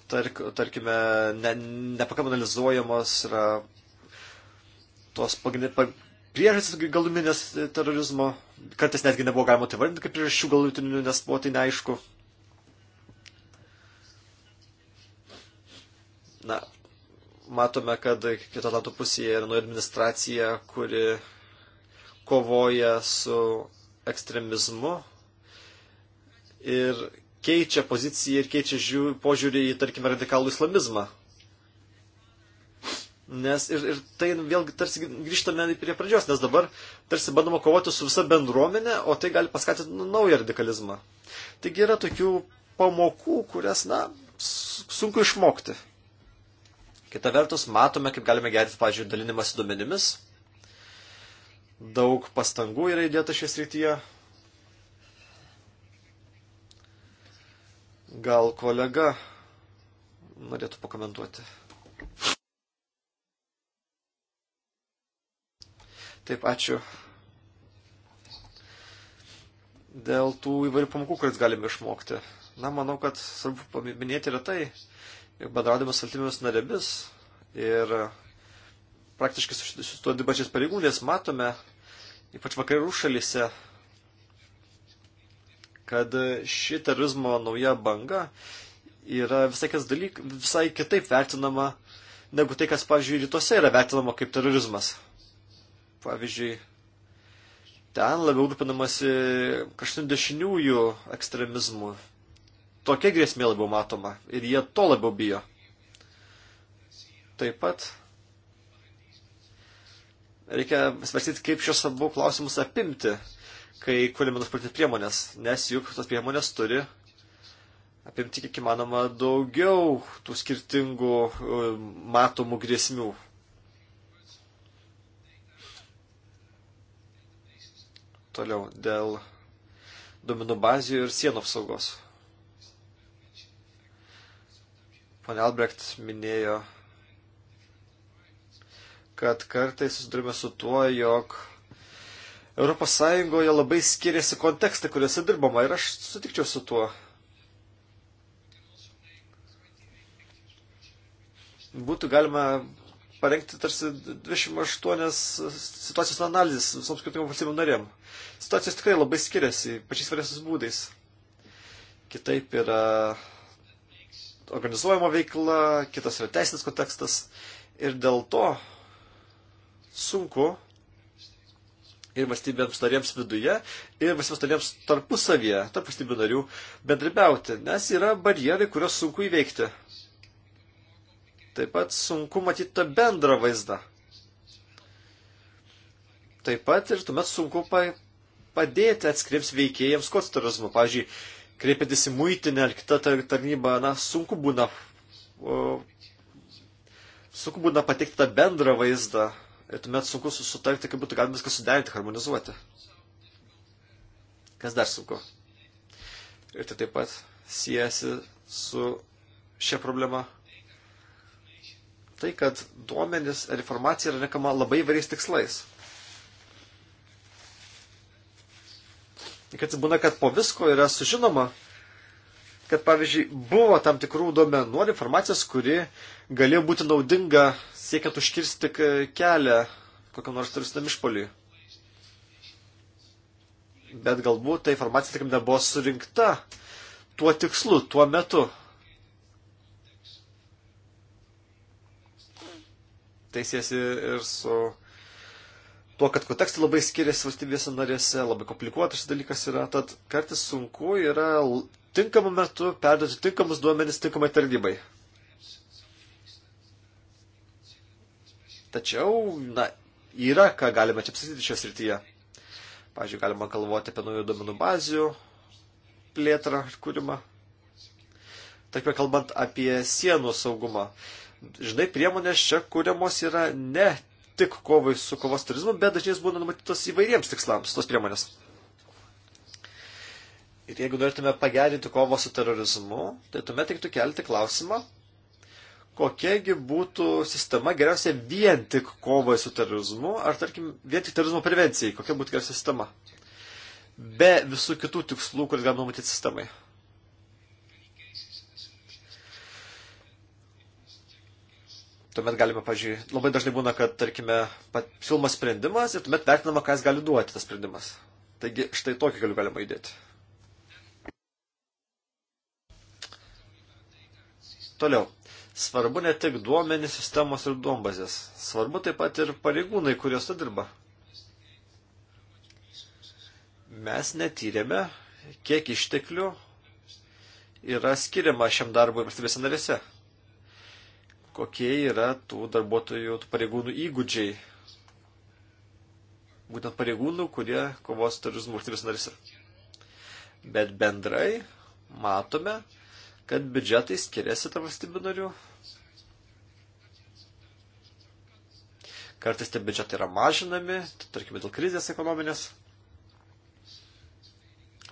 tark, tarkime, ne, nepakankamai analizuojamos yra tos priežastys galuminės terorizmo. Kartais netgi nebuvo galima tai vardinti kaip priežasčių galutinių, nes buvo tai neaišku. Na, matome, kad kito datų pusėje yra nuo administracija, kuri kovoja su ekstremizmu ir keičia poziciją ir keičia žiū, požiūrį į, tarkime, radikalų islamizmą. Nes ir, ir tai vėlgi tarsi grįžtame prie pradžios, nes dabar tarsi bandoma kovoti su visa bendruomenė, o tai gali paskatinti naują radikalizmą. Taigi yra tokių pamokų, kurias, na, sunku išmokti. Kita vertus, matome, kaip galime gerinti, pavyzdžiui, dalinimas duomenimis. Daug pastangų yra įdėta šioje srityje, Gal kolega norėtų pakomentuoti? Taip, ačiū. Dėl tų įvairių pamokų, kurias galime išmokti. Na, manau, kad svarbu paminėti yra tai, jog bendraudamas valstybėmis narėmis ir praktiškai su, su tuo dibačiais pareigūnės matome, ypač vakarų šalyse, kad ši terorizmo nauja banga yra visai, dalyk, visai kitaip vertinama negu tai, kas, pavyzdžiui, rytuose yra vertinama kaip terorizmas. Pavyzdžiui, ten labiau rūpinamasi kažkokių dešiniųjų ekstremizmų. Tokia grėsmė labiau matoma ir jie to labiau bijo. Taip pat reikia svarstyti, kaip šios abu klausimus apimti kai kuriame tas politinės priemonės, nes juk tos priemonės turi apimti kiek įmanoma daugiau tų skirtingų e, matomų grėsmių. Toliau dėl duomenų bazių ir sienų apsaugos. Pane Albrecht minėjo, kad kartais susidurime su tuo, jog ES labai skiriasi kontekstai, kuriuose dirbama ir aš sutikčiau su tuo. Būtų galima parengti tarsi 28 situacijos analizės visoms skirtingom valstybėm narėm. Situacijos tikrai labai skiriasi pačiais variausiais būdais. Kitaip yra organizuojama veikla, kitas yra teisinis kontekstas ir dėl to sunku ir valstybėms narėms viduje, ir valstybėms narėms tarpusavyje, tarp valstybių narių bendrabiauti, nes yra barjerai, kuriuos sunku įveikti. Taip pat sunku matyti tą bendrą vaizdą. Taip pat ir tuomet sunku pa padėti atskrips veikėjams kods terorizmu. Pavyzdžiui, kreipiantis į muitinę ar kitą tarnybą, na, sunku būna, o, sunku būna pateikti tą bendrą vaizdą ir tuomet sunku sutarti, kaip būtų galima viską suderinti, harmonizuoti. Kas dar sunku? Ir tai taip pat siejasi su šia problema. Tai, kad duomenis ir informacija yra renkama labai įvairiais tikslais. Ir kad būna, kad po visko yra sužinoma, kad, pavyzdžiui, buvo tam tikrų duomenų ar informacijos, kuri galėjo būti naudinga siekiant užkirsti kelią kokiam nors turistam išpoliui. Bet galbūt ta informacija, tarkim, nebuvo surinkta tuo tikslu, tuo metu. Tai sėsi ir su tuo, kad kontekstai labai skiriasi valstybėse narėse, labai komplikuotas šis dalykas yra, tad kartais sunku yra tinkamu metu perduoti tinkamus duomenis tinkamai tarnybai. Tačiau, na, yra ką galime čia apsakyti šios rytyje. Pavyzdžiui, galima galvoti apie naujų duomenų bazių plėtrą ir kūrimą. Tarkime, kalbant apie sienų saugumą. Žinai, priemonės čia kūriamos yra ne tik kovai su kovos turizmu, bet dažnai jis būna numatytos įvairiems tikslams, tos priemonės. Ir jeigu norėtume pagerinti kovą su terorizmu, tai tuomet reiktų kelti klausimą, kokiagi būtų sistema geriausia vien tik kovai su terorizmu, ar tarkim vien tik terorizmo prevencijai, kokia būtų geriausia sistema. Be visų kitų tikslų, kuris galima numatyti sistemai. tuomet galime, pažiūrėjau, labai dažnai būna, kad, tarkime, siūlomas sprendimas ir tuomet vertinama, ką jis gali duoti tas sprendimas. Taigi štai tokį galiu galima judėti. Toliau. Svarbu ne tik duomenys, sistemos ir duombazės. Svarbu taip pat ir pareigūnai, kurie su dirba. Mes netyrėme, kiek išteklių yra skiriama šiam darbui valstybėse narėse kokie yra tų darbuotojų, tų pareigūnų įgūdžiai. Būtent pareigūnų, kurie kovos terorizmų valstybės narise. Bet bendrai matome, kad biudžetai skiriasi tarp valstybių narių. Kartais tie biudžetai yra mažinami, tai tarkime, dėl krizės ekonominės.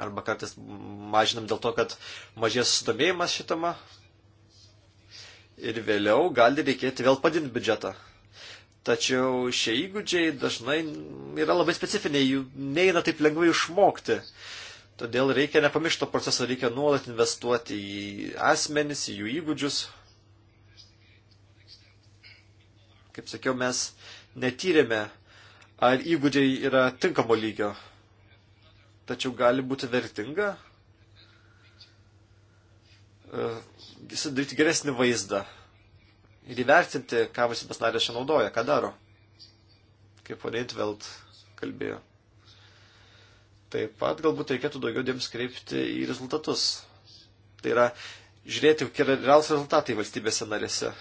Arba kartais mažinam dėl to, kad mažės sudomėjimas šitama ir vėliau gali reikėti vėl padidinti biudžetą. Tačiau šie įgūdžiai dažnai yra labai specifiniai, jų neina taip lengvai išmokti. Todėl reikia nepamiršti to proceso, reikia nuolat investuoti į asmenis, į jų įgūdžius. Kaip sakiau, mes netyrėme, ar įgūdžiai yra tinkamo lygio. Tačiau gali būti vertinga E, sudaryti geresnį vaizdą ir įvertinti, ką valstybės narės čia naudoja, ką daro, kaip ponė Intveld kalbėjo. Taip pat galbūt reikėtų daugiau dėmesio kreipti į rezultatus. Tai yra žiūrėti, kokie yra realūs rezultatai valstybėse narėse.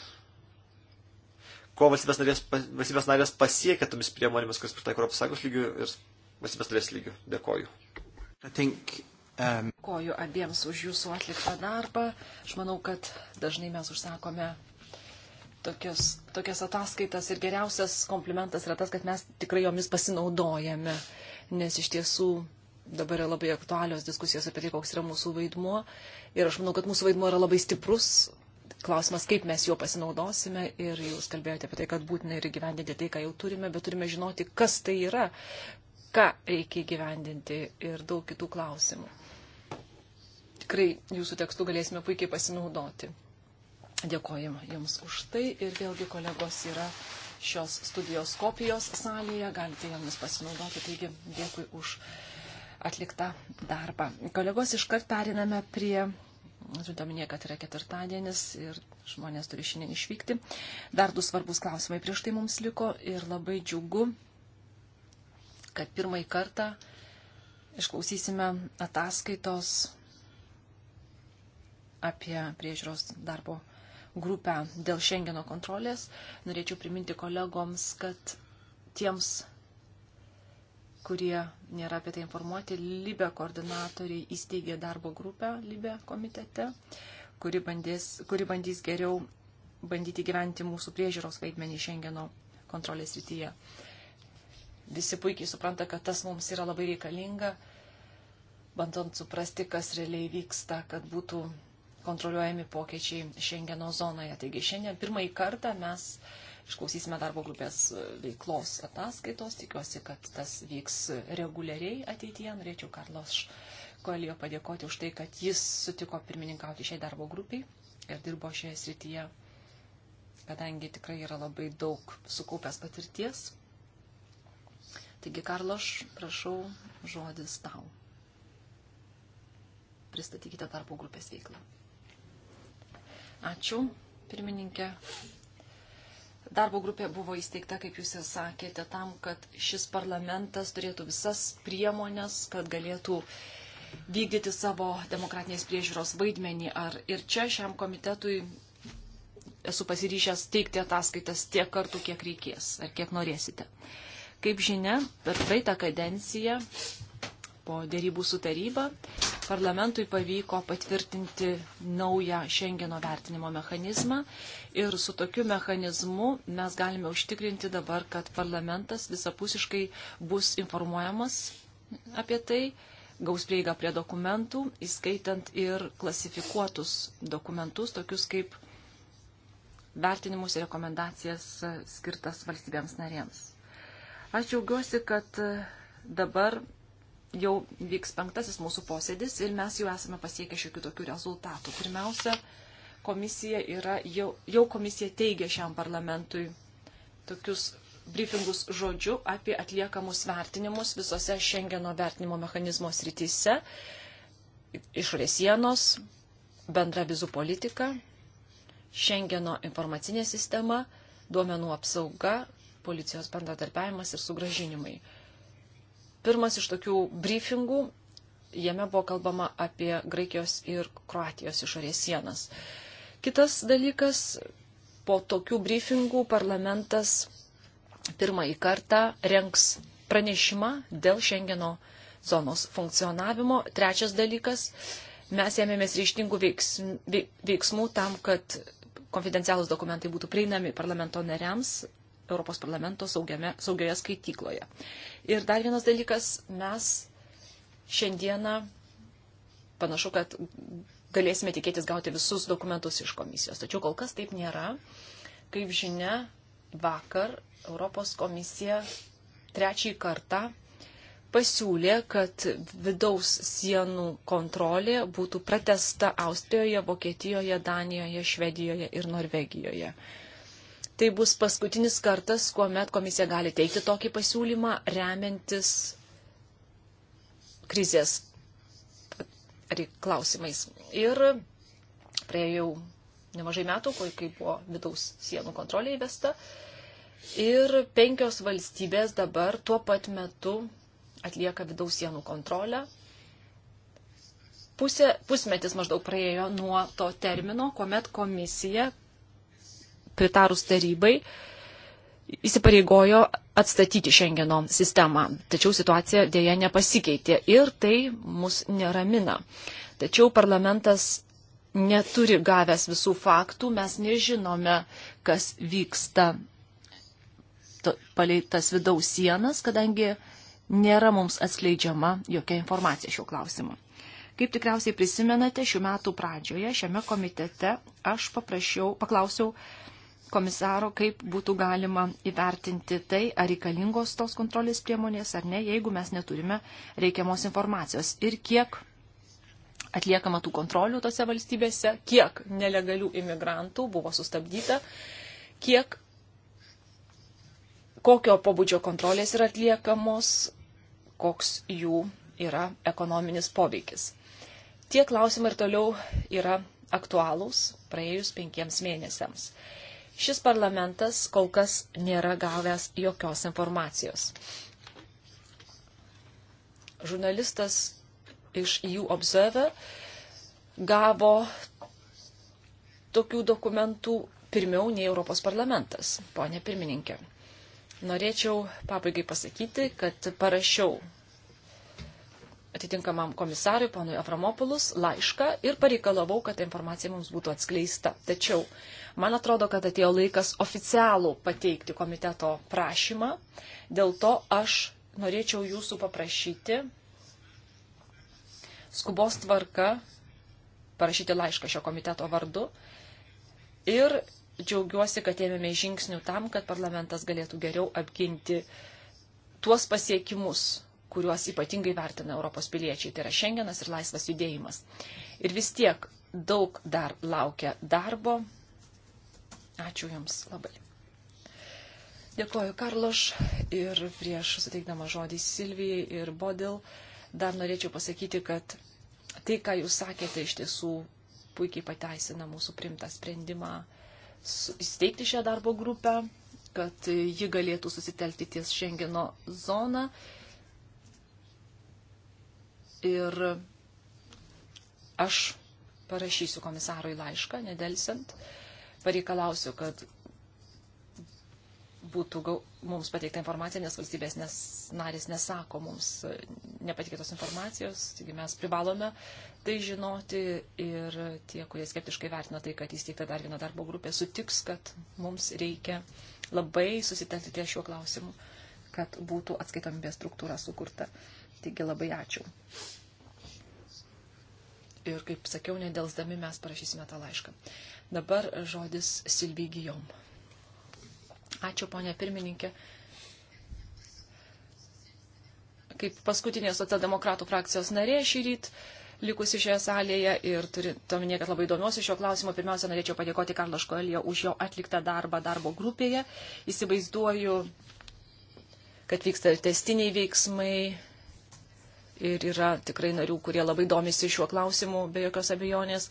Ko valstybės narės, valstybės narės pasiekia tomis priemonėmis, kas pritaiko Europos Sąjungos lygių ir valstybės narės lygių. Dėkoju. I think Koju abiems už jūsų atliktą darbą. Aš manau, kad dažnai mes užsakome tokias, tokias ataskaitas ir geriausias komplimentas yra tas, kad mes tikrai jomis pasinaudojame, nes iš tiesų dabar yra labai aktualios diskusijos apie tai, koks yra mūsų vaidmuo. Ir aš manau, kad mūsų vaidmuo yra labai stiprus. Klausimas, kaip mes juo pasinaudosime ir jūs kalbėjote apie tai, kad būtina ir gyvendinti tai, ką jau turime, bet turime žinoti, kas tai yra, ką reikia gyvendinti ir daug kitų klausimų tikrai jūsų tekstų galėsime puikiai pasinaudoti. Dėkojim Jums už tai ir vėlgi kolegos yra šios studijos kopijos salėje, galite jomis pasinaudoti, taigi dėkui už atliktą darbą. Kolegos, iškart periname prie, turint omenyje, kad yra ketvirtadienis ir žmonės turi šiandien išvykti. Dar du svarbus klausimai prieš tai mums liko ir labai džiugu, kad pirmąjį kartą išklausysime ataskaitos apie priežiūros darbo grupę dėl Schengeno kontrolės. Norėčiau priminti kolegoms, kad tiems, kurie nėra apie tai informuoti, Libė koordinatoriai įsteigė darbo grupę Libė komitete, kuri, bandės, kuri bandys geriau bandyti gyventi mūsų priežiūros vaidmenį Schengeno kontrolės rytyje. Visi puikiai supranta, kad tas mums yra labai reikalinga bandant suprasti, kas realiai vyksta, kad būtų kontroliuojami pokyčiai Šengeno zonoje. Taigi šiandien pirmąjį kartą mes išklausysime darbo grupės e, veiklos ataskaitos. Tikiuosi, kad tas vyks reguliariai ateityje. Norėčiau Karlos Koelijo padėkoti už tai, kad jis sutiko pirmininkauti šiai darbo grupiai ir dirbo šioje srityje, kadangi tikrai yra labai daug sukaupęs patirties. Taigi, Karloš, prašau, žodis tau. Pristatykite darbo grupės veiklą. Ačiū, pirmininkė. Darbo grupė buvo įsteigta, kaip jūs ir sakėte, tam, kad šis parlamentas turėtų visas priemonės, kad galėtų vykdyti savo demokratinės priežiūros vaidmenį. Ar ir čia šiam komitetui esu pasiryšęs teikti ataskaitas tiek kartų, kiek reikės ar kiek norėsite. Kaip žinia, per praeitą kadenciją po dėrybų su taryba parlamentui pavyko patvirtinti naują Šengeno vertinimo mechanizmą ir su tokiu mechanizmu mes galime užtikrinti dabar, kad parlamentas visapusiškai bus informuojamas apie tai, gaus prieigą prie dokumentų, įskaitant ir klasifikuotus dokumentus, tokius kaip vertinimus ir rekomendacijas skirtas valstybėms narėms. Aš džiaugiuosi, kad dabar jau vyks penktasis mūsų posėdis ir mes jau esame pasiekę šiokių tokių rezultatų. Pirmiausia, komisija yra, jau, jau komisija teigia šiam parlamentui tokius briefingus žodžiu apie atliekamus vertinimus visose Šengeno vertinimo mechanizmo srityse, išorės sienos, bendra vizų politika, Šengeno informacinė sistema, duomenų apsauga, policijos bendradarbiavimas ir sugražinimai pirmas iš tokių briefingų, jame buvo kalbama apie Graikijos ir Kroatijos išorės sienas. Kitas dalykas, po tokių briefingų parlamentas pirmąjį kartą renks pranešimą dėl Šengeno zonos funkcionavimo. Trečias dalykas, mes ėmėmės ryštingų veiksmų tam, kad konfidencialus dokumentai būtų prieinami parlamento nariams Europos parlamento saugiame, saugioje skaitykloje. Ir dar vienas dalykas, mes šiandieną panašu, kad galėsime tikėtis gauti visus dokumentus iš komisijos. Tačiau kol kas taip nėra. Kaip žinia, vakar Europos komisija trečiai kartą pasiūlė, kad vidaus sienų kontrolė būtų pratesta Austrijoje, Vokietijoje, Danijoje, Švedijoje ir Norvegijoje tai bus paskutinis kartas, kuomet komisija gali teikti tokį pasiūlymą, remiantis krizės klausimais. Ir praėjau nemažai metų, kai buvo vidaus sienų kontrolė įvesta. Ir penkios valstybės dabar tuo pat metu atlieka vidaus sienų kontrolę. Pusė, pusmetis maždaug praėjo nuo to termino, kuomet komisija pritarus tarybai, įsipareigojo atstatyti Schengeno sistemą. Tačiau situacija dėja nepasikeitė ir tai mus neramina. Tačiau parlamentas neturi gavęs visų faktų, mes nežinome, kas vyksta palei tas vidaus sienas, kadangi nėra mums atskleidžiama jokia informacija šiuo klausimu. Kaip tikriausiai prisimenate, šių metų pradžioje šiame komitete aš paprašiau, paklausiau komisaro, kaip būtų galima įvertinti tai, ar reikalingos tos kontrolės priemonės ar ne, jeigu mes neturime reikiamos informacijos. Ir kiek atliekama tų kontrolių tose valstybėse, kiek nelegalių imigrantų buvo sustabdyta, kiek kokio pobūdžio kontrolės yra atliekamos, koks jų yra ekonominis poveikis. Tie klausimai ir toliau yra aktualūs praėjus penkiems mėnesiams šis parlamentas kol kas nėra gavęs jokios informacijos. Žurnalistas iš EU Observer gavo tokių dokumentų pirmiau nei Europos parlamentas, ponė pirmininkė. Norėčiau pabaigai pasakyti, kad parašiau atitinkamam komisarui, ponui Avramopulus, laišką ir pareikalavau, kad informacija mums būtų atskleista. Tačiau Man atrodo, kad atėjo laikas oficialų pateikti komiteto prašymą. Dėl to aš norėčiau jūsų paprašyti skubos tvarka parašyti laišką šio komiteto vardu. Ir džiaugiuosi, kad ėmėme žingsnių tam, kad parlamentas galėtų geriau apginti tuos pasiekimus, kuriuos ypatingai vertina Europos piliečiai. Tai yra šiandienas ir laisvas judėjimas. Ir vis tiek daug dar laukia darbo, Ačiū Jums labai. Dėkuoju Karloš ir prieš suteikdama žodį Silvijai ir Bodil dar norėčiau pasakyti, kad tai, ką Jūs sakėte, iš tiesų puikiai pateisina mūsų primtą sprendimą įsteigti šią darbo grupę, kad ji galėtų susitelkti ties Šengeno zoną. Ir aš parašysiu komisarui laišką, nedelsint, pareikalausiu, kad būtų gau, mums pateikta informacija, nes valstybės nes, narės nesako mums e, nepatikėtos informacijos, taigi mes privalome tai žinoti ir tie, kurie skeptiškai vertina tai, kad įsteigta dar viena darbo grupė, sutiks, kad mums reikia labai susitelkti ties šiuo klausimu, kad būtų atskaitomybės struktūra sukurta. Taigi labai ačiū ir, kaip sakiau, nedelsdami mes parašysime tą laišką. Dabar žodis Silvygijom. Ačiū, ponė pirmininkė. Kaip paskutinė socialdemokratų frakcijos narė šį rytą likusi šioje salėje ir turint omenyje, kad labai domiuosi šio klausimo, pirmiausia, norėčiau padėkoti Karlo Škoelio už jo atliktą darbą darbo grupėje. Įsivaizduoju, kad vyksta testiniai veiksmai, ir yra tikrai narių, kurie labai domisi šiuo klausimu, be jokios abejonės.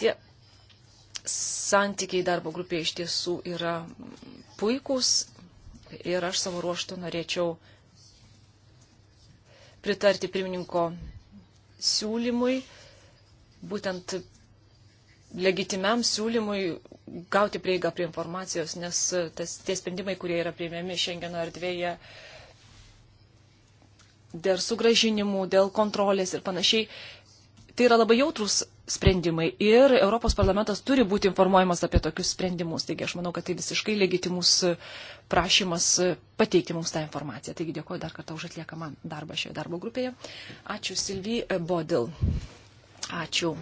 Tie santykiai darbo grupėje iš tiesų yra puikūs ir aš savo ruoštų norėčiau pritarti pirmininko siūlymui, būtent legitimiam siūlymui gauti prieigą prie informacijos, nes tas, tie sprendimai, kurie yra priėmiami Šengeno erdvėje, uh, dėl sugražinimų, dėl kontrolės ir panašiai. Tai yra labai jautrus sprendimai ir Europos parlamentas turi būti informuojamas apie tokius sprendimus. Taigi aš manau, kad tai visiškai legitimus prašymas pateikti mums tą informaciją. Taigi dėkuoju dar kartą už atliekamą darbą šioje darbo grupėje. Ačiū Silvi Bodil. Ačiū.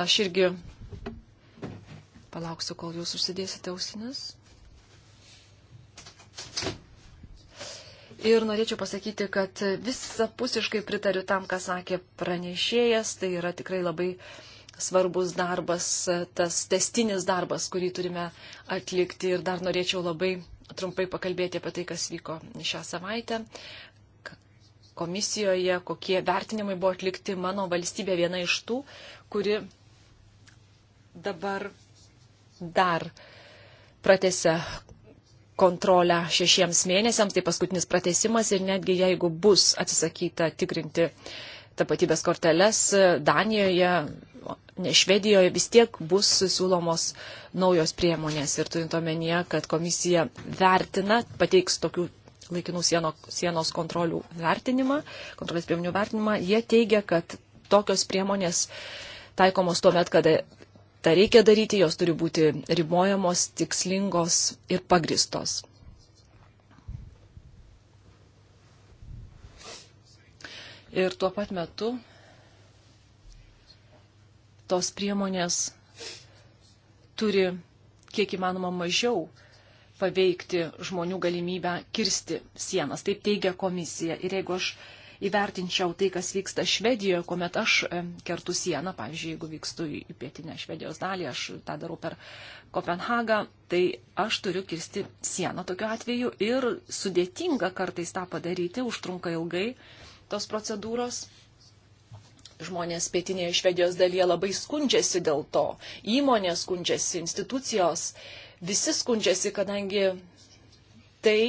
Aš irgi palauksiu, kol jūs užsidėsite ausinės. Thank you. Ir norėčiau pasakyti, kad visapusiškai pritariu tam, ką sakė pranešėjas. Tai yra tikrai labai svarbus darbas, tas testinis darbas, kurį turime atlikti. Ir dar norėčiau labai trumpai pakalbėti apie tai, kas vyko šią savaitę komisijoje, kokie vertinimai buvo atlikti mano valstybė viena iš tų, kuri dabar dar pratėse kontrolę šešiems mėnesiams, tai paskutinis pratesimas ir netgi jeigu bus atsisakyta tikrinti tapatybės korteles Danijoje, ne Švedijoje, vis tiek bus siūlomos naujos priemonės ir turint omenyje, kad komisija vertina, pateiks tokių laikinų sieno, sienos kontrolių vertinimą, kontrolės priemonių vertinimą, jie teigia, kad tokios priemonės taikomos tuo met, kada tą reikia daryti, jos turi būti ribojamos, tikslingos ir pagristos. Ir tuo pat metu tos priemonės turi kiek įmanoma mažiau paveikti žmonių galimybę kirsti sienas. Taip teigia komisija. Ir jeigu aš įvertinčiau tai, kas vyksta Švedijoje, kuomet aš e, kertu sieną, pavyzdžiui, jeigu vykstu į pietinę Švedijos dalį, aš tą darau per Kopenhagą, tai aš turiu kirsti sieną tokiu atveju ir sudėtinga kartais tą padaryti, užtrunka ilgai tos procedūros. Žmonės pietinėje Švedijos dalyje labai skundžiasi dėl to, įmonės skundžiasi, institucijos, visi skundžiasi, kadangi tai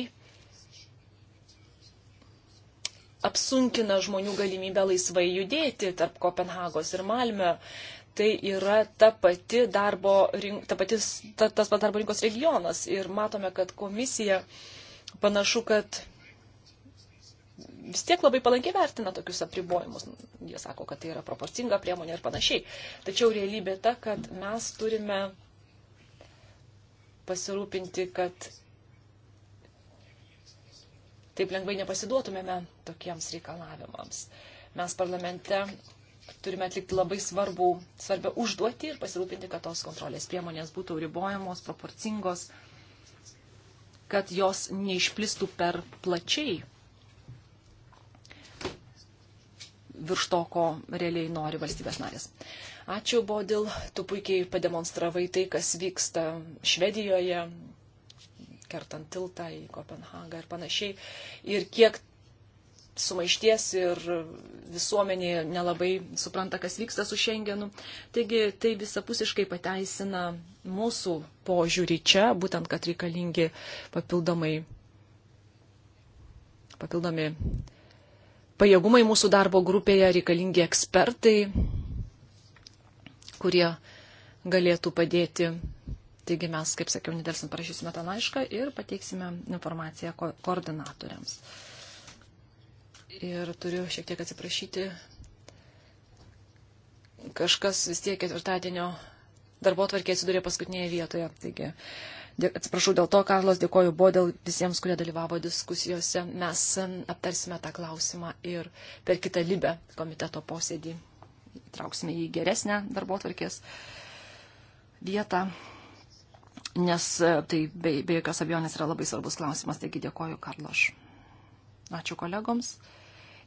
apsunkina žmonių galimybę laisvai judėti tarp Kopenhagos ir Malmio. Tai yra ta pati darbo, rink, ta pati, ta, tas pats darbo rinkos regionas. Ir matome, kad komisija panašu, kad vis tiek labai palankiai vertina tokius apribojimus. Jie sako, kad tai yra proporcinga priemonė ir panašiai. Tačiau realybė ta, kad mes turime pasirūpinti, kad taip lengvai nepasiduotumėme tokiems reikalavimams. Mes parlamente turime atlikti labai svarbų, svarbę užduotį ir pasirūpinti, kad tos kontrolės priemonės būtų ribojamos, proporcingos, kad jos neišplistų per plačiai virš to, ko realiai nori valstybės narės. Ačiū, Bodil, tu puikiai pademonstravai tai, kas vyksta Švedijoje, kertant tiltą į Kopenhagą ir panašiai. Ir kiek sumaišties ir visuomenė nelabai supranta, kas vyksta su Šengenu. Taigi tai visapusiškai pateisina mūsų požiūrį čia, būtent, kad reikalingi papildomai, papildomi pajėgumai mūsų darbo grupėje, reikalingi ekspertai, kurie galėtų padėti Taigi mes, kaip sakiau, nedelsant parašysime tą laišką ir pateiksime informaciją ko koordinatoriams. Ir turiu šiek tiek atsiprašyti. Kažkas vis tiek ketvirtadienio darbo tvarkė atsidūrė paskutinėje vietoje. Taigi, atsiprašau dėl to, Karlos, dėkoju buvo dėl visiems, kurie dalyvavo diskusijose. Mes aptarsime tą klausimą ir per kitą libę komiteto posėdį įtrauksime į geresnę darbo tvarkės vietą nes e, tai be, be jokios abejonės yra labai svarbus klausimas, taigi dėkoju Karloš. Ačiū kolegoms.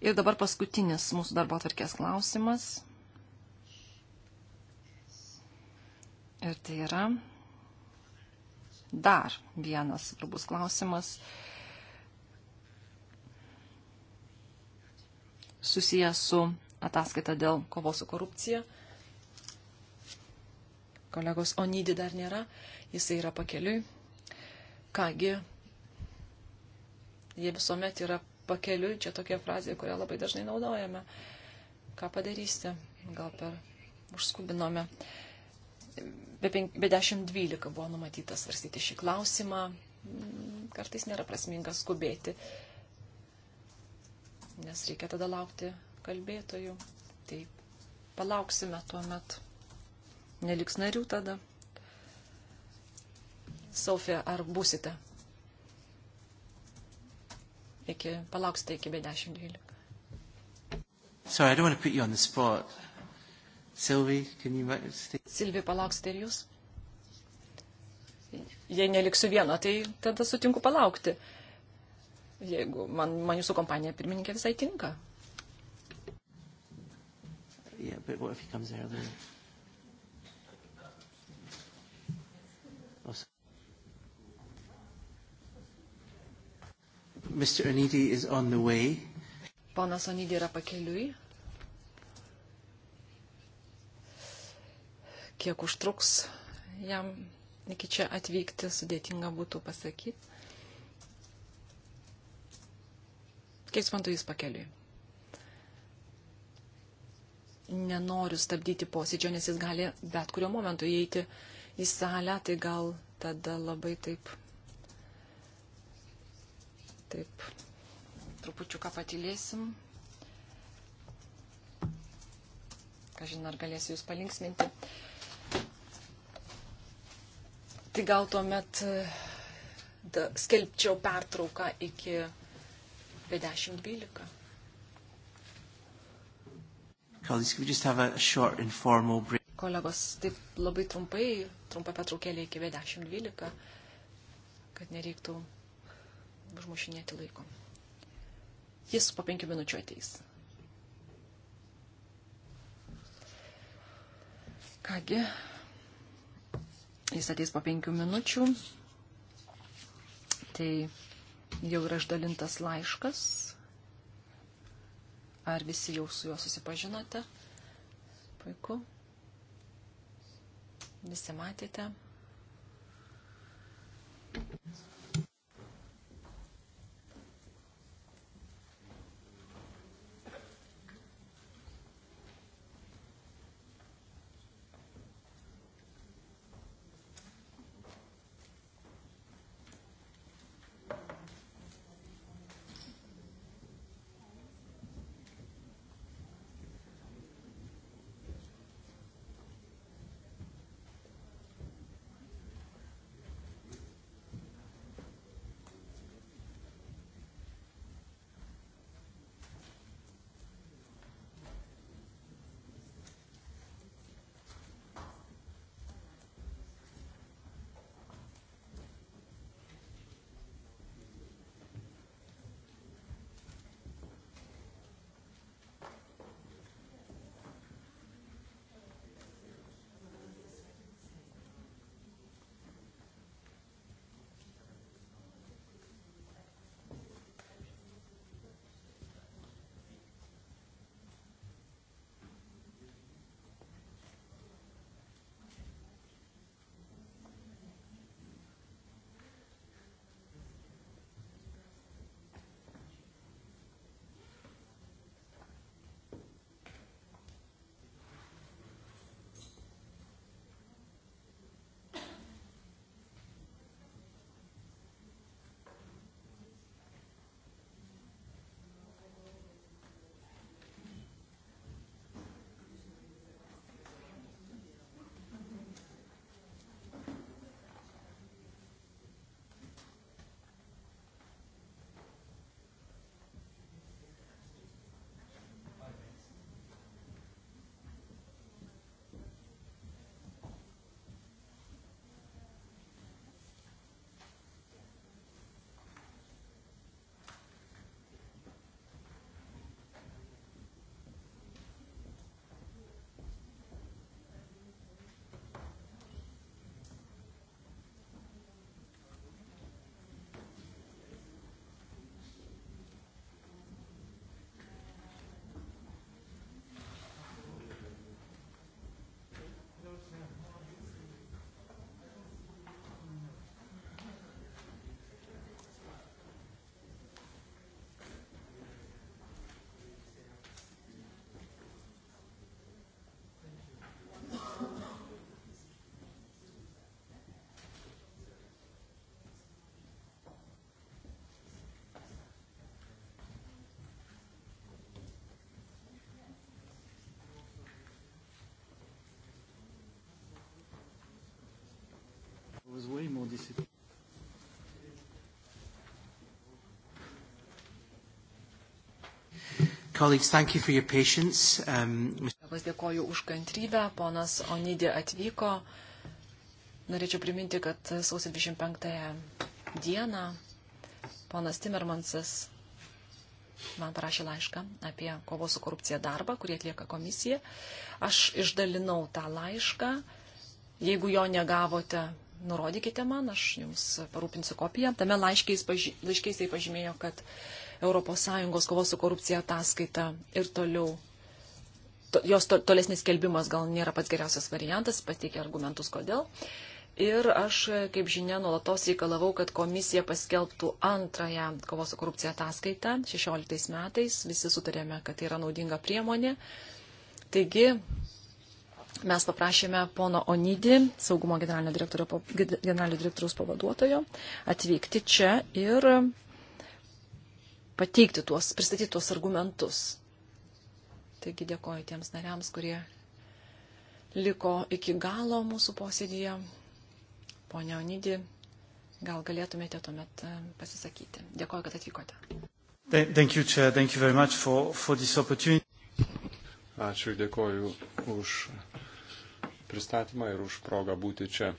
Ir dabar paskutinis mūsų darbo atvarkės klausimas. Ir tai yra dar vienas svarbus klausimas susijęs su ataskaita dėl kovos su korupcija. Kolegos Onydį dar nėra. Uh, jisai yra pakeliui. Kągi, jie visuomet yra pakeliui, čia tokia frazė, kurią labai dažnai naudojame. Ką padarysite? Gal per užskubinome. Be, be 10.12 buvo numatyta svarstyti šį klausimą. Kartais nėra prasminga skubėti, nes reikia tada laukti kalbėtojų. Tai palauksime tuo metu. Neliks narių tada. Sofija, ar būsite? Iki, palauksite iki be 10.12. Sorry, I don't want to put you on the spot. Sylvie, can you stay? Sylvie, palauksite ir jūs? Jei neliksiu viena, tai tada sutinku palaukti. Jeigu man, man jūsų kompanija pirmininkė visai tinka. Yeah, but what if he comes early? Mr. Onidi is on the way. Ponas Onidi yra pakeliui. Kiek užtruks jam iki čia atvykti, sudėtinga būtų pasakyti. Kiek suprantu, jis pakeliui. Nenoriu stabdyti posėdžio, nes jis gali bet kurio momentu įeiti į salę, tai gal tada labai taip Taip, trupučiuką patylėsim. Kažin, ar galėsiu jūs palinksminti. Tai gal tuomet e, da, skelbčiau pertrauką iki 10.12. Colleagues, could we just have a short informal break? Kolegos, taip labai trumpai, trumpa petraukėlė iki 10.12, kad nereiktų užmušinėti laiko. Jis po penkių minučių ateis. Kągi, jis ateis po penkių minučių. Tai jau yra išdalintas laiškas. Ar visi jau su juo susipažinote? Puiku. Visi matėte. was way more disciplined. Colleagues, thank you for your patience. Um, Dėkoju už kantrybę. Ponas Onidė atvyko. Norėčiau priminti, kad sausio 25 dieną ponas Timermansas man parašė laišką apie kovos su korupcija darbą, kurį atlieka komisija. Aš išdalinau tą laišką. Jeigu jo negavote, nurodykite man, aš jums parūpinsiu kopiją. Tame laiškiais, laiškiais tai pažymėjo, kad ES kovos su korupcija ataskaita ir toliau. To, jos to, tolesnis kelbimas gal nėra pats geriausias variantas, pateikė argumentus kodėl. Ir aš, kaip žinia, nuolatos reikalavau, kad komisija paskelbtų antrąją kovos su korupcija ataskaitą 16 metais. Visi sutarėme, kad tai yra naudinga priemonė. Taigi, mes paprašėme pono Onidį, saugumo generalinio, generalinio direktoriaus pavaduotojo, atvykti čia ir pateikti tuos, pristatyti tuos argumentus. Taigi dėkoju tiems nariams, kurie liko iki galo mūsų posėdėje. Pone Onidį, gal galėtumėte tuomet e, pasisakyti. Dėkoju, kad atvykote. Thank you, Chair. Thank you very much for, for this opportunity. Ačiū, dėkoju už pristatymą ir už progą būti čia.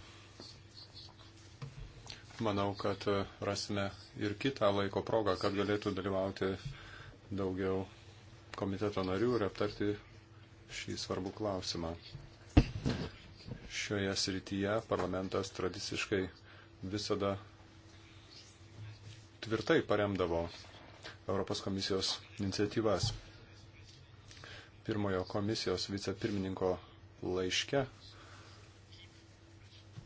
Manau, kad e, rasime ir kitą laiko progą, kad galėtų dalyvauti daugiau komiteto narių ir aptarti šį svarbų klausimą. Šioje srityje parlamentas tradiciškai visada tvirtai paremdavo Europos komisijos iniciatyvas. Pirmojo komisijos vicepirmininko laiške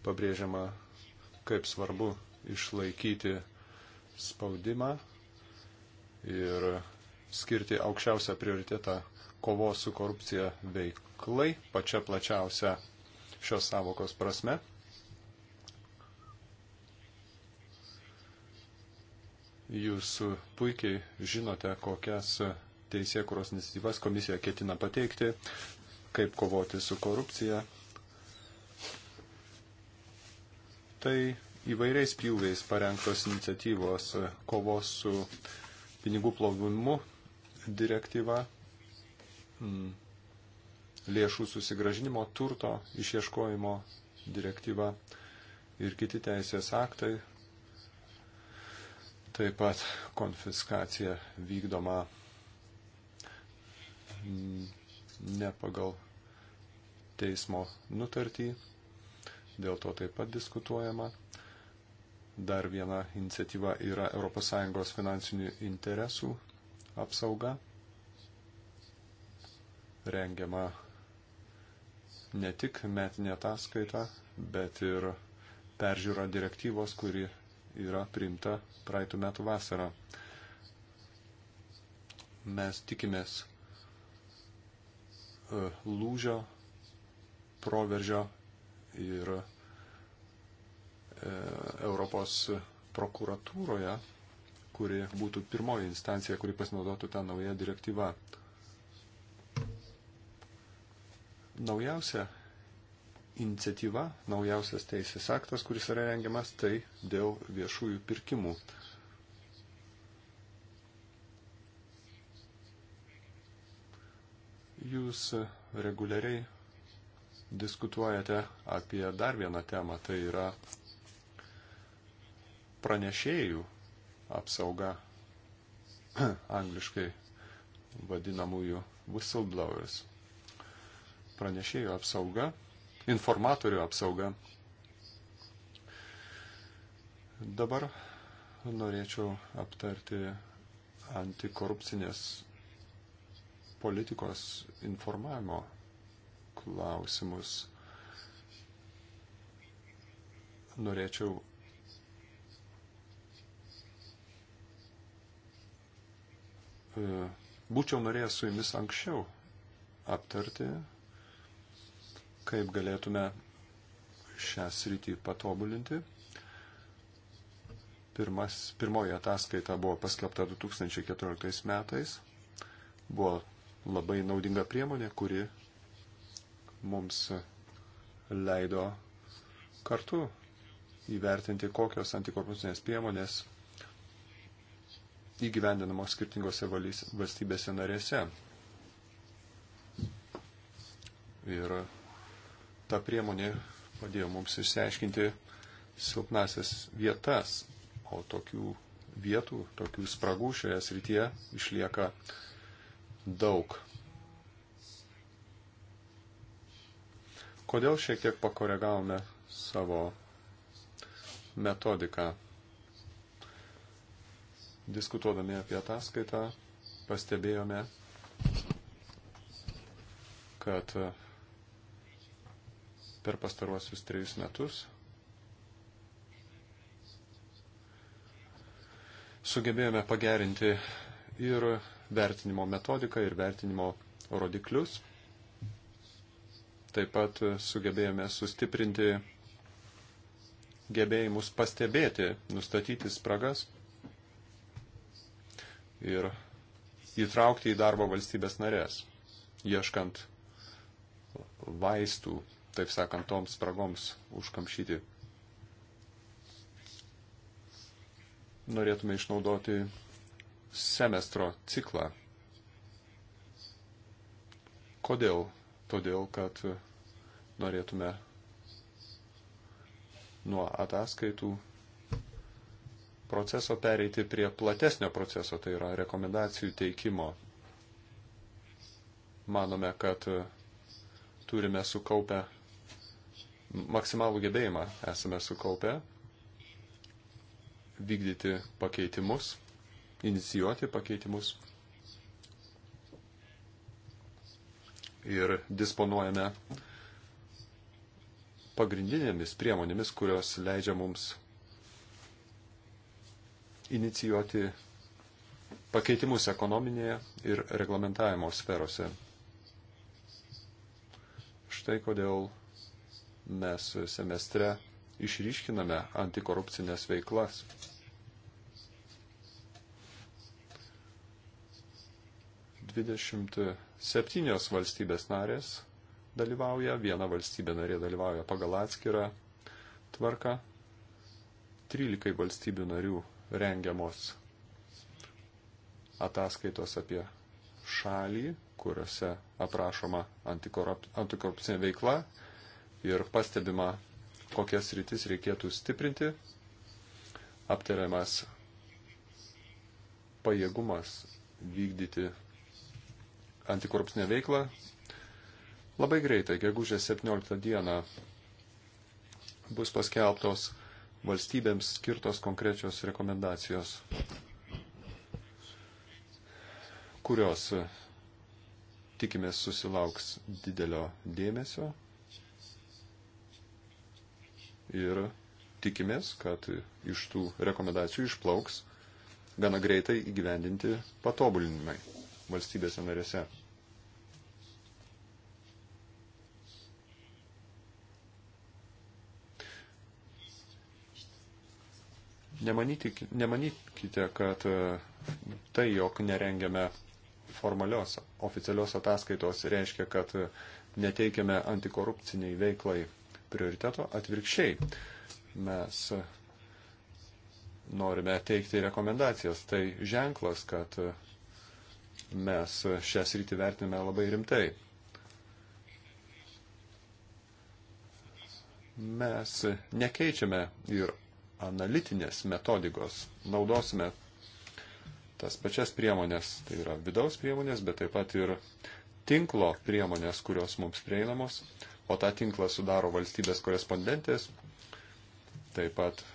pabrėžiama, kaip svarbu išlaikyti spaudimą ir skirti aukščiausią prioritetą kovos su korupcija veiklai, pačia plačiausia šios savokos prasme. Jūs puikiai žinote, kokias teisėkuros iniciatyvas komisija ketina pateikti kaip kovoti su korupcija. Tai įvairiais pjūviais parengtos iniciatyvos e, kovos su pinigų plovimu direktyva, mm, lėšų susigražinimo turto išieškojimo direktyva ir kiti teisės aktai, taip pat konfiskacija vykdoma mm, ne pagal teismo nutartį. Dėl to taip pat diskutuojama. Dar viena iniciatyva yra ES finansinių interesų apsauga. Rengiama ne tik metinė ataskaita, bet ir peržiūra direktyvos, kuri yra priimta praeitų metų vasarą. Mes tikimės, E, lūžio, proveržio ir e, Europos prokuratūroje, kuri būtų pirmoji instancija, kuri pasinaudotų tą naują direktyvą. Naujausia iniciatyva, naujausias teisės aktas, kuris yra rengiamas, tai dėl viešųjų pirkimų Jūs reguliariai diskutuojate apie dar vieną temą, tai yra pranešėjų apsauga *clears throat* angliškai vadinamųjų whistleblowers. Pranešėjų apsauga, informatorių apsauga. Dabar norėčiau aptarti antikorupcinės politikos informavimo klausimus. Norėčiau e, būčiau norėjęs su jumis anksčiau aptarti, kaip galėtume šią sritį patobulinti. Pirmas, pirmoji ataskaita buvo paskelbta 2014 metais. Buvo labai naudinga priemonė, kuri mums leido kartu įvertinti, kokios antikorupcinės priemonės įgyvendinamos skirtingose valstybėse narėse. Ir ta priemonė padėjo mums išsiaiškinti silpnasias vietas, o tokių vietų, tokių spragų šioje srityje išlieka daug. Kodėl šiek tiek pakoregavome savo metodiką? Diskutuodami apie ataskaitą, pastebėjome, kad per pastaruosius trejus metus sugebėjome pagerinti ir vertinimo metodiką ir vertinimo rodiklius. Taip pat sugebėjome sustiprinti gebėjimus pastebėti, nustatyti spragas ir įtraukti į darbo valstybės narės, ieškant vaistų, taip sakant, toms spragoms užkamšyti. Norėtume išnaudoti semestro ciklą. Kodėl? Todėl, kad norėtume nuo ataskaitų proceso pereiti prie platesnio proceso, tai yra rekomendacijų teikimo. Manome, kad turime sukaupę maksimalų gebėjimą, esame sukaupę vykdyti pakeitimus inicijuoti pakeitimus. Ir disponuojame pagrindinėmis priemonėmis, kurios leidžia mums inicijuoti pakeitimus ekonominėje ir reglamentavimo sferose. Štai kodėl mes semestre išryškiname antikorupcinės veiklas 27 valstybės narės dalyvauja, viena valstybė narė dalyvauja pagal atskirą tvarką, 13 valstybių narių rengiamos ataskaitos apie šalį, kuriuose aprašoma antikorupcinė veikla ir pastebima, kokias rytis reikėtų stiprinti, aptariamas pajėgumas vykdyti antikorupsinę veiklą. Labai greitai, gegužės 17 dieną, bus paskelbtos valstybėms skirtos konkrečios rekomendacijos, kurios e, tikimės susilauks didelio dėmesio ir tikimės, kad iš tų rekomendacijų išplauks gana greitai įgyvendinti patobulinimai valstybėse narėse. Nemanykite, nemanykite, kad e, tai, jog nerengiame formalios oficialios ataskaitos, reiškia, kad e, neteikiame antikorupciniai veiklai prioriteto. Atvirkščiai, mes e, norime teikti rekomendacijas. Tai ženklas, kad Mes šią sritį vertiname labai rimtai. Mes nekeičiame ir analitinės metodikos. Naudosime tas pačias priemonės, tai yra vidaus priemonės, bet taip pat ir tinklo priemonės, kurios mums prieinamos, o tą tinklą sudaro valstybės korespondentės, taip pat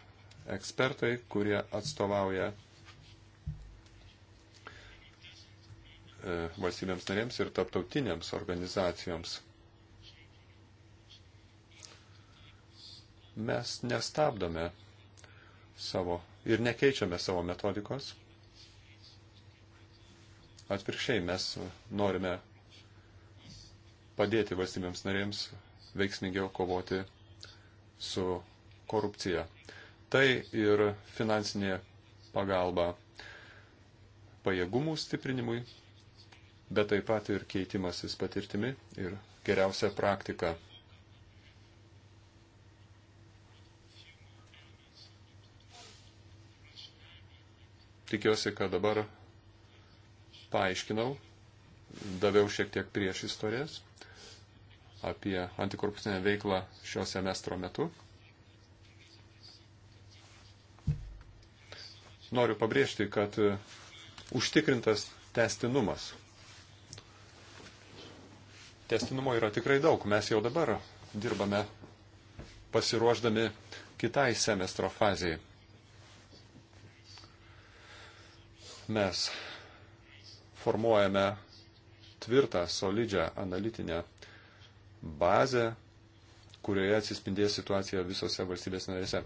ekspertai, kurie atstovauja E, valstybėms narėms ir taptautinėms organizacijoms. Mes nestabdome savo ir nekeičiame savo metodikos. Atvirkščiai mes norime padėti valstybėms narėms veiksmingiau kovoti su korupcija. Tai ir finansinė pagalba pajėgumų stiprinimui bet taip pat ir keitimasis patirtimi ir geriausia praktika. Tikiuosi, kad dabar paaiškinau, daviau šiek tiek prieš istorijas apie antikorupcinę veiklą šio semestro metu. Noriu pabrėžti, kad užtikrintas testinumas Testinumo yra tikrai daug. Mes jau dabar dirbame pasiruošdami kitai semestro fazijai. Mes formuojame tvirtą, solidžią analitinę bazę, kurioje atsispindės situacija visose valstybės narėse.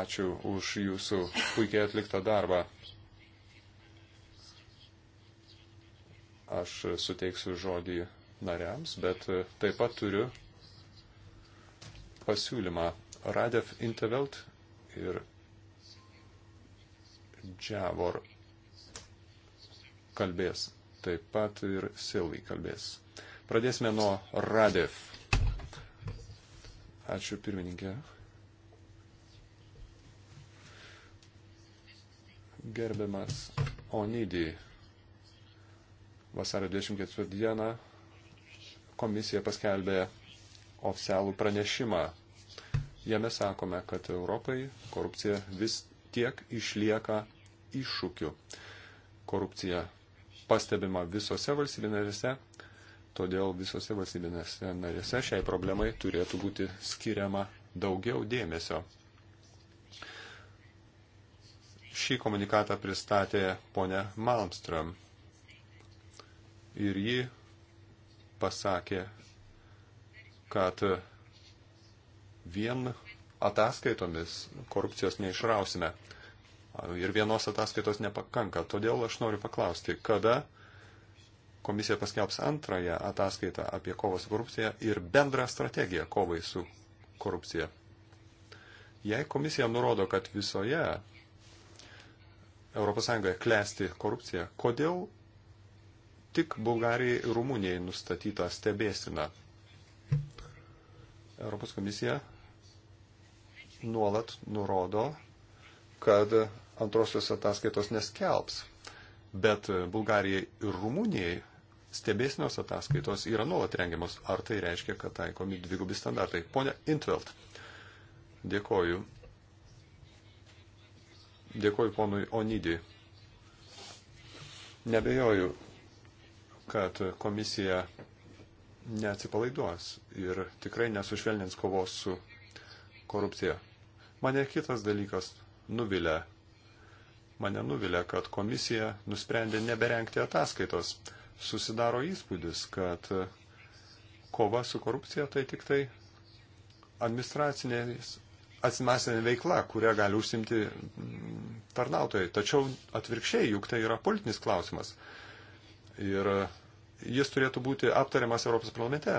Ačiū už jūsų puikiai atliktą darbą. aš suteiksiu žodį nariams, bet taip pat turiu pasiūlymą Radev Intervelt ir Džiavor kalbės, taip pat ir Silvi kalbės. Pradėsime nuo Radev. Ačiū pirmininkė. Gerbiamas Onidį Vasario 24 dieną komisija paskelbė oficialų pranešimą. Jame sakome, kad Europai korupcija vis tiek išlieka iššūkiu. Korupcija pastebima visose valstybinėse, todėl visose valstybinėse narėse šiai problemai turėtų būti skiriama daugiau dėmesio. Šį komunikatą pristatė ponia Malmström ir ji pasakė, kad vien ataskaitomis korupcijos neišrausime. Ir vienos ataskaitos nepakanka. Todėl aš noriu paklausti, kada komisija paskelbs antrąją ataskaitą apie kovą su korupcija ir bendrą strategiją kovai su korupcija. Jei komisija nurodo, kad visoje ES klesti korupcija, kodėl tik Bulgarijai ir Rumunijai nustatyta stebėsina. Europos komisija nuolat nurodo, kad antrosios ataskaitos neskelbs, bet Bulgarijai ir Rumunijai stebėsinios ataskaitos yra nuolat rengiamos. Ar tai reiškia, kad taikomi dvigubi standartai? Pone Intvelt, dėkoju. Dėkoju ponui Onidį. Nebejoju, kad komisija neatsipalaiduos ir tikrai nesušvelnins kovos su korupcija. Mane kitas dalykas nuvilia. Mane nuvilia, kad komisija nusprendė neberengti ataskaitos. Susidaro įspūdis, kad kova su korupcija tai tik tai administracinė atsimasinė veikla, kurią gali užsimti tarnautojai. Tačiau atvirkščiai, juk tai yra politinis klausimas. Ir jis turėtų būti aptariamas Europos parlamente.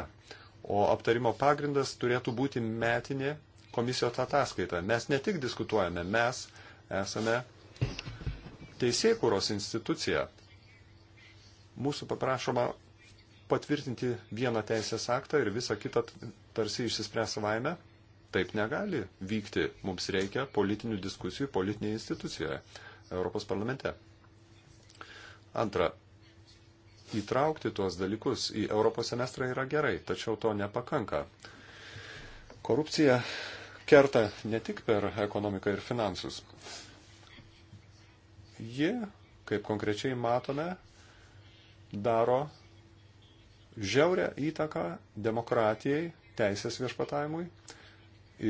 O aptarimo pagrindas turėtų būti metinė komisijos ataskaita. Mes ne tik diskutuojame, mes esame teisėkūros institucija. Mūsų paprašoma patvirtinti vieną teisės aktą ir visą kitą tarsi išsispręs savaime. Taip negali vykti. Mums reikia politinių diskusijų politinėje institucijoje, Europos parlamente. Antra, įtraukti tuos dalykus į Europos semestrą yra gerai, tačiau to nepakanka. Korupcija kerta ne tik per ekonomiką ir finansus. Ji, kaip konkrečiai matome, daro žiaurę įtaką demokratijai, teisės viešpatavimui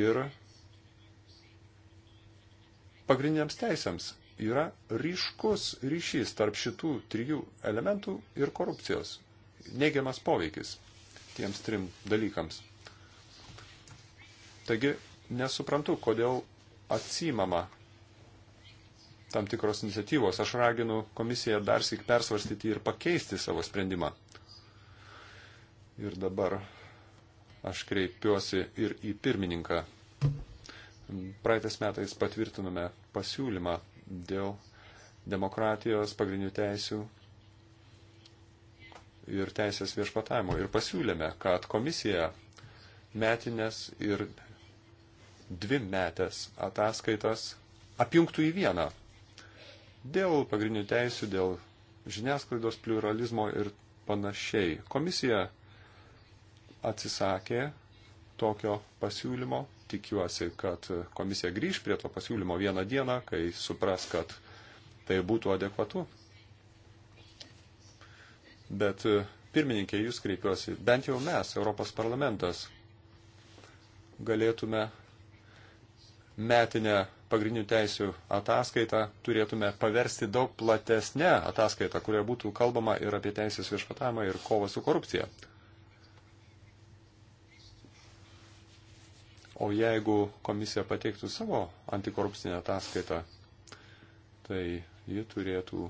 ir pagrindiniams teisėms yra ryškus ryšys tarp šitų trijų elementų ir korupcijos. Neigiamas poveikis tiems trim dalykams. Taigi nesuprantu, kodėl atsimama tam tikros iniciatyvos. Aš raginu komisiją dar sik persvarstyti ir pakeisti savo sprendimą. Ir dabar aš kreipiuosi ir į pirmininką. Praeitais metais patvirtinome pasiūlymą dėl demokratijos, pagrindinių teisių ir teisės viešpatavimo. Ir pasiūlėme, kad komisija metinės ir dvi metės ataskaitas apjungtų į vieną. Dėl pagrindinių teisių, dėl žiniasklaidos pluralizmo ir panašiai. Komisija atsisakė tokio pasiūlymo tikiuosi, kad komisija grįž prie to pasiūlymo vieną dieną, kai supras, kad tai būtų adekvatu. Bet pirmininkė, jūs kreipiuosi, bent jau mes, Europos parlamentas, galėtume metinę pagrindinių teisių ataskaitą turėtume paversti daug platesnę ataskaitą, kurioje būtų kalbama ir apie teisės viešpatavimą ir kovą su korupcija. O jeigu komisija pateiktų savo antikorupcinę ataskaitą, tai ji turėtų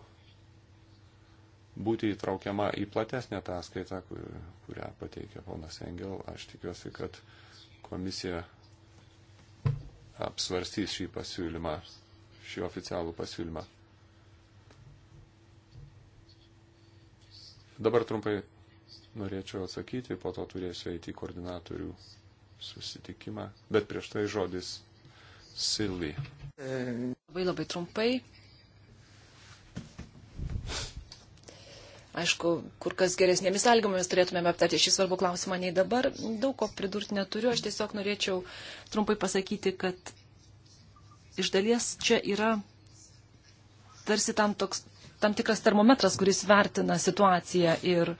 būti įtraukiama į platesnę ataskaitą, kurią pateikė ponas Engel. Aš tikiuosi, kad komisija apsvarstys šį pasiūlymą, šį oficialų pasiūlymą. Dabar trumpai norėčiau atsakyti, po to turėsiu eiti į koordinatorių susitikimą, bet prieš tai žodis Silvi. Labai labai trumpai. Aišku, kur kas geresnėmis sąlygomis turėtumėme aptarti šį svarbų klausimą nei dabar. Daug ko pridurti neturiu, aš tiesiog norėčiau trumpai pasakyti, kad iš dalies čia yra tarsi tam, toks, tam tikras termometras, kuris vertina situaciją ir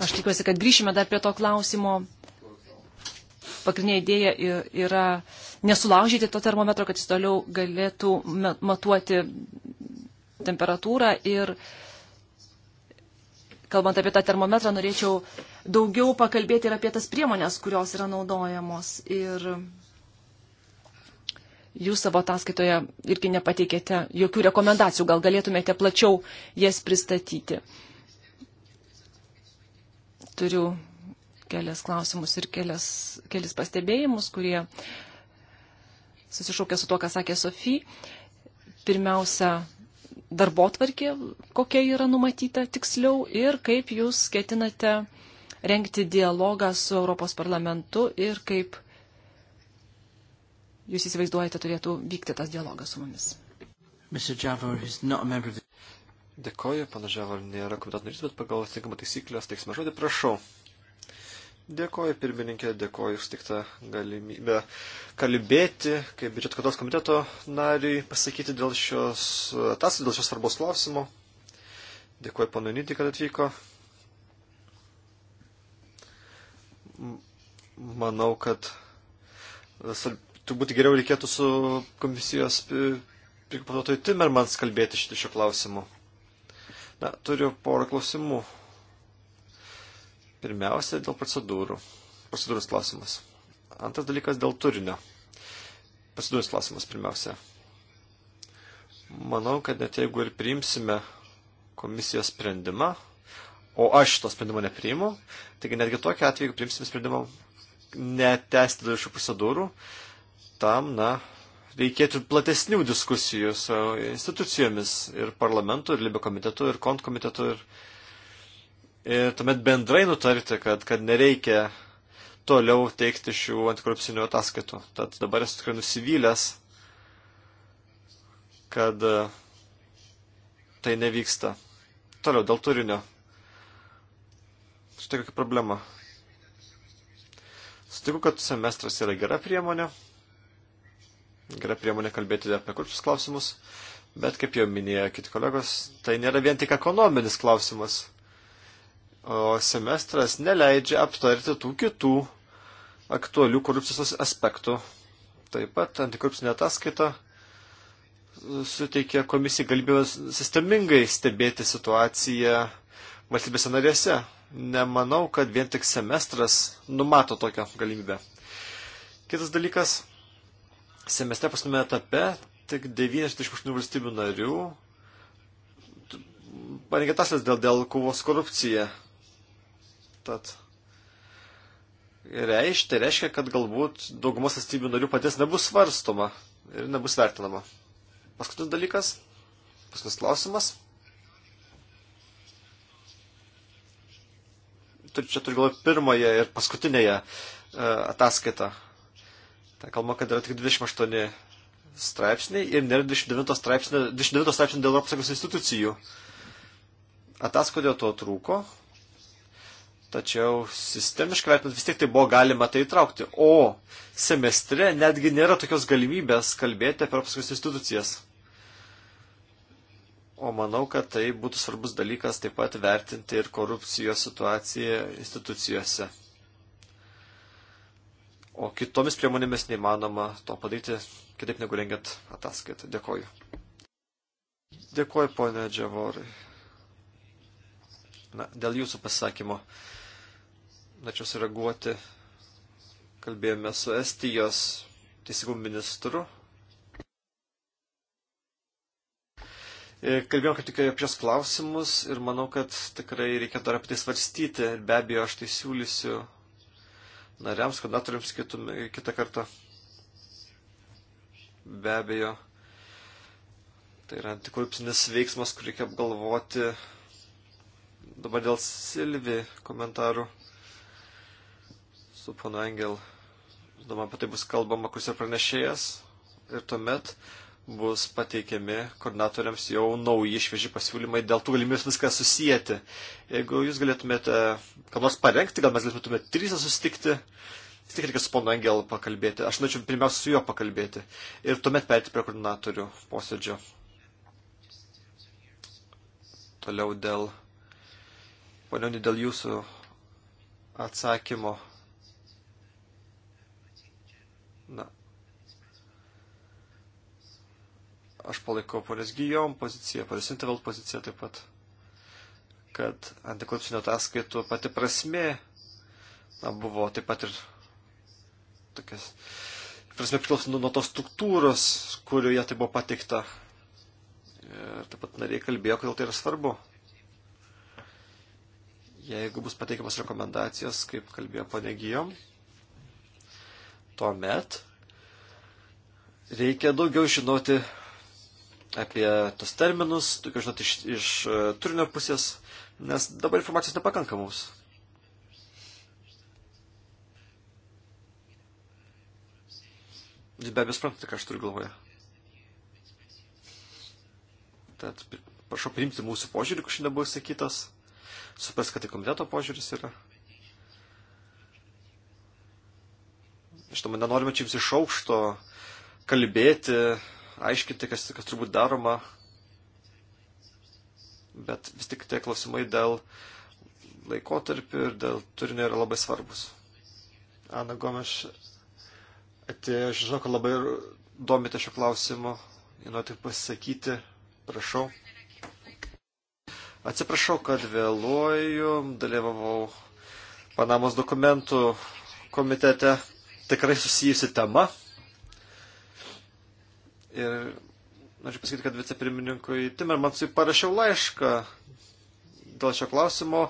aš tikiuosi, kad grįšime dar prie to klausimo pagrindinė idėja yra nesulaužyti to termometro, kad jis toliau galėtų matuoti temperatūrą ir kalbant apie tą termometrą, norėčiau daugiau pakalbėti ir apie tas priemonės, kurios yra naudojamos. Ir jūs savo ataskaitoje irgi nepateikėte jokių rekomendacijų, gal galėtumėte plačiau jas pristatyti. Turiu kelias klausimus ir kelias, kelis pastebėjimus, kurie susišaukia su tuo, ką sakė Sofija. Pirmiausia, darbo tvarkė, kokia yra numatyta tiksliau ir kaip jūs ketinate renkti dialogą su Europos parlamentu ir kaip jūs įsivaizduojate turėtų vykti tas dialogas su mumis. Dėkoju, pana Žavar nėra komiteto narys, bet pagal atitinkamą taisyklę steiksime žodį, prašau. Dėkoju pirmininkė, dėkoju sutikta galimybę kalbėti, kaip biudžeto kados komiteto nariui, pasakyti dėl šios ataskaitos, dėl šios svarbos klausimo. Dėkoju panu Nitį, kad atvyko. Manau, kad turbūt geriau reikėtų su komisijos pavaduotoju Timmermans kalbėti šitą šio klausimu. Na, turiu porą klausimų Pirmiausia, dėl procedūrų. Procedūros klausimas. Antras dalykas dėl turinio. Procedūros klausimas pirmiausia. Manau, kad net jeigu ir priimsime komisijos sprendimą, o aš to sprendimo nepriimu, taigi netgi tokia atveju, jeigu priimsime sprendimą netesti dėl šių procedūrų, tam, na, reikėtų platesnių diskusijų su institucijomis ir parlamentu, ir libio komitetu, ir kont komitetu, ir ir tuomet bendrai nutarti, kad, kad nereikia toliau teikti šių antikorupcinių ataskaitų. Tad dabar esu tikrai nusivylęs, kad e, tai nevyksta. Toliau, dėl turinio. Štai kokia problema. Sutiku, kad semestras yra gera priemonė. Gera priemonė kalbėti apie kurčius klausimus. Bet, kaip jau minėjo kiti kolegos, tai nėra vien tik ekonominis klausimas o semestras neleidžia aptarti tų kitų aktualių korupcijos aspektų. Taip pat antikorupcinė ataskaita suteikia komisijai galimybę sistemingai stebėti situaciją valstybėse narėse. Nemanau, kad vien tik semestras numato tokią galimybę. Kitas dalykas, semestre paskutinėme etape tik 98 valstybių narių pareigia tasas dėl, dėl kovos korupcija Tad reiš, tai reiškia, kad galbūt daugumos valstybių narių paties nebus svarstoma ir nebus vertinama. Paskutinis dalykas, paskutinis klausimas. Čia turiu galvoje pirmąją ir paskutinėje ataskaitą. Ta kalba, kad yra tik 28 straipsniai ir nėra 29 straipsnio, 29 straipsnio dėl Europos Sąjungos institucijų. Ataskaitoje to trūko, Tačiau sistemiškai vertinant vis tiek tai buvo galima tai įtraukti. O semestre netgi nėra tokios galimybės kalbėti apie Europos institucijas. O manau, kad tai būtų svarbus dalykas taip pat vertinti ir korupcijos situaciją institucijose. O kitomis priemonėmis neįmanoma to padaryti, kitaip negu rengiant ataskaitą. Dėkoju. Dėkoju, ponė Džiavorai. Na, dėl jūsų pasakymo. Načiau sureaguoti. Kalbėjome su Estijos teisingumo ministru. Ir kalbėjom kaip tikrai apie šios klausimus ir manau, kad tikrai reikia dar apie tai svarstyti. Ir be abejo, aš tai siūlysiu nariams, koordinatoriams kitą kartą. Be abejo, tai yra antikorupcinis veiksmas, kurį reikia apgalvoti. Dabar dėl Silvi komentarų su pana Engel, žinoma, apie tai bus kalbama, kuris yra pranešėjas ir tuomet bus pateikiami koordinatoriams jau nauji švieži pasiūlymai dėl tų galimybės viską susijęti. Jeigu jūs galėtumėte, ką nors parengti, gal mes galėtume trys susitikti, vis tik reikia su ponu Engel pakalbėti. Aš norėčiau pirmiausia su juo pakalbėti ir tuomet perėti prie koordinatorių posėdžio. Toliau dėl, ponioni, dėl jūsų atsakymo Aš palaikau ponės Gijom poziciją, ponės Intervalt poziciją taip pat, kad antikorupcinio ataskaitų pati prasme na, buvo taip pat ir tokias, prasme priklauso nuo tos struktūros, kurioje tai buvo pateikta. Ir taip pat nariai kalbėjo, kodėl tai yra svarbu. Jeigu bus pateikiamas rekomendacijos, kaip kalbėjo panegijom, tuomet reikia daugiau žinoti apie tos terminus, tokius, žinot, iš, iš e, turinio pusės, nes dabar informacijos nepakanka mums. Be abejo, suprantate, ką aš turiu galvoje. Tad prašau priimti mūsų požiūrį, kur šiandien buvo sakytas. Supras, kad tai komiteto požiūris yra. Žinoma, nenorime čia jums iš aukšto kalbėti aiškinti, kas, kas turbūt daroma, bet vis tik tie klausimai dėl laikotarpių ir dėl turinio yra labai svarbus. Ana Gomeš atėjo, aš žinau, kad labai domite šio klausimu, jį norite pasakyti, prašau. Atsiprašau, kad vėluoju, dalyvavau Panamos dokumentų komitete, tikrai susijusi tema, Ir noriu pasakyti, kad vicepirmininkui Timermansui parašiau laišką dėl šio klausimo,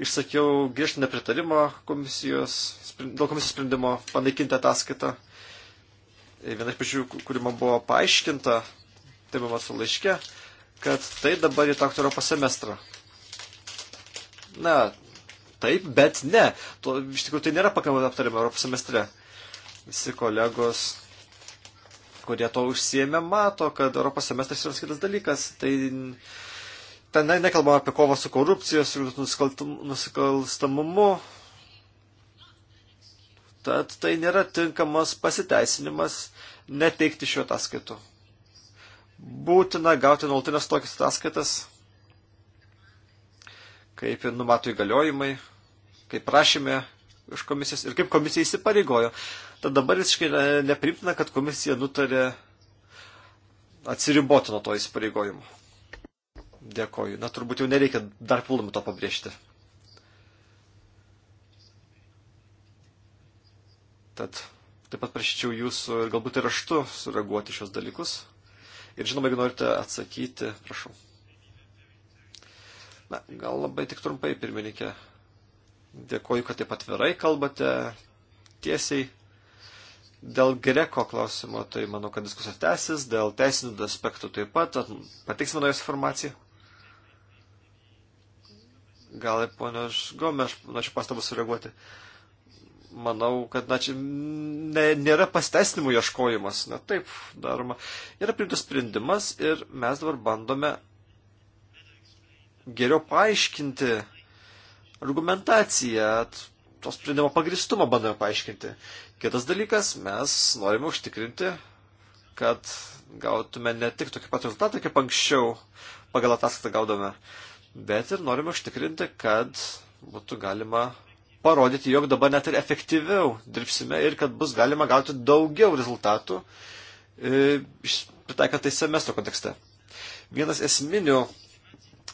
išsakiau griežtą nepritarimą komisijos, dėl komisijos sprendimo panaikinti ataskaitą. Viena iš pačių, kuri man buvo paaiškinta, tai buvo su laiške, kad tai dabar įtraukti Europos semestrą. Na, taip, bet ne. To, iš tikrųjų tai nėra pakankamai aptariama Europos semestre. Visi kolegos kurie to užsiemė, mato, kad Europos semestras yra skirtas dalykas. Tai ten nekalbama apie kovą su korupcija, su nusikalstamumu. Tad tai nėra tinkamas pasiteisinimas neteikti šiuo ataskaitu. Būtina gauti nuolatinės tokias ataskaitas, kaip ir numato įgaliojimai, kaip prašymė iš komisijos ir kaip komisija įsipareigojo. Tad dabar visiškai neprimtina, kad komisija nutarė atsiriboti nuo to įsipareigojimo. Dėkoju. Na, turbūt jau nereikia dar puldomų to pabrėžti. Tad taip pat prašyčiau jūsų ir galbūt ir raštu sureaguoti šios dalykus. Ir žinoma, jeigu norite atsakyti, prašau. Na, gal labai tik trumpai, pirmininkė. Dėkoju, kad taip atvirai kalbate, tiesiai. Dėl greko klausimo, tai manau, kad diskusijos tęsis, dėl teisinių aspektų taip pat, pateiksime naujos informaciją. Gal ir ponio Žgomė, aš norėčiau pastabą sureaguoti. Manau, kad na, čia ne, nėra pasteisinimų ieškojimas, na taip daroma. Yra priimtas sprendimas ir mes dabar bandome geriau paaiškinti argumentaciją, to sprendimo pagristumą bandome paaiškinti. Kitas dalykas, mes norime užtikrinti, kad gautume ne tik tokį pat rezultatą, kaip anksčiau pagal ataskaitą gaudome, bet ir norime užtikrinti, kad būtų galima parodyti, jog dabar net ir efektyviau dirbsime ir kad bus galima gauti daugiau rezultatų, e, pritaikant tai semestro kontekste. Vienas esminių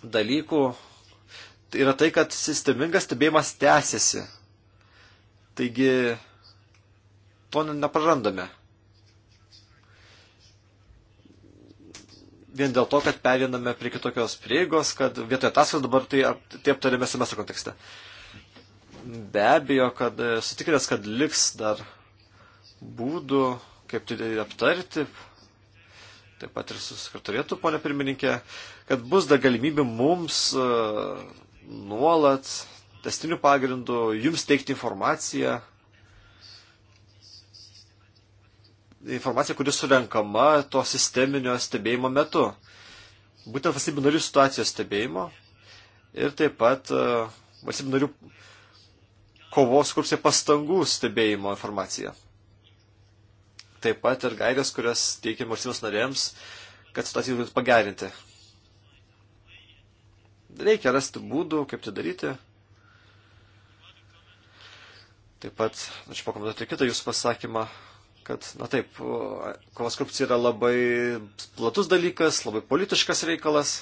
dalykų yra tai, kad sistemingas stebėjimas tęsiasi. Taigi, to neprarandame. Vien dėl to, kad periname prie kitokios prieigos, kad vietoje ataskaitos dabar tai, tai aptarėme semestro kontekste. Be abejo, kad sutikrės, kad liks dar būdų, kaip tai aptarti, taip pat ir su sekretorietu, ponė pirmininkė, kad bus dar galimybė mums e, nuolat testiniu pagrindu, jums teikti informaciją, informacija, kuri surenkama to sisteminio stebėjimo metu. Būtent valstybių narių situacijos stebėjimo ir taip pat e, valstybių narių kovos kursė pastangų stebėjimo informacija. Taip pat ir gairės, kurias teikiam valstybės narėms, kad situaciją būtų pagerinti. Reikia rasti būdų, kaip tai daryti. Taip pat, aš pakomentuoti kitą jūsų pasakymą, kad, na taip, kovas korupcija yra labai platus dalykas, labai politiškas reikalas.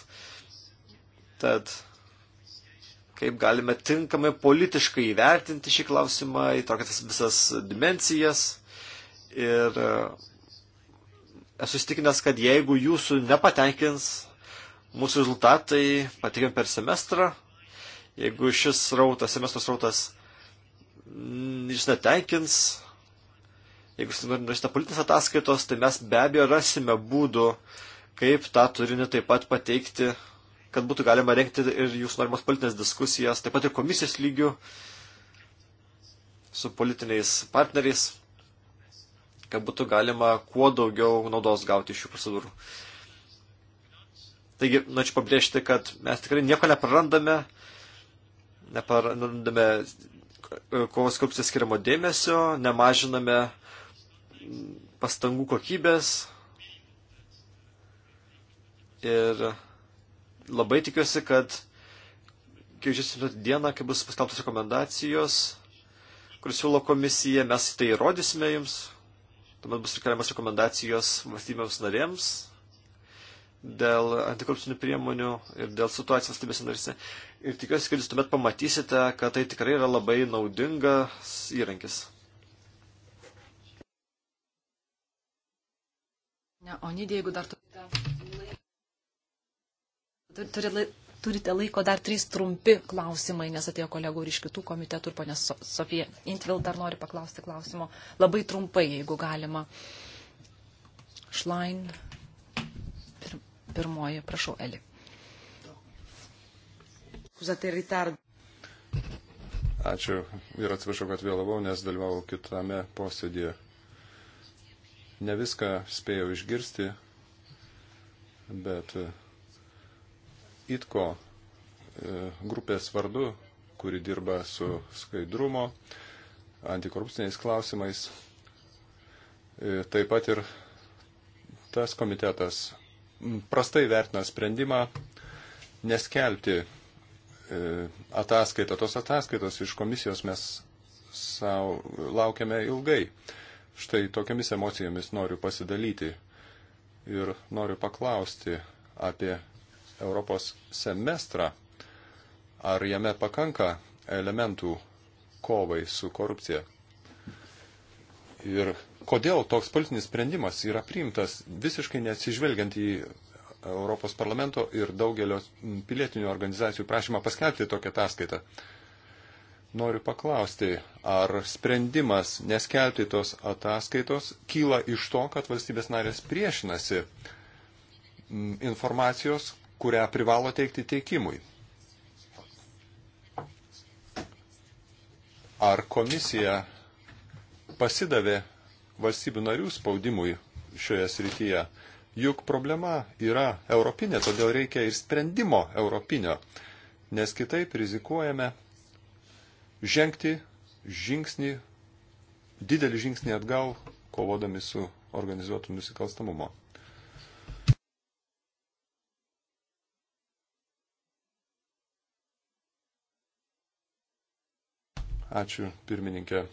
Tad kaip galime tinkamai politiškai įvertinti šį klausimą, į tokias visas dimencijas. Ir e, esu įstikinęs, kad jeigu jūsų nepatenkins mūsų rezultatai, patikim per semestrą, jeigu šis rautas, semestro rautas jis netenkins. Jeigu jūs norite politinės ataskaitos, tai mes be abejo rasime būdų, kaip tą turinį taip pat pateikti, kad būtų galima renkti ir jūsų norimos politinės diskusijas, taip pat ir komisijos lygių su politiniais partneriais, kad būtų galima kuo daugiau naudos gauti iš šių procedūrų. Taigi, norėčiau pabrėžti, kad mes tikrai nieko neprarandame, neprarandame kovos korupcijos skiriamo dėmesio, nemažiname pastangų kokybės. Ir labai tikiuosi, kad gegužės dieną, kai bus paskelbtos rekomendacijos, kur siūlo komisija, mes tai įrodysime jums. Tuomet bus keliamas rekomendacijos valstybėms narėms, dėl antikorupcinių priemonių ir dėl situacijos valstybės narise. Ir tikiuosi, kad jūs tuomet pamatysite, kad tai tikrai yra labai naudingas įrankis. Ne, o Nidė, jeigu dar turite laiko, turite laiko dar trys trumpi klausimai, nes atėjo kolegų ir iš kitų komitetų ir ponė Sofija Intvil dar nori paklausti klausimo. Labai trumpai, jeigu galima. Šlain, Pirmoji, prašau, Eli. Ačiū ir atsiprašau, kad vėlavau, nes dalyvau kitame posėdėje. Ne viską spėjau išgirsti, bet e, ITKO e, grupės vardu, kuri dirba su skaidrumo, antikorupciniais klausimais, e, taip pat ir tas komitetas prastai vertina sprendimą neskelbti e, ataskaitą. Tos ataskaitos iš komisijos mes savo laukiame ilgai. Štai tokiamis emocijomis noriu pasidalyti ir noriu paklausti apie Europos semestrą. Ar jame pakanka elementų kovai su korupcija? Ir kodėl toks politinis sprendimas yra priimtas visiškai neatsižvelgiant į Europos parlamento ir daugelio pilietinių organizacijų prašymą paskelbti tokią ataskaitą. Noriu paklausti, ar sprendimas neskelbti tos ataskaitos kyla iš to, kad valstybės narės priešinasi mm, informacijos, kurią privalo teikti teikimui. Ar komisija pasidavė valstybių narių spaudimui šioje srityje. Juk problema yra europinė, todėl reikia ir sprendimo europinio, nes kitaip rizikuojame žengti žingsnį, didelį žingsnį atgal, kovodami su organizuotų nusikalstamumo. Ačiū pirmininkė.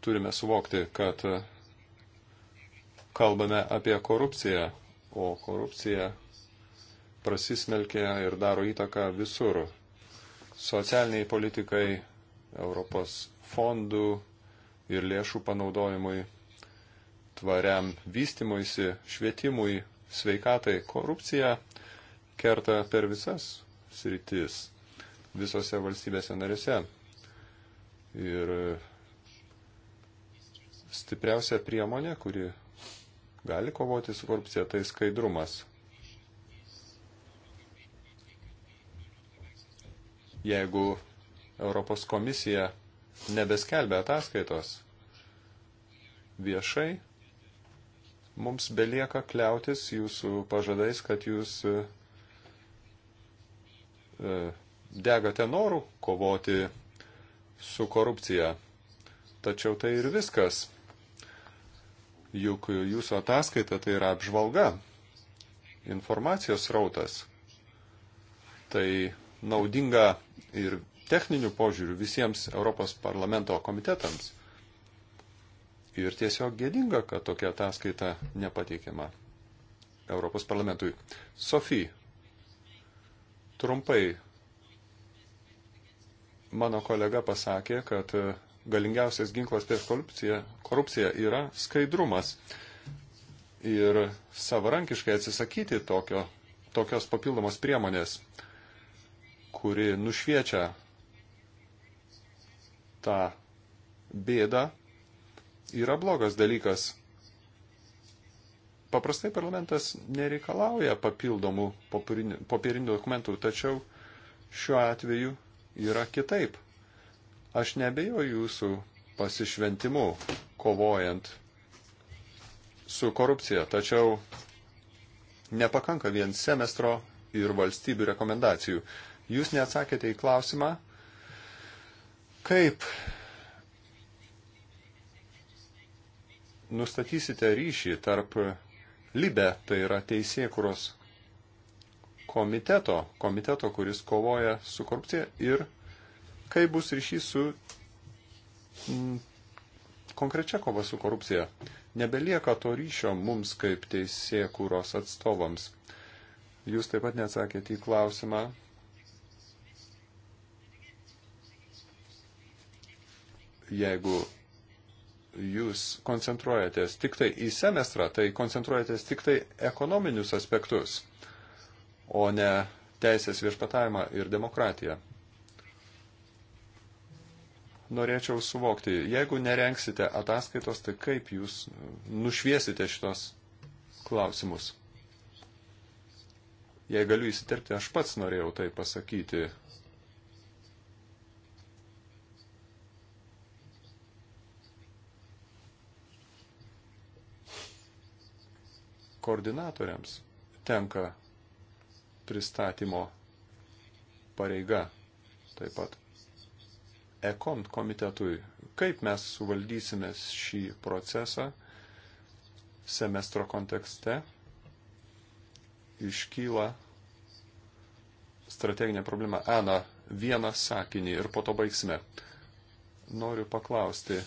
turime suvokti, kad kalbame apie korupciją, o korupcija prasismelkia ir daro įtaką visur. Socialiniai politikai, Europos fondų ir lėšų panaudojimui, tvariam vystimuisi, švietimui, sveikatai. Korupcija kerta per visas sritis visose valstybėse narėse. Ir stipriausia priemonė, kuri gali kovoti su korupcija, tai skaidrumas. Jeigu Europos komisija nebeskelbia ataskaitos viešai, mums belieka kliautis jūsų pažadais, kad jūs e, degate norų kovoti su korupcija. Tačiau tai ir viskas. Juk jūsų ataskaita tai yra apžvalga, informacijos rautas. Tai naudinga ir techninių požiūrių visiems Europos parlamento komitetams. Ir tiesiog gėdinga, kad tokia ataskaita nepateikiama Europos parlamentui. Sofija, trumpai mano kolega pasakė, kad galingiausias ginklas prieš korupciją, korupciją yra skaidrumas. Ir savarankiškai atsisakyti tokio, tokios papildomos priemonės, kuri nušviečia tą bėdą, yra blogas dalykas. Paprastai parlamentas nereikalauja papildomų popierinių dokumentų, tačiau šiuo atveju yra kitaip. Aš nebejoju jūsų pasišventimu kovojant su korupcija, tačiau nepakanka vien semestro ir valstybių rekomendacijų. Jūs neatsakėte į klausimą, kaip nustatysite ryšį tarp libe, tai yra teisėkuros komiteto, komiteto, kuris kovoja su korupcija ir kai bus ryšys su m, mm, konkrečia kova su korupcija. Nebelieka to ryšio mums kaip teisė kūros atstovams. Jūs taip pat neatsakėte į klausimą, jeigu jūs koncentruojatės tik tai į semestrą, tai koncentruojatės tik tai ekonominius aspektus, o ne teisės viešpatavimą ir demokratiją norėčiau suvokti, jeigu nerenksite ataskaitos, tai kaip jūs nušviesite šitos klausimus? Jei galiu įsiterpti, aš pats norėjau tai pasakyti. Koordinatoriams tenka pristatymo pareiga taip pat ekon komitetui, kaip mes suvaldysime šį procesą semestro kontekste, iškyla strateginė problema. Ana, vieną sakinį ir po to baigsime. Noriu paklausti,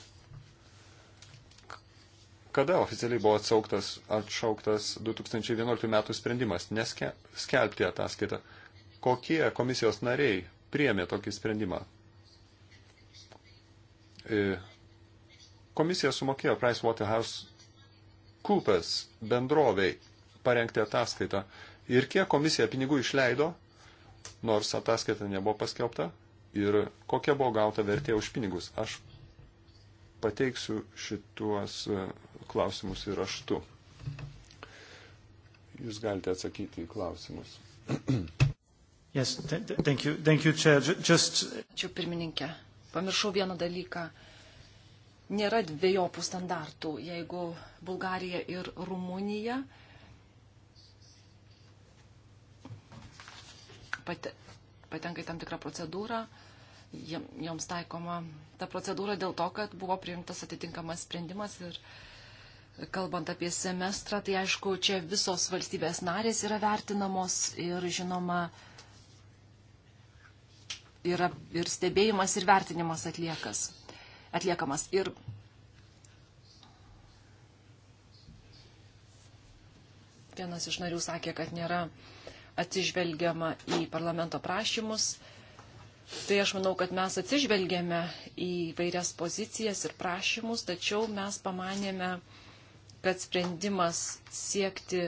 kada oficialiai buvo atsauktas, atšauktas 2011 metų sprendimas neskelbti ataskaitą? Kokie komisijos nariai priemė tokį sprendimą? E, komisija sumokėjo Pricewaterhouse Coopers bendroviai parengti ataskaitą. Ir kiek komisija pinigų išleido, nors ataskaita nebuvo paskelbta, ir kokia buvo gauta vertė už pinigus. Aš pateiksiu šituos e, klausimus ir raštu. Jūs galite atsakyti į klausimus. Yes, thank you, thank you, Chair. Just... Ačiū pirmininkė pamiršau vieną dalyką. Nėra dviejopų standartų, jeigu Bulgarija ir Rumunija patenka į tam tikrą procedūrą, joms taikoma ta procedūra dėl to, kad buvo priimtas atitinkamas sprendimas ir kalbant apie semestrą, tai aišku, čia visos valstybės narės yra vertinamos ir žinoma, yra ir stebėjimas, ir vertinimas atliekas, atliekamas. Ir vienas iš narių sakė, kad nėra atsižvelgiama į parlamento prašymus. Tai aš manau, kad mes atsižvelgėme į vairias pozicijas ir prašymus, tačiau mes pamanėme, kad sprendimas siekti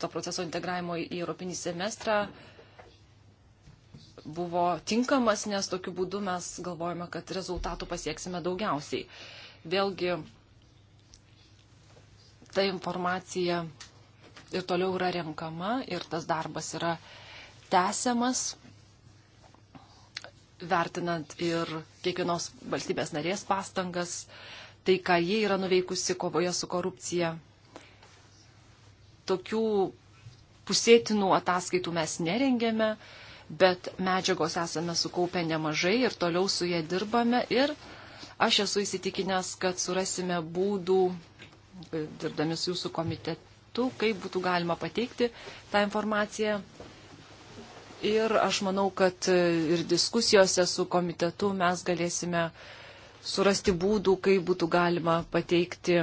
to proceso integravimo į Europinį semestrą buvo tinkamas, nes tokiu būdu mes galvojame, kad rezultatų pasieksime daugiausiai. Vėlgi, ta informacija ir toliau yra renkama ir tas darbas yra tęsiamas, vertinant ir kiekvienos valstybės narės pastangas, tai ką jie yra nuveikusi kovoje su korupcija. Tokių pusėtinų ataskaitų mes nerengėme, bet medžiagos esame sukaupę nemažai ir toliau su jie dirbame ir aš esu įsitikinęs, kad surasime būdų, dirbdami su jūsų komitetu, kaip būtų galima pateikti tą informaciją. Ir aš manau, kad ir diskusijose su komitetu mes galėsime surasti būdų, kaip būtų galima pateikti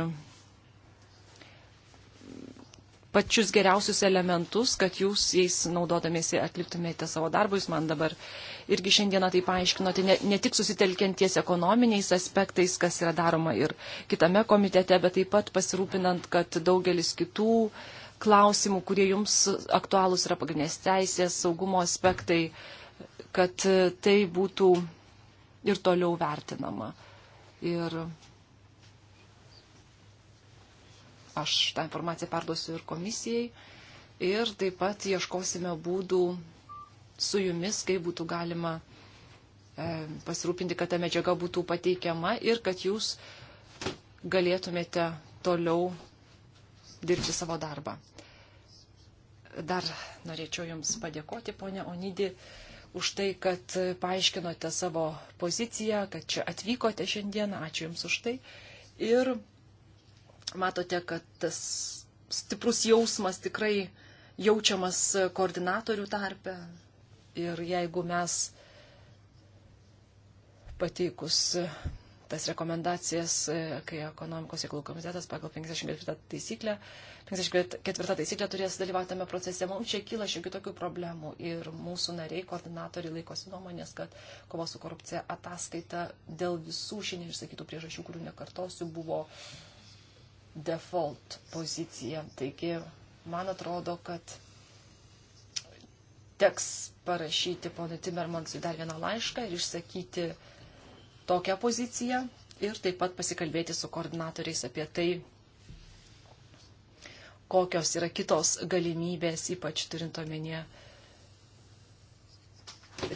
pačius geriausius elementus, kad jūs jais naudodamėsi atliktumėte savo darbą. Jūs man dabar irgi šiandieną tai paaiškinote, ne, ne tik susitelkiant ties ekonominiais aspektais, kas yra daroma ir kitame komitete, bet taip pat pasirūpinant, kad daugelis kitų klausimų, kurie jums aktualūs yra pagrindinės teisės, saugumo aspektai, kad tai būtų ir toliau vertinama. Ir Aš tą informaciją perduosiu ir komisijai. Ir taip pat ieškosime būdų su jumis, kaip būtų galima e, pasirūpinti, kad ta medžiaga būtų pateikiama ir kad jūs galėtumėte toliau dirbti savo darbą. Dar norėčiau Jums padėkoti, ponė Onidį, už tai, kad paaiškinote savo poziciją, kad čia atvykote šiandieną. Ačiū Jums už tai. Ir matote, kad tas stiprus jausmas tikrai jaučiamas koordinatorių tarpe. Ir jeigu mes pateikus tas rekomendacijas, kai ekonomikos reikalų komitetas pagal 54 taisyklę, 54 taisyklę turės dalyvauti tame procese, mums čia kyla šiokių tokių problemų ir mūsų nariai, koordinatoriai laikosi nuomonės, kad kovos su korupcija ataskaita dėl visų šiandien išsakytų priežasčių, kurių nekartosiu, buvo uh, default poziciją. Taigi, man atrodo, kad teks parašyti ponui Timermansui dar vieną laišką ir išsakyti tokią poziciją ir taip pat pasikalbėti su koordinatoriais apie tai, kokios yra kitos galimybės, ypač turint omenyje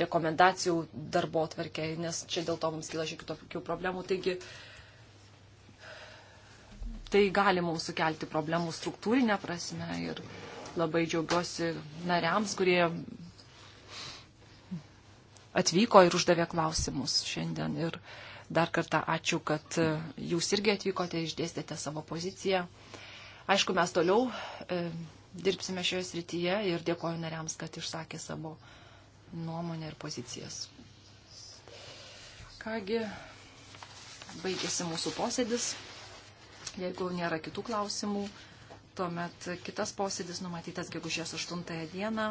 rekomendacijų darbo atverkė, nes čia dėl to mums kyla šiek tiek tokių problemų. Taigi, uh, tai gali mums sukelti problemų struktūrinę prasme ir labai džiaugiuosi nariams, kurie atvyko ir uždavė klausimus šiandien. Ir dar kartą ačiū, kad jūs irgi atvykote, išdėstėte savo poziciją. Aišku, mes toliau e, dirbsime šioje srityje ir dėkoju nariams, kad išsakė savo nuomonę ir pozicijas. Kągi, baigėsi mūsų posėdis. Jeigu nėra kitų klausimų, tuomet kitas posėdis numatytas gegužės 8 dieną,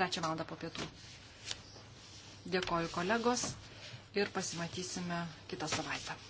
3 val. po pietų. Dėkoju kolegos ir pasimatysime kitą savaitę.